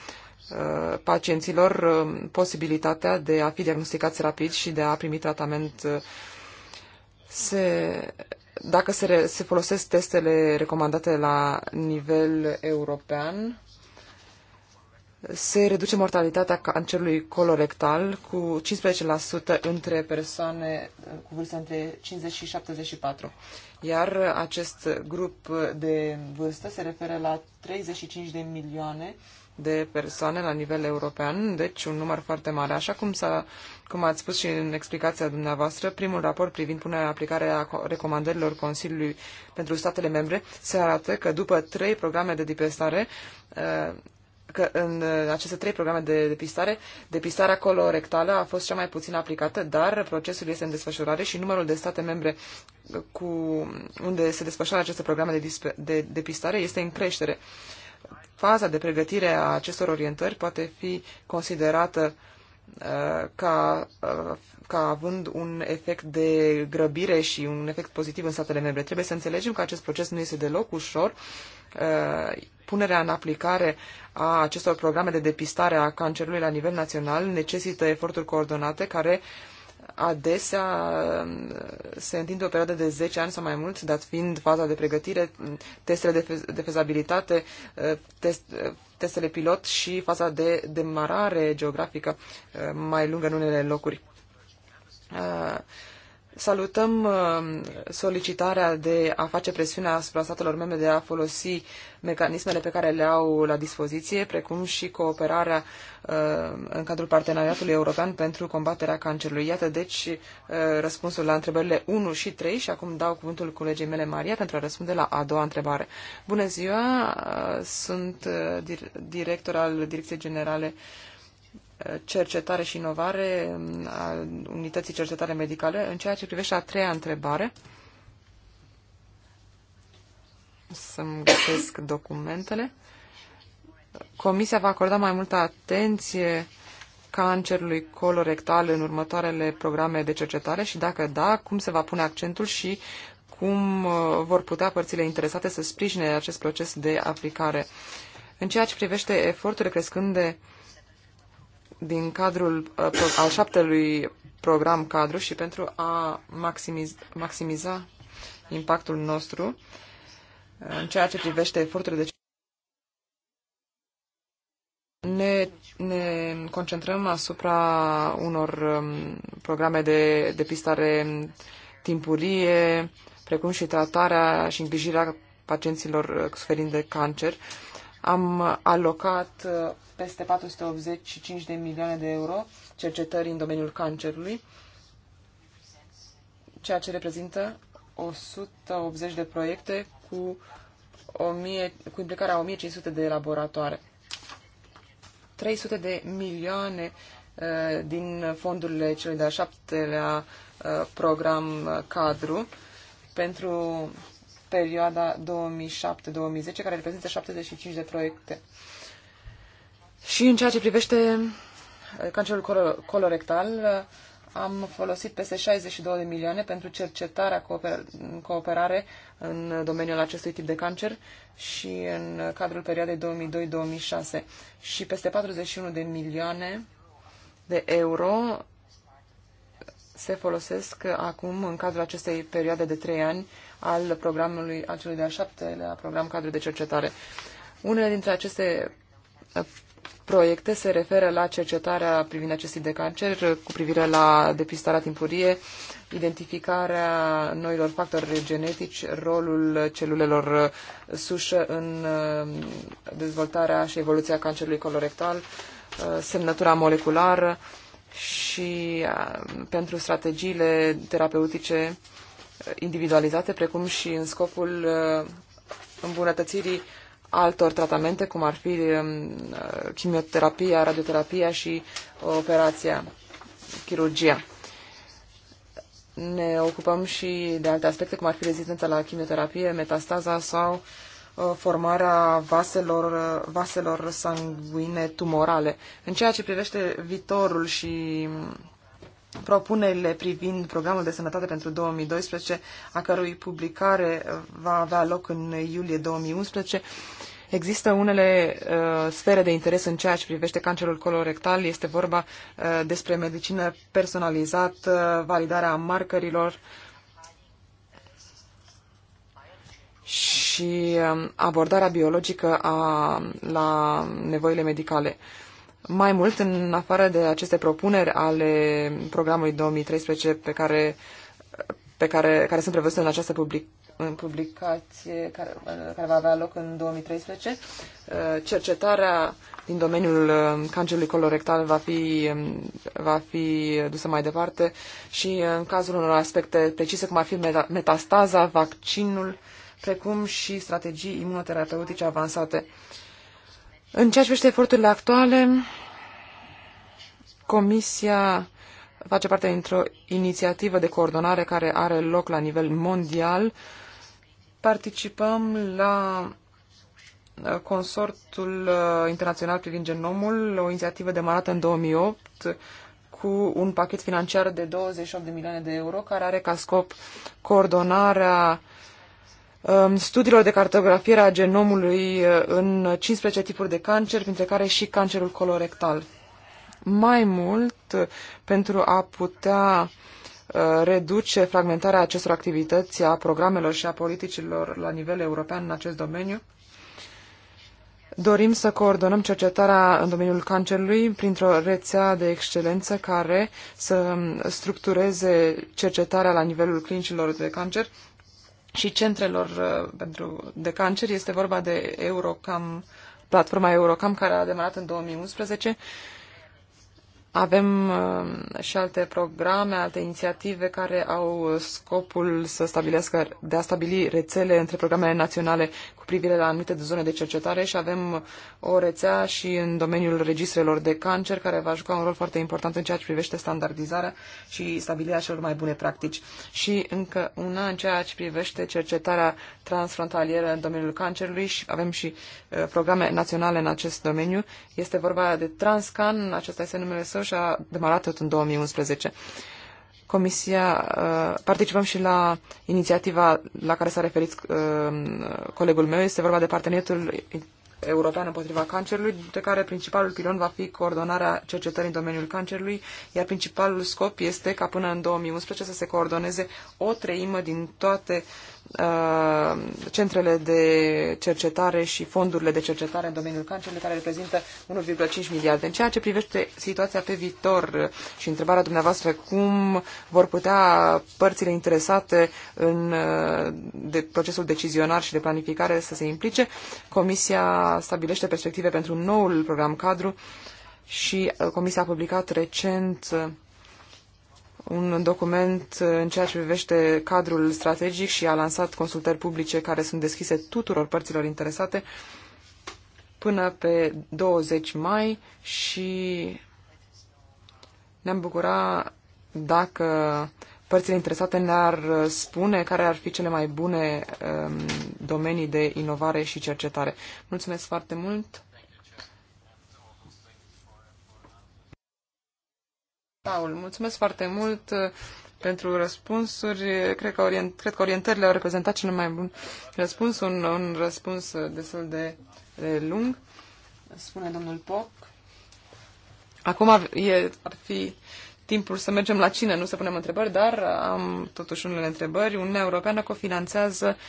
uh, pacienților uh, posibilitatea de a fi diagnosticați rapid și de a primi tratament se, dacă se, re, se folosesc testele recomandate la nivel european se reduce mortalitatea cancerului colorectal cu 15% între persoane cu vârste între 50 și 74. Iar acest grup de vârstă se referă la 35 de milioane de persoane la nivel european, deci un număr foarte mare. Așa cum, s-a, cum ați spus și în explicația dumneavoastră, primul raport privind punerea în aplicare a recomandărilor Consiliului pentru statele membre se arată că după trei programe de depistare, că în aceste trei programe de depistare, depistarea colorectală a fost cea mai puțin aplicată, dar procesul este în desfășurare și numărul de state membre cu unde se desfășoară aceste programe de, de depistare este în creștere. Faza de pregătire a acestor orientări poate fi considerată uh, Uh, ca, uh, ca având un efect de grăbire și un efect pozitiv în statele membre. Trebuie să înțelegem că acest proces nu este deloc ușor. Uh, punerea în aplicare a acestor programe de depistare a cancerului la nivel național necesită eforturi coordonate care uh, adesea uh, se întinde o perioadă de 10 ani sau mai mult, dat fiind faza de pregătire, testele de, fez- de fezabilitate, uh, test, uh, testele pilot și faza de demarare geografică mai lungă în unele locuri. Salutăm uh, solicitarea de a face presiune asupra statelor membre de a folosi mecanismele pe care le au la dispoziție, precum și cooperarea uh, în cadrul parteneriatului european pentru combaterea cancerului. Iată, deci, uh, răspunsul la întrebările 1 și 3 și acum dau cuvântul colegii mele, Maria, pentru a răspunde la a doua întrebare. Bună ziua, sunt director al Direcției Generale cercetare și inovare a unității cercetare medicale. În ceea ce privește a treia întrebare, să-mi găsesc documentele. Comisia va acorda mai multă atenție cancerului colorectal în următoarele programe de cercetare și dacă da, cum se va pune accentul și cum uh, vor putea părțile interesate să sprijine acest proces de aplicare. În ceea ce privește eforturile crescând de din cadrul uh, al șaptelui program cadru și pentru a maximiz, maximiza impactul nostru uh, în ceea ce privește eforturile de ne, ne concentrăm asupra unor um, programe de depistare timpurie, precum și tratarea și îngrijirea pacienților uh, suferind de cancer. Am alocat peste 485 de milioane de euro cercetări în domeniul cancerului, ceea ce reprezintă 180 de proiecte cu, 1000, cu implicarea 1500 de laboratoare. 300 de milioane uh, din fondurile celui de-al șaptelea uh, program uh, cadru pentru perioada 2007-2010, care reprezintă 75 de proiecte. Și în ceea ce privește uh, cancerul colorectal, uh, am folosit peste 62 de milioane pentru cercetarea, cooperare în domeniul acestui tip de cancer și în cadrul perioadei 2002-2006 și peste 41 de milioane de euro se folosesc acum în cadrul acestei perioade de 3 ani al programului celui de-al șaptelea program cadru de cercetare. Unele dintre aceste uh, proiecte se referă la cercetarea privind acestui de cancer, cu privire la depistarea timpurie, identificarea noilor factori genetici, rolul celulelor sușă în uh, dezvoltarea și evoluția cancerului colorectal, uh, semnătura moleculară și uh, pentru strategiile terapeutice individualizate, precum și în scopul îmbunătățirii altor tratamente, cum ar fi um, uh, chimioterapia, radioterapia și uh, operația, chirurgia. Ne ocupăm și de alte aspecte, cum ar fi rezistența la chimioterapie, metastaza sau uh, formarea vaselor, vaselor sanguine tumorale. În ceea ce privește viitorul și um, propunerile privind programul de sănătate pentru 2012, a cărui publicare uh, va avea loc în iulie 2011. Există unele uh, sfere de interes în ceea ce privește cancerul colorectal. Este vorba uh, despre medicină personalizată, validarea marcărilor și uh, abordarea biologică a, la nevoile medicale. Uh, mai mult, în afară de aceste propuneri ale programului 2013 pe care, pe care, care sunt prevăzute în această public, în publicație care, care va avea loc în 2013, uh, cercetarea din domeniul uh, cancerului colorectal va fi, um, va fi dusă mai departe și uh, în cazul unor aspecte precise, cum ar fi metastaza, vaccinul, precum și strategii imunoterapeutice avansate. Uh, în ceea ce privește eforturile actuale, Comisia face parte dintr-o inițiativă de coordonare care are loc la nivel mondial. Participăm la uh, Consortul uh, Internațional privind genomul, o inițiativă demarată în 2008 cu un pachet financiar de 28 de milioane de euro care are ca scop coordonarea uh, Um, studiilor de cartografiere a genomului uh, în 15 tipuri de cancer, printre care și cancerul colorectal. Mai mult, uh, pentru a putea uh, reduce fragmentarea acestor activități a programelor și a politicilor la nivel european în acest domeniu, dorim să coordonăm cercetarea în domeniul cancerului printr-o rețea de excelență care să structureze cercetarea la nivelul clinicilor de cancer și centrelor uh, pentru, de cancer. Este vorba de Eurocam, platforma Eurocam care a demarat în 2011. Avem uh, și alte programe, alte inițiative care au scopul să stabilească, de a stabili rețele între programele naționale privire la anumite zone de cercetare și avem o rețea și în domeniul registrelor de cancer, care va juca un rol foarte important în ceea ce privește standardizarea și stabilirea celor mai bune practici. Și încă una în ceea ce privește cercetarea transfrontalieră în domeniul cancerului și avem și uh, programe naționale în acest domeniu. Este vorba de Transcan, acesta este numele său și a demarat tot în 2011. Comisia, uh, participăm și la inițiativa la care s-a referit uh, colegul meu. Este vorba de parteneriatul european împotriva cancerului, dintre care principalul pilon va fi coordonarea cercetării în domeniul cancerului, iar principalul scop este ca până în 2011 să se coordoneze o treime din toate Uh, centrele de cercetare și fondurile de cercetare în domeniul cancerului, care reprezintă 1,5 miliarde. În ceea ce privește situația pe viitor și întrebarea dumneavoastră cum vor putea părțile interesate în uh, de procesul decizionar și de planificare să se implice, Comisia stabilește perspective pentru noul program cadru și uh, Comisia a publicat recent un document în ceea ce privește cadrul strategic și a lansat consultări publice care sunt deschise tuturor părților interesate până pe 20 mai și ne-am bucura dacă părțile interesate ne-ar spune care ar fi cele mai bune um, domenii de inovare și cercetare. Mulțumesc foarte mult! Paul, mulțumesc foarte mult uh, pentru răspunsuri. Cred că, orient, cred că orientările au reprezentat cel mai bun răspuns, un, un răspuns uh, destul de, de lung, spune domnul Poc. Acum ar, e, ar fi timpul să mergem la cine, nu să punem întrebări, dar am totuși unele întrebări. Uniunea Europeană cofinanțează uh,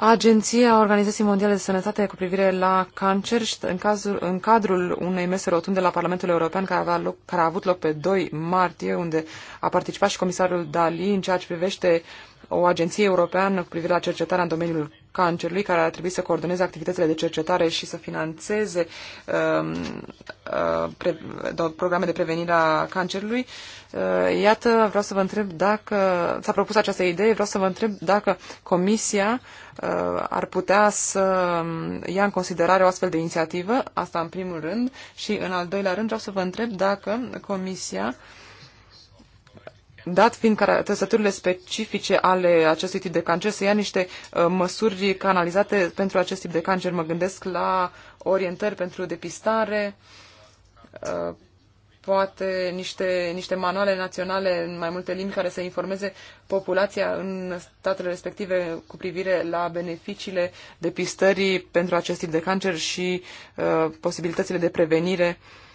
Agenția Organizației Mondiale de Sănătate cu privire la cancer și în, cazul, în cadrul unei mese rotunde la Parlamentul European care, avea loc, care a avut loc pe 2 martie, unde a participat și comisarul Dali în ceea ce privește o agenție europeană cu privire la cercetarea în domeniul cancerului, care ar trebui să coordoneze activitățile de cercetare și să financeze uh, uh, pre, do, programe de prevenire a cancerului. Uh, iată, vreau să vă întreb dacă s-a propus această idee, vreau să vă întreb dacă Comisia uh, ar putea să um, ia în considerare o astfel de inițiativă, asta în primul rând, și în al doilea rând vreau să vă întreb dacă Comisia uh, dat fiind trăsăturile specifice ale acestui tip de cancer, să ia niște uh, măsuri canalizate pentru acest tip de cancer. Mă gândesc la orientări pentru depistare, uh, poate niște, niște manuale naționale în mai multe limbi care să informeze populația în statele respective cu privire la beneficiile depistării pentru acest tip de cancer și uh, posibilitățile de prevenire uh,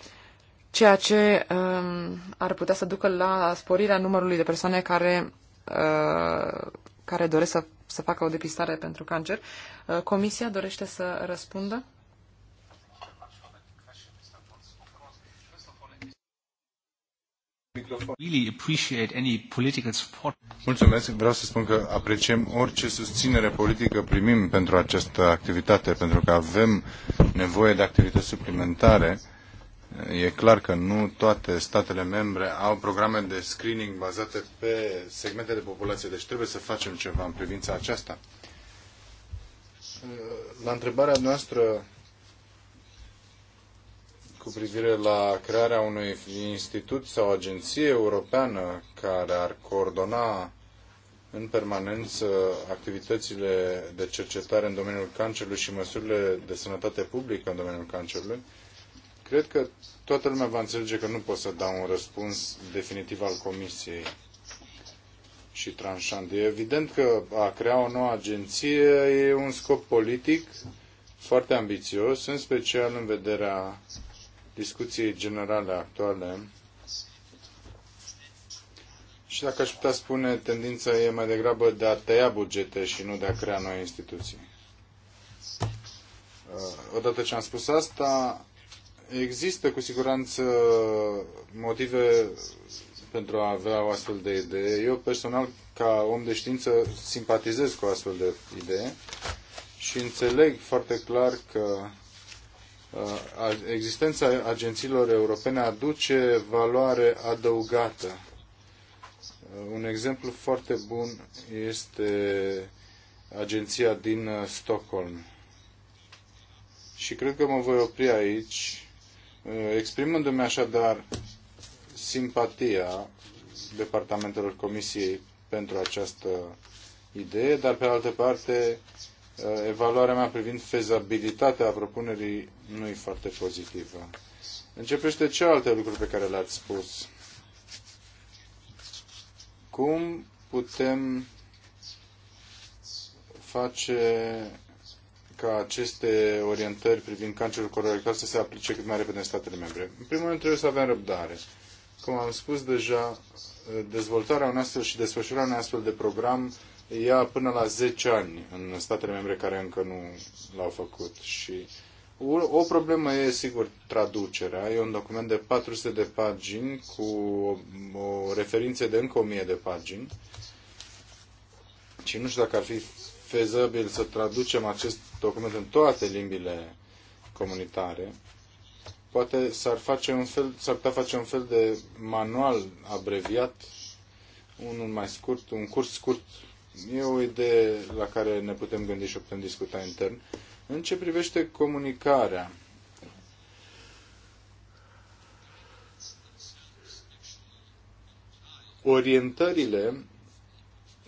ceea ce um, ar putea să ducă la sporirea numărului de persoane care, uh, care doresc să, să facă o depistare pentru cancer. Uh, comisia dorește să răspundă? Mulțumesc. Vreau să spun că apreciem orice susținere politică primim pentru această activitate, pentru că avem nevoie de activități suplimentare uh, E clar că nu toate statele membre au programe de screening bazate pe segmente de populație, deci trebuie să facem ceva în privința aceasta. La întrebarea noastră cu privire la crearea unui institut sau agenție europeană care ar coordona în permanență activitățile de cercetare în domeniul cancerului și măsurile de sănătate publică în domeniul cancerului, Cred că toată lumea va înțelege că nu pot să dau un răspuns definitiv al Comisiei și tranșant. E evident că a crea o nouă agenție e un scop politic foarte ambițios, în special în vederea discuției generale actuale. Și dacă aș putea spune, tendința e mai degrabă de a tăia bugete și nu de a crea noi instituții. Odată ce am spus asta, Există cu siguranță motive pentru a avea o astfel de idee. Eu personal, ca om de știință, simpatizez cu o astfel de idee și înțeleg foarte clar că uh, existența agențiilor europene aduce valoare adăugată. Uh, un exemplu foarte bun este agenția din uh, Stockholm. Și cred că mă voi opri aici Eh, exprimându-mi așadar simpatia departamentelor Comisiei pentru această idee, dar pe altă parte eh, evaluarea mea privind fezabilitatea propunerii nu e foarte pozitivă. Începește celelalte lucruri pe care le-ați spus. Cum putem face ca aceste orientări privind cancerul colorectal să se aplice cât mai repede în statele membre. În primul rând trebuie să avem răbdare. Cum am spus deja, dezvoltarea unui astfel și desfășurarea unui astfel de program ia până la 10 ani în statele membre care încă nu l-au făcut și o problemă e, sigur, traducerea. E un document de 400 de pagini cu o referință de încă 1000 de pagini. Și nu știu dacă ar fi fezabil să traducem acest document în toate limbile comunitare, poate s-ar, face un fel, s-ar putea face un fel de manual abreviat, unul mai scurt, un curs scurt. E o idee la care ne putem gândi și o putem discuta intern. În ce privește comunicarea, orientările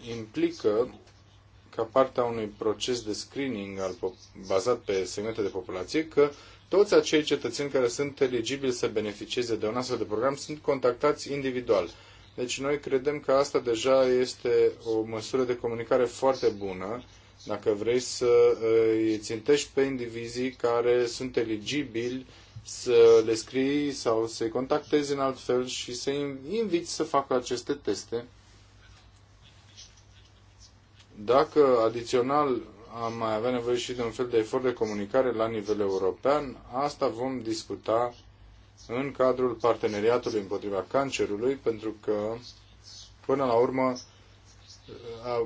implică ca partea unui proces de screening al, bazat pe segmente de populație că toți acei cetățeni care sunt eligibili să beneficieze de un astfel de program sunt contactați individual. Deci noi credem că asta deja este o măsură de comunicare foarte bună dacă vrei să eh, îi țintești pe indivizii care sunt eligibili să le scrii sau să-i contactezi în alt fel și să-i inviți să facă aceste teste dacă adițional am mai avea nevoie și de un fel de efort de comunicare la nivel european, asta vom discuta în cadrul parteneriatului împotriva cancerului, pentru că, până la urmă,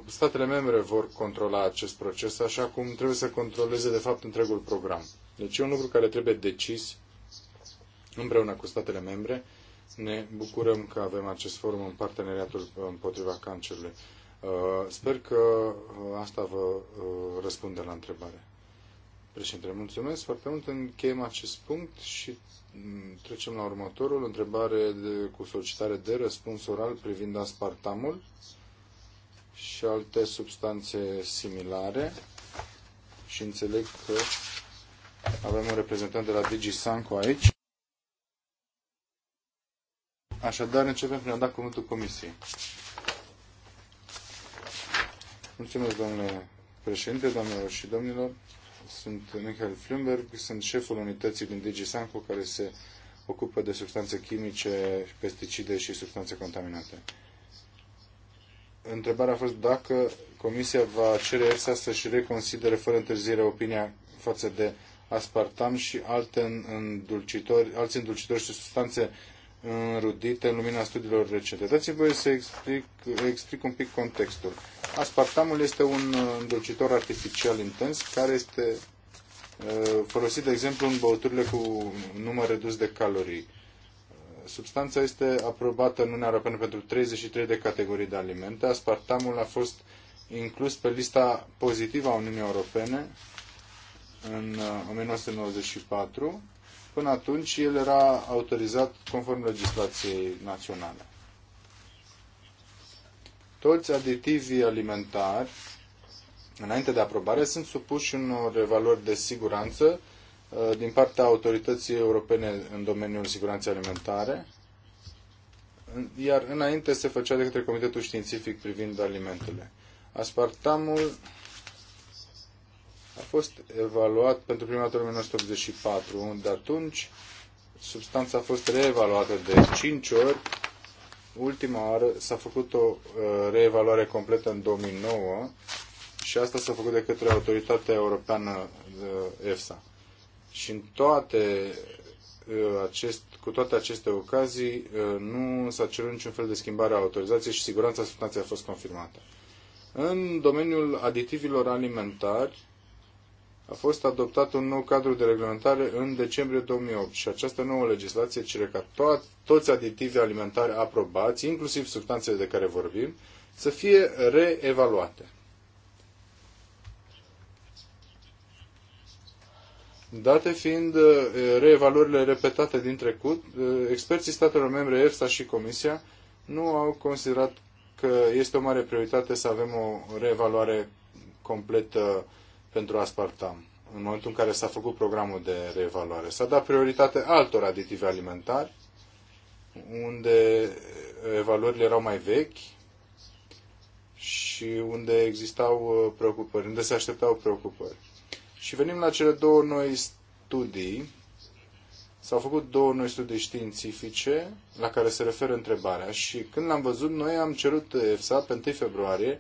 statele membre vor controla acest proces, așa cum trebuie să controleze, de fapt, întregul program. Deci e un lucru care trebuie decis împreună cu statele membre. Ne bucurăm că avem acest forum în parteneriatul împotriva cancerului. Uh, sper că uh, asta vă uh, răspunde la întrebare. Președinte, mulțumesc foarte mult. Încheiem acest punct și mm, trecem la următorul. Întrebare de, cu solicitare de răspuns oral privind aspartamul și alte substanțe similare. Și înțeleg că avem un reprezentant de la DigiSanco aici. Așadar, începem prin a da cuvântul comisiei. Mulțumesc, domnule președinte, doamnelor și domnilor. Sunt Michael Flumberg, sunt șeful unității din DigiSanco care se ocupă de substanțe chimice, pesticide și substanțe contaminate. Întrebarea a fost dacă Comisia va cere EFSA să-și reconsidere fără întârziere opinia față de aspartam și alte îndulcitori, alți îndulcitori și substanțe înrudită în lumina studiilor recente. Dați-mi voie să explic, explic un pic contextul. Aspartamul este un uh, îndulcitor artificial intens care este uh, folosit, de exemplu, în băuturile cu număr redus de calorii. Uh, substanța este aprobată în Uniunea Europeană pentru 33 de categorii de alimente. Aspartamul a fost inclus pe lista pozitivă a Uniunii Europene în 1994 Până atunci, el era autorizat conform legislației naționale. Toți aditivii alimentari, înainte de aprobare, sunt supuși unor valori de siguranță uh, din partea autorității europene în domeniul siguranței alimentare, iar înainte se făcea de către Comitetul Științific privind alimentele. Aspartamul a fost evaluat pentru prima dată în 1984, unde atunci substanța a fost reevaluată de 5 ori. Ultima oară s-a făcut o uh, reevaluare completă în 2009 și asta s-a făcut de către Autoritatea Europeană uh, EFSA. Și în toate uh, acest, cu toate aceste ocazii nu s-a cerut niciun fel de schimbare a autorizației și siguranța substanței a fost confirmată. În domeniul aditivilor alimentari, a fost adoptat un nou cadru de reglementare în decembrie 2008 și această nouă legislație cere ca to- toți aditivii alimentari aprobați, inclusiv substanțele de care vorbim, să fie reevaluate. Date fiind uh, reevaluările repetate din trecut, uh, experții statelor membre EFSA și Comisia nu au considerat că este o mare prioritate să avem o reevaluare completă pentru aspartam în momentul în care s-a făcut programul de reevaluare. S-a dat prioritate altor aditive alimentari, unde evaluările erau mai vechi și unde existau uh, preocupări, unde se așteptau preocupări. Și venim la cele două noi studii. S-au făcut două noi studii științifice la care se referă întrebarea și când l-am văzut, noi am cerut EFSA pe 1 februarie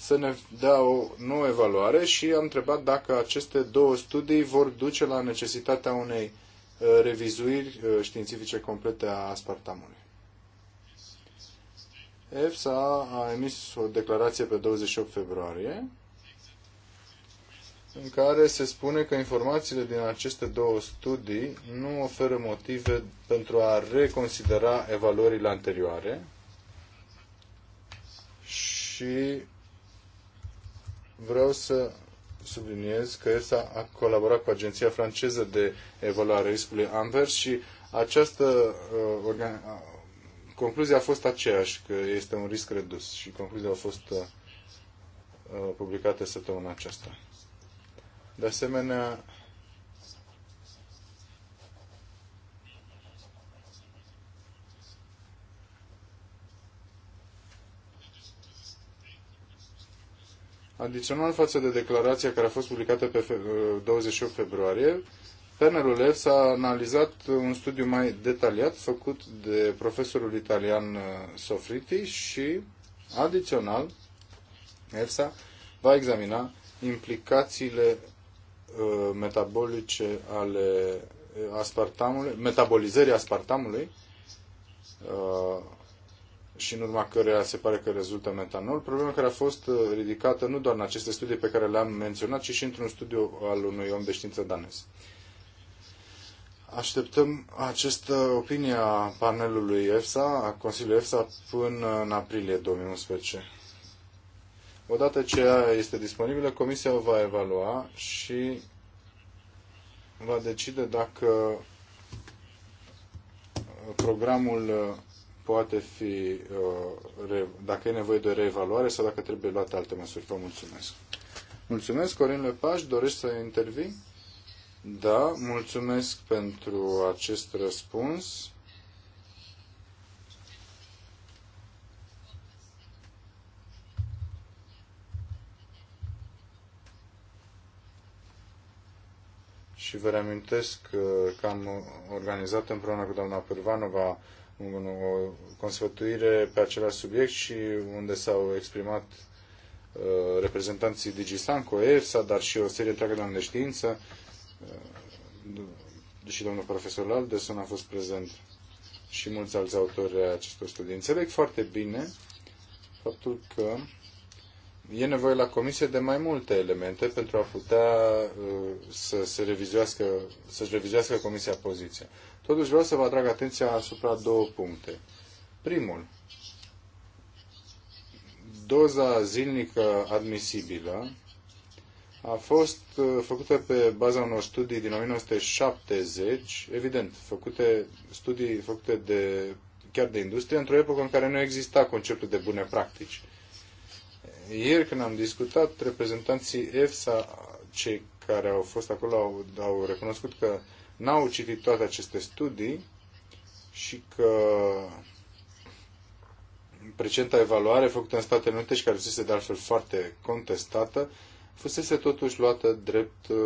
să ne dea o nouă evaluare și am întrebat dacă aceste două studii vor duce la necesitatea unei uh, revizuiri uh, științifice complete a aspartamului. EFSA a emis o declarație pe 28 februarie în care se spune că informațiile din aceste două studii nu oferă motive pentru a reconsidera evaluările anterioare și vreau să subliniez că ESA a colaborat cu Agenția franceză de evaluare a riscului Anvers și această uh, concluzia a fost aceeași, că este un risc redus și concluzia a fost uh, publicate săptămâna aceasta. De asemenea, Adițional față de declarația care a fost publicată pe 28 uh, februarie, panelul s a analizat un studiu mai detaliat făcut de profesorul italian uh, Sofriti și, adițional, EFSA va examina implicațiile uh, metabolice ale aspartamului, metabolizării aspartamului și în urma căreia se pare că rezultă metanol, problema care a fost uh, ridicată nu doar în aceste studii pe care le-am menționat, ci și într-un studiu al unui om de știință danez. Așteptăm această opinie a panelului EFSA, a Consiliului EFSA, până în aprilie 2011. Odată ce ea este disponibilă, Comisia o va evalua și va decide dacă programul uh, poate fi, uh, dacă e nevoie de o reevaluare sau dacă trebuie luate alte măsuri. Vă mulțumesc. Mulțumesc, Corin Lepaș, dorești să intervii? Da, mulțumesc pentru acest răspuns. și vă reamintesc uh, că am organizat împreună cu doamna Pârvanova o consfătuire pe același subiect și unde s-au exprimat uh, reprezentanții Digisanco, EFSA, dar și o serie întreagă de oameni de știință. Uh, și domnul profesor Laldeson a fost prezent și mulți alți autori ai acestor studii. Înțeleg foarte bine faptul că e nevoie la comisie de mai multe elemente pentru a putea uh, să se revizuiască, să-și revizuiască comisia poziția. Totuși vreau să vă atrag atenția asupra două puncte. Primul, doza zilnică admisibilă a fost uh, făcută pe baza unor studii din 1970, evident, făcute, studii făcute de, chiar de industrie, într-o epocă în care nu exista conceptul de bune practici. Ieri când am discutat, reprezentanții EFSA, cei care au fost acolo, au, au recunoscut că n-au citit toate aceste studii și că precenta evaluare făcută în Statele Unite și care fusese de altfel foarte contestată, fusese totuși luată drept uh,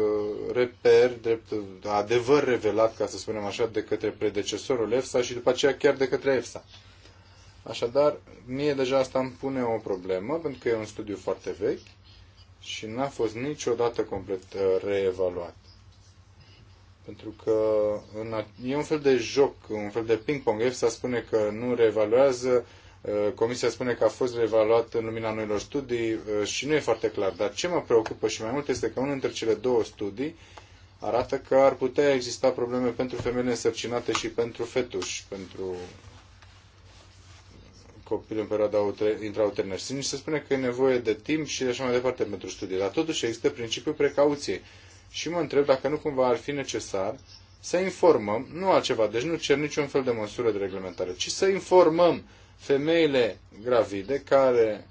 reper, drept uh, adevăr revelat, ca să spunem așa, de către predecesorul EFSA și după aceea chiar de către EFSA. Așadar, mie deja asta îmi pune o problemă, pentru că e un studiu foarte vechi și n-a fost niciodată complet uh, reevaluat. Pentru că în, e un fel de joc, un fel de ping-pong. EFSA spune că nu reevaluează, uh, Comisia spune că a fost reevaluat în lumina noilor studii uh, și nu e foarte clar. Dar ce mă preocupă și mai mult este că unul dintre cele două studii arată că ar putea exista probleme pentru femeile însărcinate și pentru fetuși, pentru copil în perioada intrauternă. Și se spune că e nevoie de timp și așa mai departe pentru studii. Dar totuși există principiul precauției și mă întreb dacă nu cumva ar fi necesar să informăm, nu altceva, deci nu cer niciun fel de măsură de reglementare, ci să informăm femeile gravide care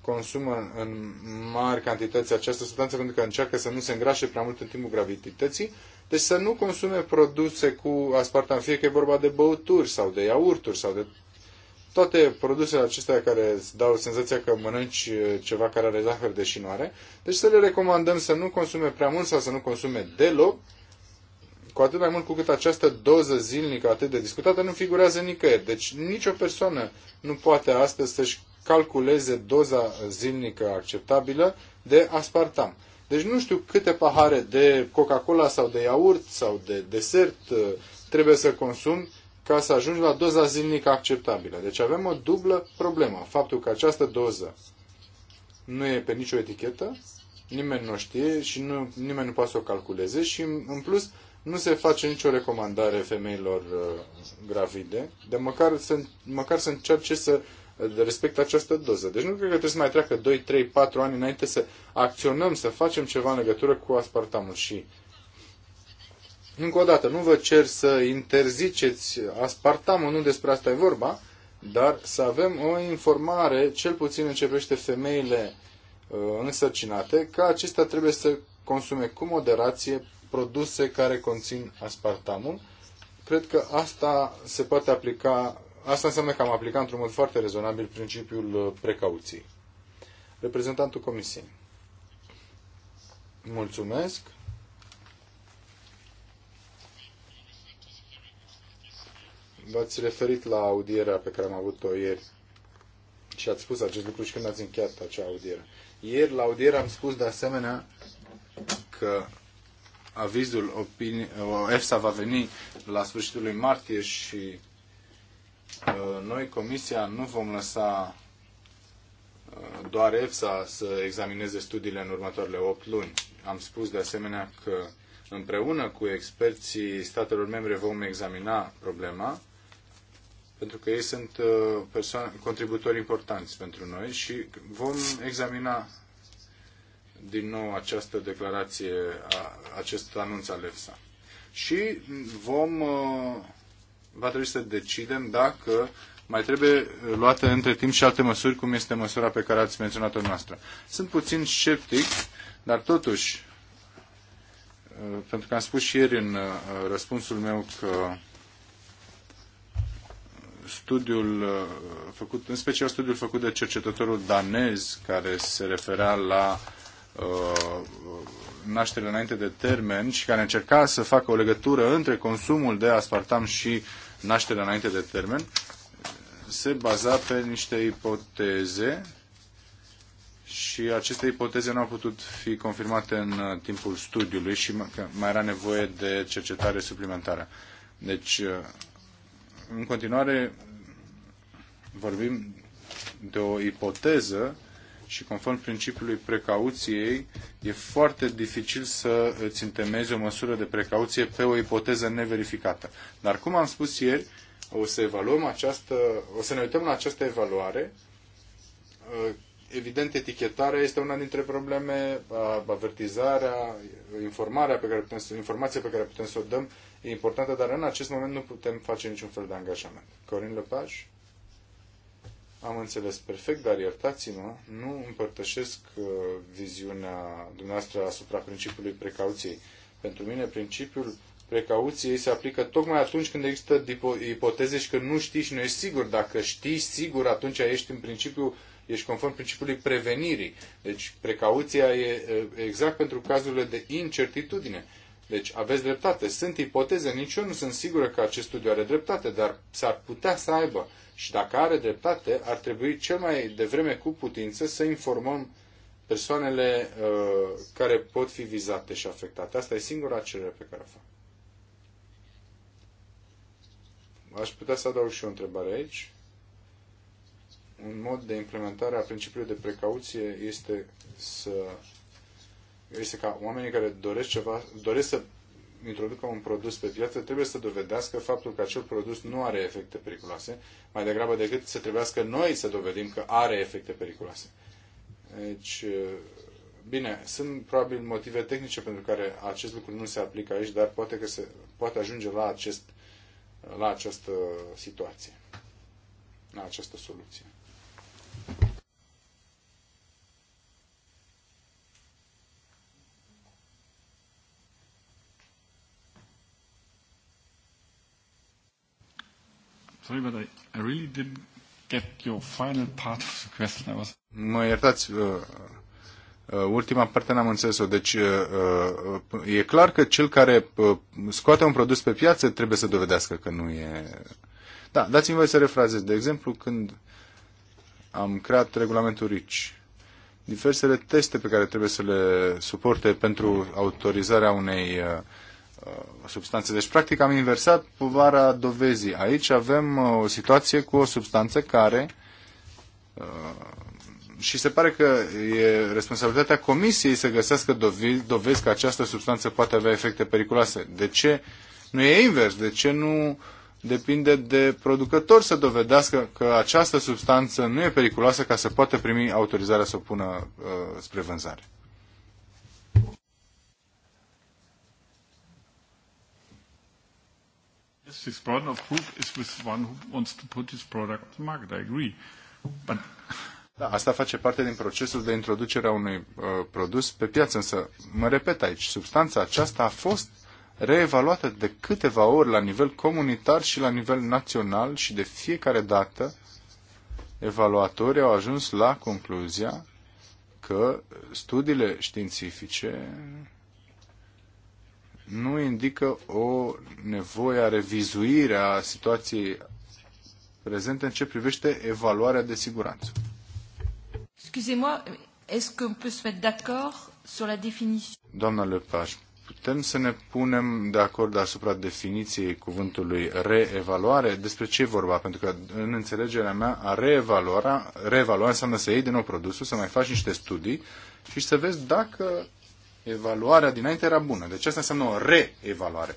consumă în mari cantități această substanță pentru că încearcă să nu se îngrașe prea mult în timpul gravidității, deci să nu consume produse cu aspartam, fie că e vorba de băuturi sau de iaurturi sau de toate produsele acestea care îți dau senzația că mănânci ceva care are zahăr deși nu are. Deci să le recomandăm să nu consume prea mult sau să nu consume deloc, cu atât mai mult cu cât această doză zilnică atât de discutată nu figurează nicăieri. Deci nicio persoană nu poate astăzi să-și calculeze doza zilnică acceptabilă de aspartam. Deci nu știu câte pahare de Coca-Cola sau de iaurt sau de desert trebuie să consumi ca să ajungi la doza zilnică acceptabilă. Deci avem o dublă problemă. Faptul că această doză nu e pe nicio etichetă, nimeni nu știe și nu, nimeni nu poate să o calculeze și în plus nu se face nicio recomandare femeilor uh, gravide, de măcar să, măcar să încerce să respecte această doză. Deci nu cred că trebuie să mai treacă 2, 3, 4 ani înainte să acționăm, să facem ceva în legătură cu aspartamul și încă o dată, nu vă cer să interziceți aspartamul, nu despre asta e vorba, dar să avem o informare, cel puțin în ce privește femeile uh, însărcinate, că acestea trebuie să consume cu moderație produse care conțin aspartamul. Cred că asta se poate aplica, asta înseamnă că am aplicat într-un mod foarte rezonabil principiul uh, precauției. Reprezentantul Comisiei. Mulțumesc. v-ați referit la audierea pe care am avut-o ieri și ați spus acest lucru și când ați încheiat acea audiere. Ieri la audiere am spus de asemenea că avizul opini... EFSA va veni la sfârșitul lui martie și uh, noi, Comisia, nu vom lăsa uh, doar EFSA să examineze studiile în următoarele 8 luni. Am spus de asemenea că împreună cu experții statelor membre vom examina problema pentru că ei sunt uh, persoane, contributori importanți pentru noi și vom examina din nou această declarație, acest anunț al EFSA. Și vom, uh, va trebui să decidem dacă mai trebuie luate între timp și alte măsuri, cum este măsura pe care ați menționat-o noastră. Sunt puțin sceptic, dar totuși, uh, pentru că am spus și ieri în răspunsul meu că studiul uh, făcut, în special studiul făcut de cercetătorul danez care se referea la uh, nașterea înainte de termen și care încerca să facă o legătură între consumul de aspartam și nașterea înainte de termen, se baza pe niște ipoteze și aceste ipoteze nu au putut fi confirmate în uh, timpul studiului și mai era nevoie de cercetare suplimentară. Deci în continuare vorbim de o ipoteză și conform principiului precauției, e foarte dificil să îți întemezi o măsură de precauție pe o ipoteză neverificată. Dar cum am spus ieri, o să evaluăm această, o să ne uităm la această evaluare. Uh, evident, etichetarea este una dintre probleme, uh, avertizarea, informarea pe care putem, informația pe care putem să o dăm, e importantă, dar în acest moment nu putem face niciun fel de angajament. Corin Lepaj? Am înțeles perfect, dar iertați-mă, nu împărtășesc uh, viziunea dumneavoastră asupra principiului precauției. Pentru mine, principiul precauției se aplică tocmai atunci când există ipoteze și că nu știi și nu ești sigur. Dacă știi sigur, atunci ești în principiu, ești conform principiului prevenirii. Deci precauția e uh, exact pentru cazurile de incertitudine. Deci aveți dreptate, sunt ipoteze, nici eu nu sunt sigură că acest studiu are dreptate, dar s-ar putea să aibă. Și dacă are dreptate, ar trebui cel mai devreme cu putință să informăm persoanele uh, care pot fi vizate și afectate. Asta e singura cerere pe care o fac. Aș putea să adaug și o întrebare aici. Un mod de implementare a principiului de precauție este să este ca oamenii care doresc ceva, doresc să introducă un produs pe piață, trebuie să dovedească faptul că acel produs nu are efecte periculoase, mai degrabă decât să trebuiască noi să dovedim că are efecte periculoase. Deci, bine, sunt probabil motive tehnice pentru care acest lucru nu se aplică aici, dar poate că se poate ajunge la, acest, la această situație, la această soluție. Sorry, but I, I really didn't get your final part of the question. I was... Mă iertați, uh, uh, ultima parte n-am înțeles-o. Deci uh, uh, e clar că cel care uh, scoate un produs pe piață trebuie să dovedească că nu e... Da, dați-mi voi să refrazez. De exemplu, când am creat regulamentul RICI, diversele teste pe care trebuie să le suporte pentru autorizarea unei uh, Uh, substanțe. Deci, practic, am inversat povara dovezii. Aici avem uh, o situație cu o substanță care uh, și se pare că e responsabilitatea comisiei să găsească dovezi, că această substanță poate avea efecte periculoase. De ce nu e invers? De ce nu depinde de producător să dovedească că această substanță nu e periculoasă ca să poată primi autorizarea să o pună spre vânzare? Yes, this burden of proof is with one who wants to put his product on the market. I agree. But... Da, asta face parte din procesul de introducere a unui uh, produs pe piață, însă, mă repet aici, substanța aceasta a fost reevaluată de câteva ori la nivel comunitar și la nivel național și de fiecare dată evaluatorii au ajuns la concluzia că studiile științifice nu indică o nevoie a revizuirea situației prezente în ce privește evaluarea de siguranță. Excusez-moi, est-ce qu'on peut se mettre d'accord sur la définition? Doamna Lepage, putem să ne punem de acord asupra definiției cuvântului reevaluare? Despre ce e vorba? Pentru că în înțelegerea mea, a reevaluarea, re înseamnă să iei din nou produsul, să mai faci niște studii și să vezi dacă evaluarea dinainte era bună. Deci asta înseamnă o reevaluare.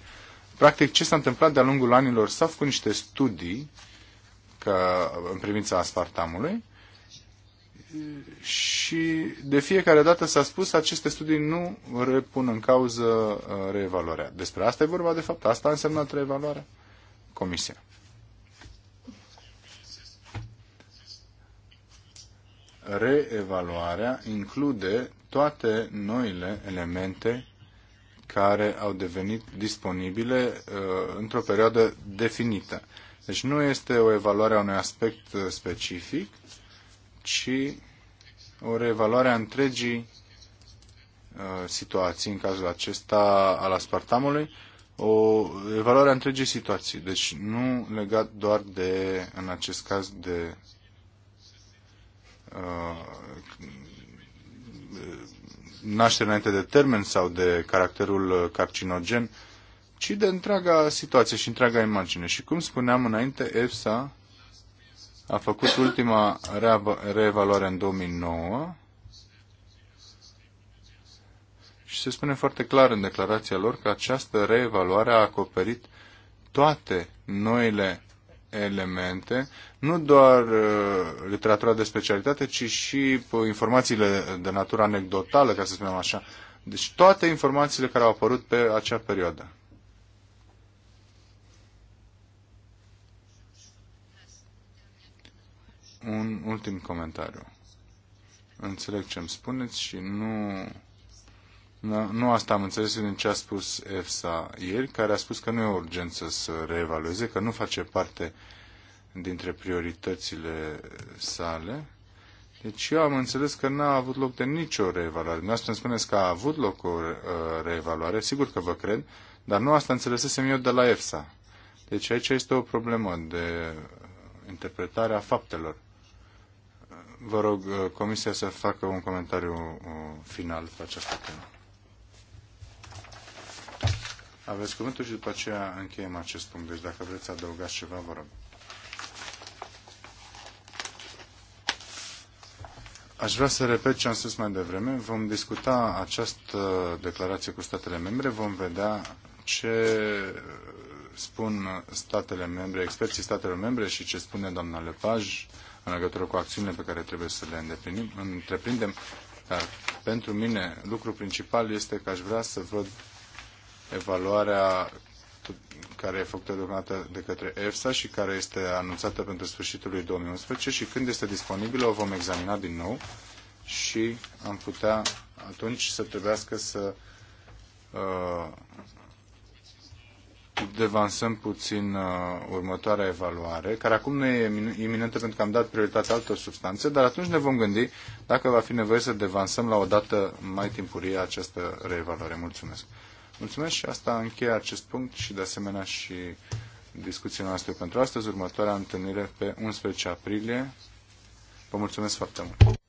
Practic, ce s-a întâmplat de-a lungul anilor? S-au făcut niște studii că, în privința aspartamului și de fiecare dată s-a spus că aceste studii nu repun în cauză uh, reevaluarea. Despre asta e vorba, de fapt. Asta a însemnat reevaluarea. Comisia. Reevaluarea include toate noile elemente care au devenit disponibile uh, într-o perioadă definită. Deci nu este o evaluare a unui aspect uh, specific, ci o reevaluare a întregii uh, situații, în cazul acesta al aspartamului, o evaluare a întregii situații, deci nu legat doar de, în acest caz, de uh, naștere înainte de termen sau de caracterul uh, carcinogen, ci de întreaga situație și întreaga imagine. Și cum spuneam înainte, EFSA a făcut ultima reevaluare în 2009 și se spune foarte clar în declarația lor că această reevaluare a acoperit toate noile elemente, nu doar uh, literatura de specialitate, ci și uh, informațiile de natură anecdotală, ca să spunem așa. Deci toate informațiile care au apărut pe acea perioadă. Un ultim comentariu. Înțeleg ce îmi spuneți și nu nu asta am înțeles din ce a spus EFSA ieri, care a spus că nu e urgență să reevalueze, că nu face parte dintre prioritățile sale. Deci eu am înțeles că n-a avut loc de nicio reevaluare. Nu îmi spuneți că a avut loc o uh, reevaluare, sigur că vă cred, dar nu asta înțelesesem eu de la EFSA. Deci aici este o problemă de interpretare a faptelor. Vă rog uh, Comisia să facă un comentariu uh, final pe această temă aveți cuvântul și după aceea încheiem acest punct. Deci dacă vreți să adăugați ceva, vă rog. Aș vrea să repet ce am spus mai devreme. Vom discuta această declarație cu statele membre, vom vedea ce spun statele membre, experții statelor membre și ce spune doamna Lepaj în legătură cu acțiunile pe care trebuie să le îndeplinim, întreprindem. Dar pentru mine lucru principal este că aș vrea să văd evaluarea care e făcută deocamdată de către EFSA și care este anunțată pentru sfârșitul lui 2011 și când este disponibilă o vom examina din nou și am putea atunci să trebuiască să uh, devansăm puțin uh, următoarea evaluare, care acum nu e iminentă pentru că am dat prioritatea altor substanțe, dar atunci ne vom gândi dacă va fi nevoie să devansăm la o dată mai timpurie această reevaluare. Mulțumesc! Mulțumesc și asta încheie acest punct și de asemenea și discuția noastră pentru astăzi, următoarea întâlnire pe 11 aprilie. Vă mulțumesc foarte mult!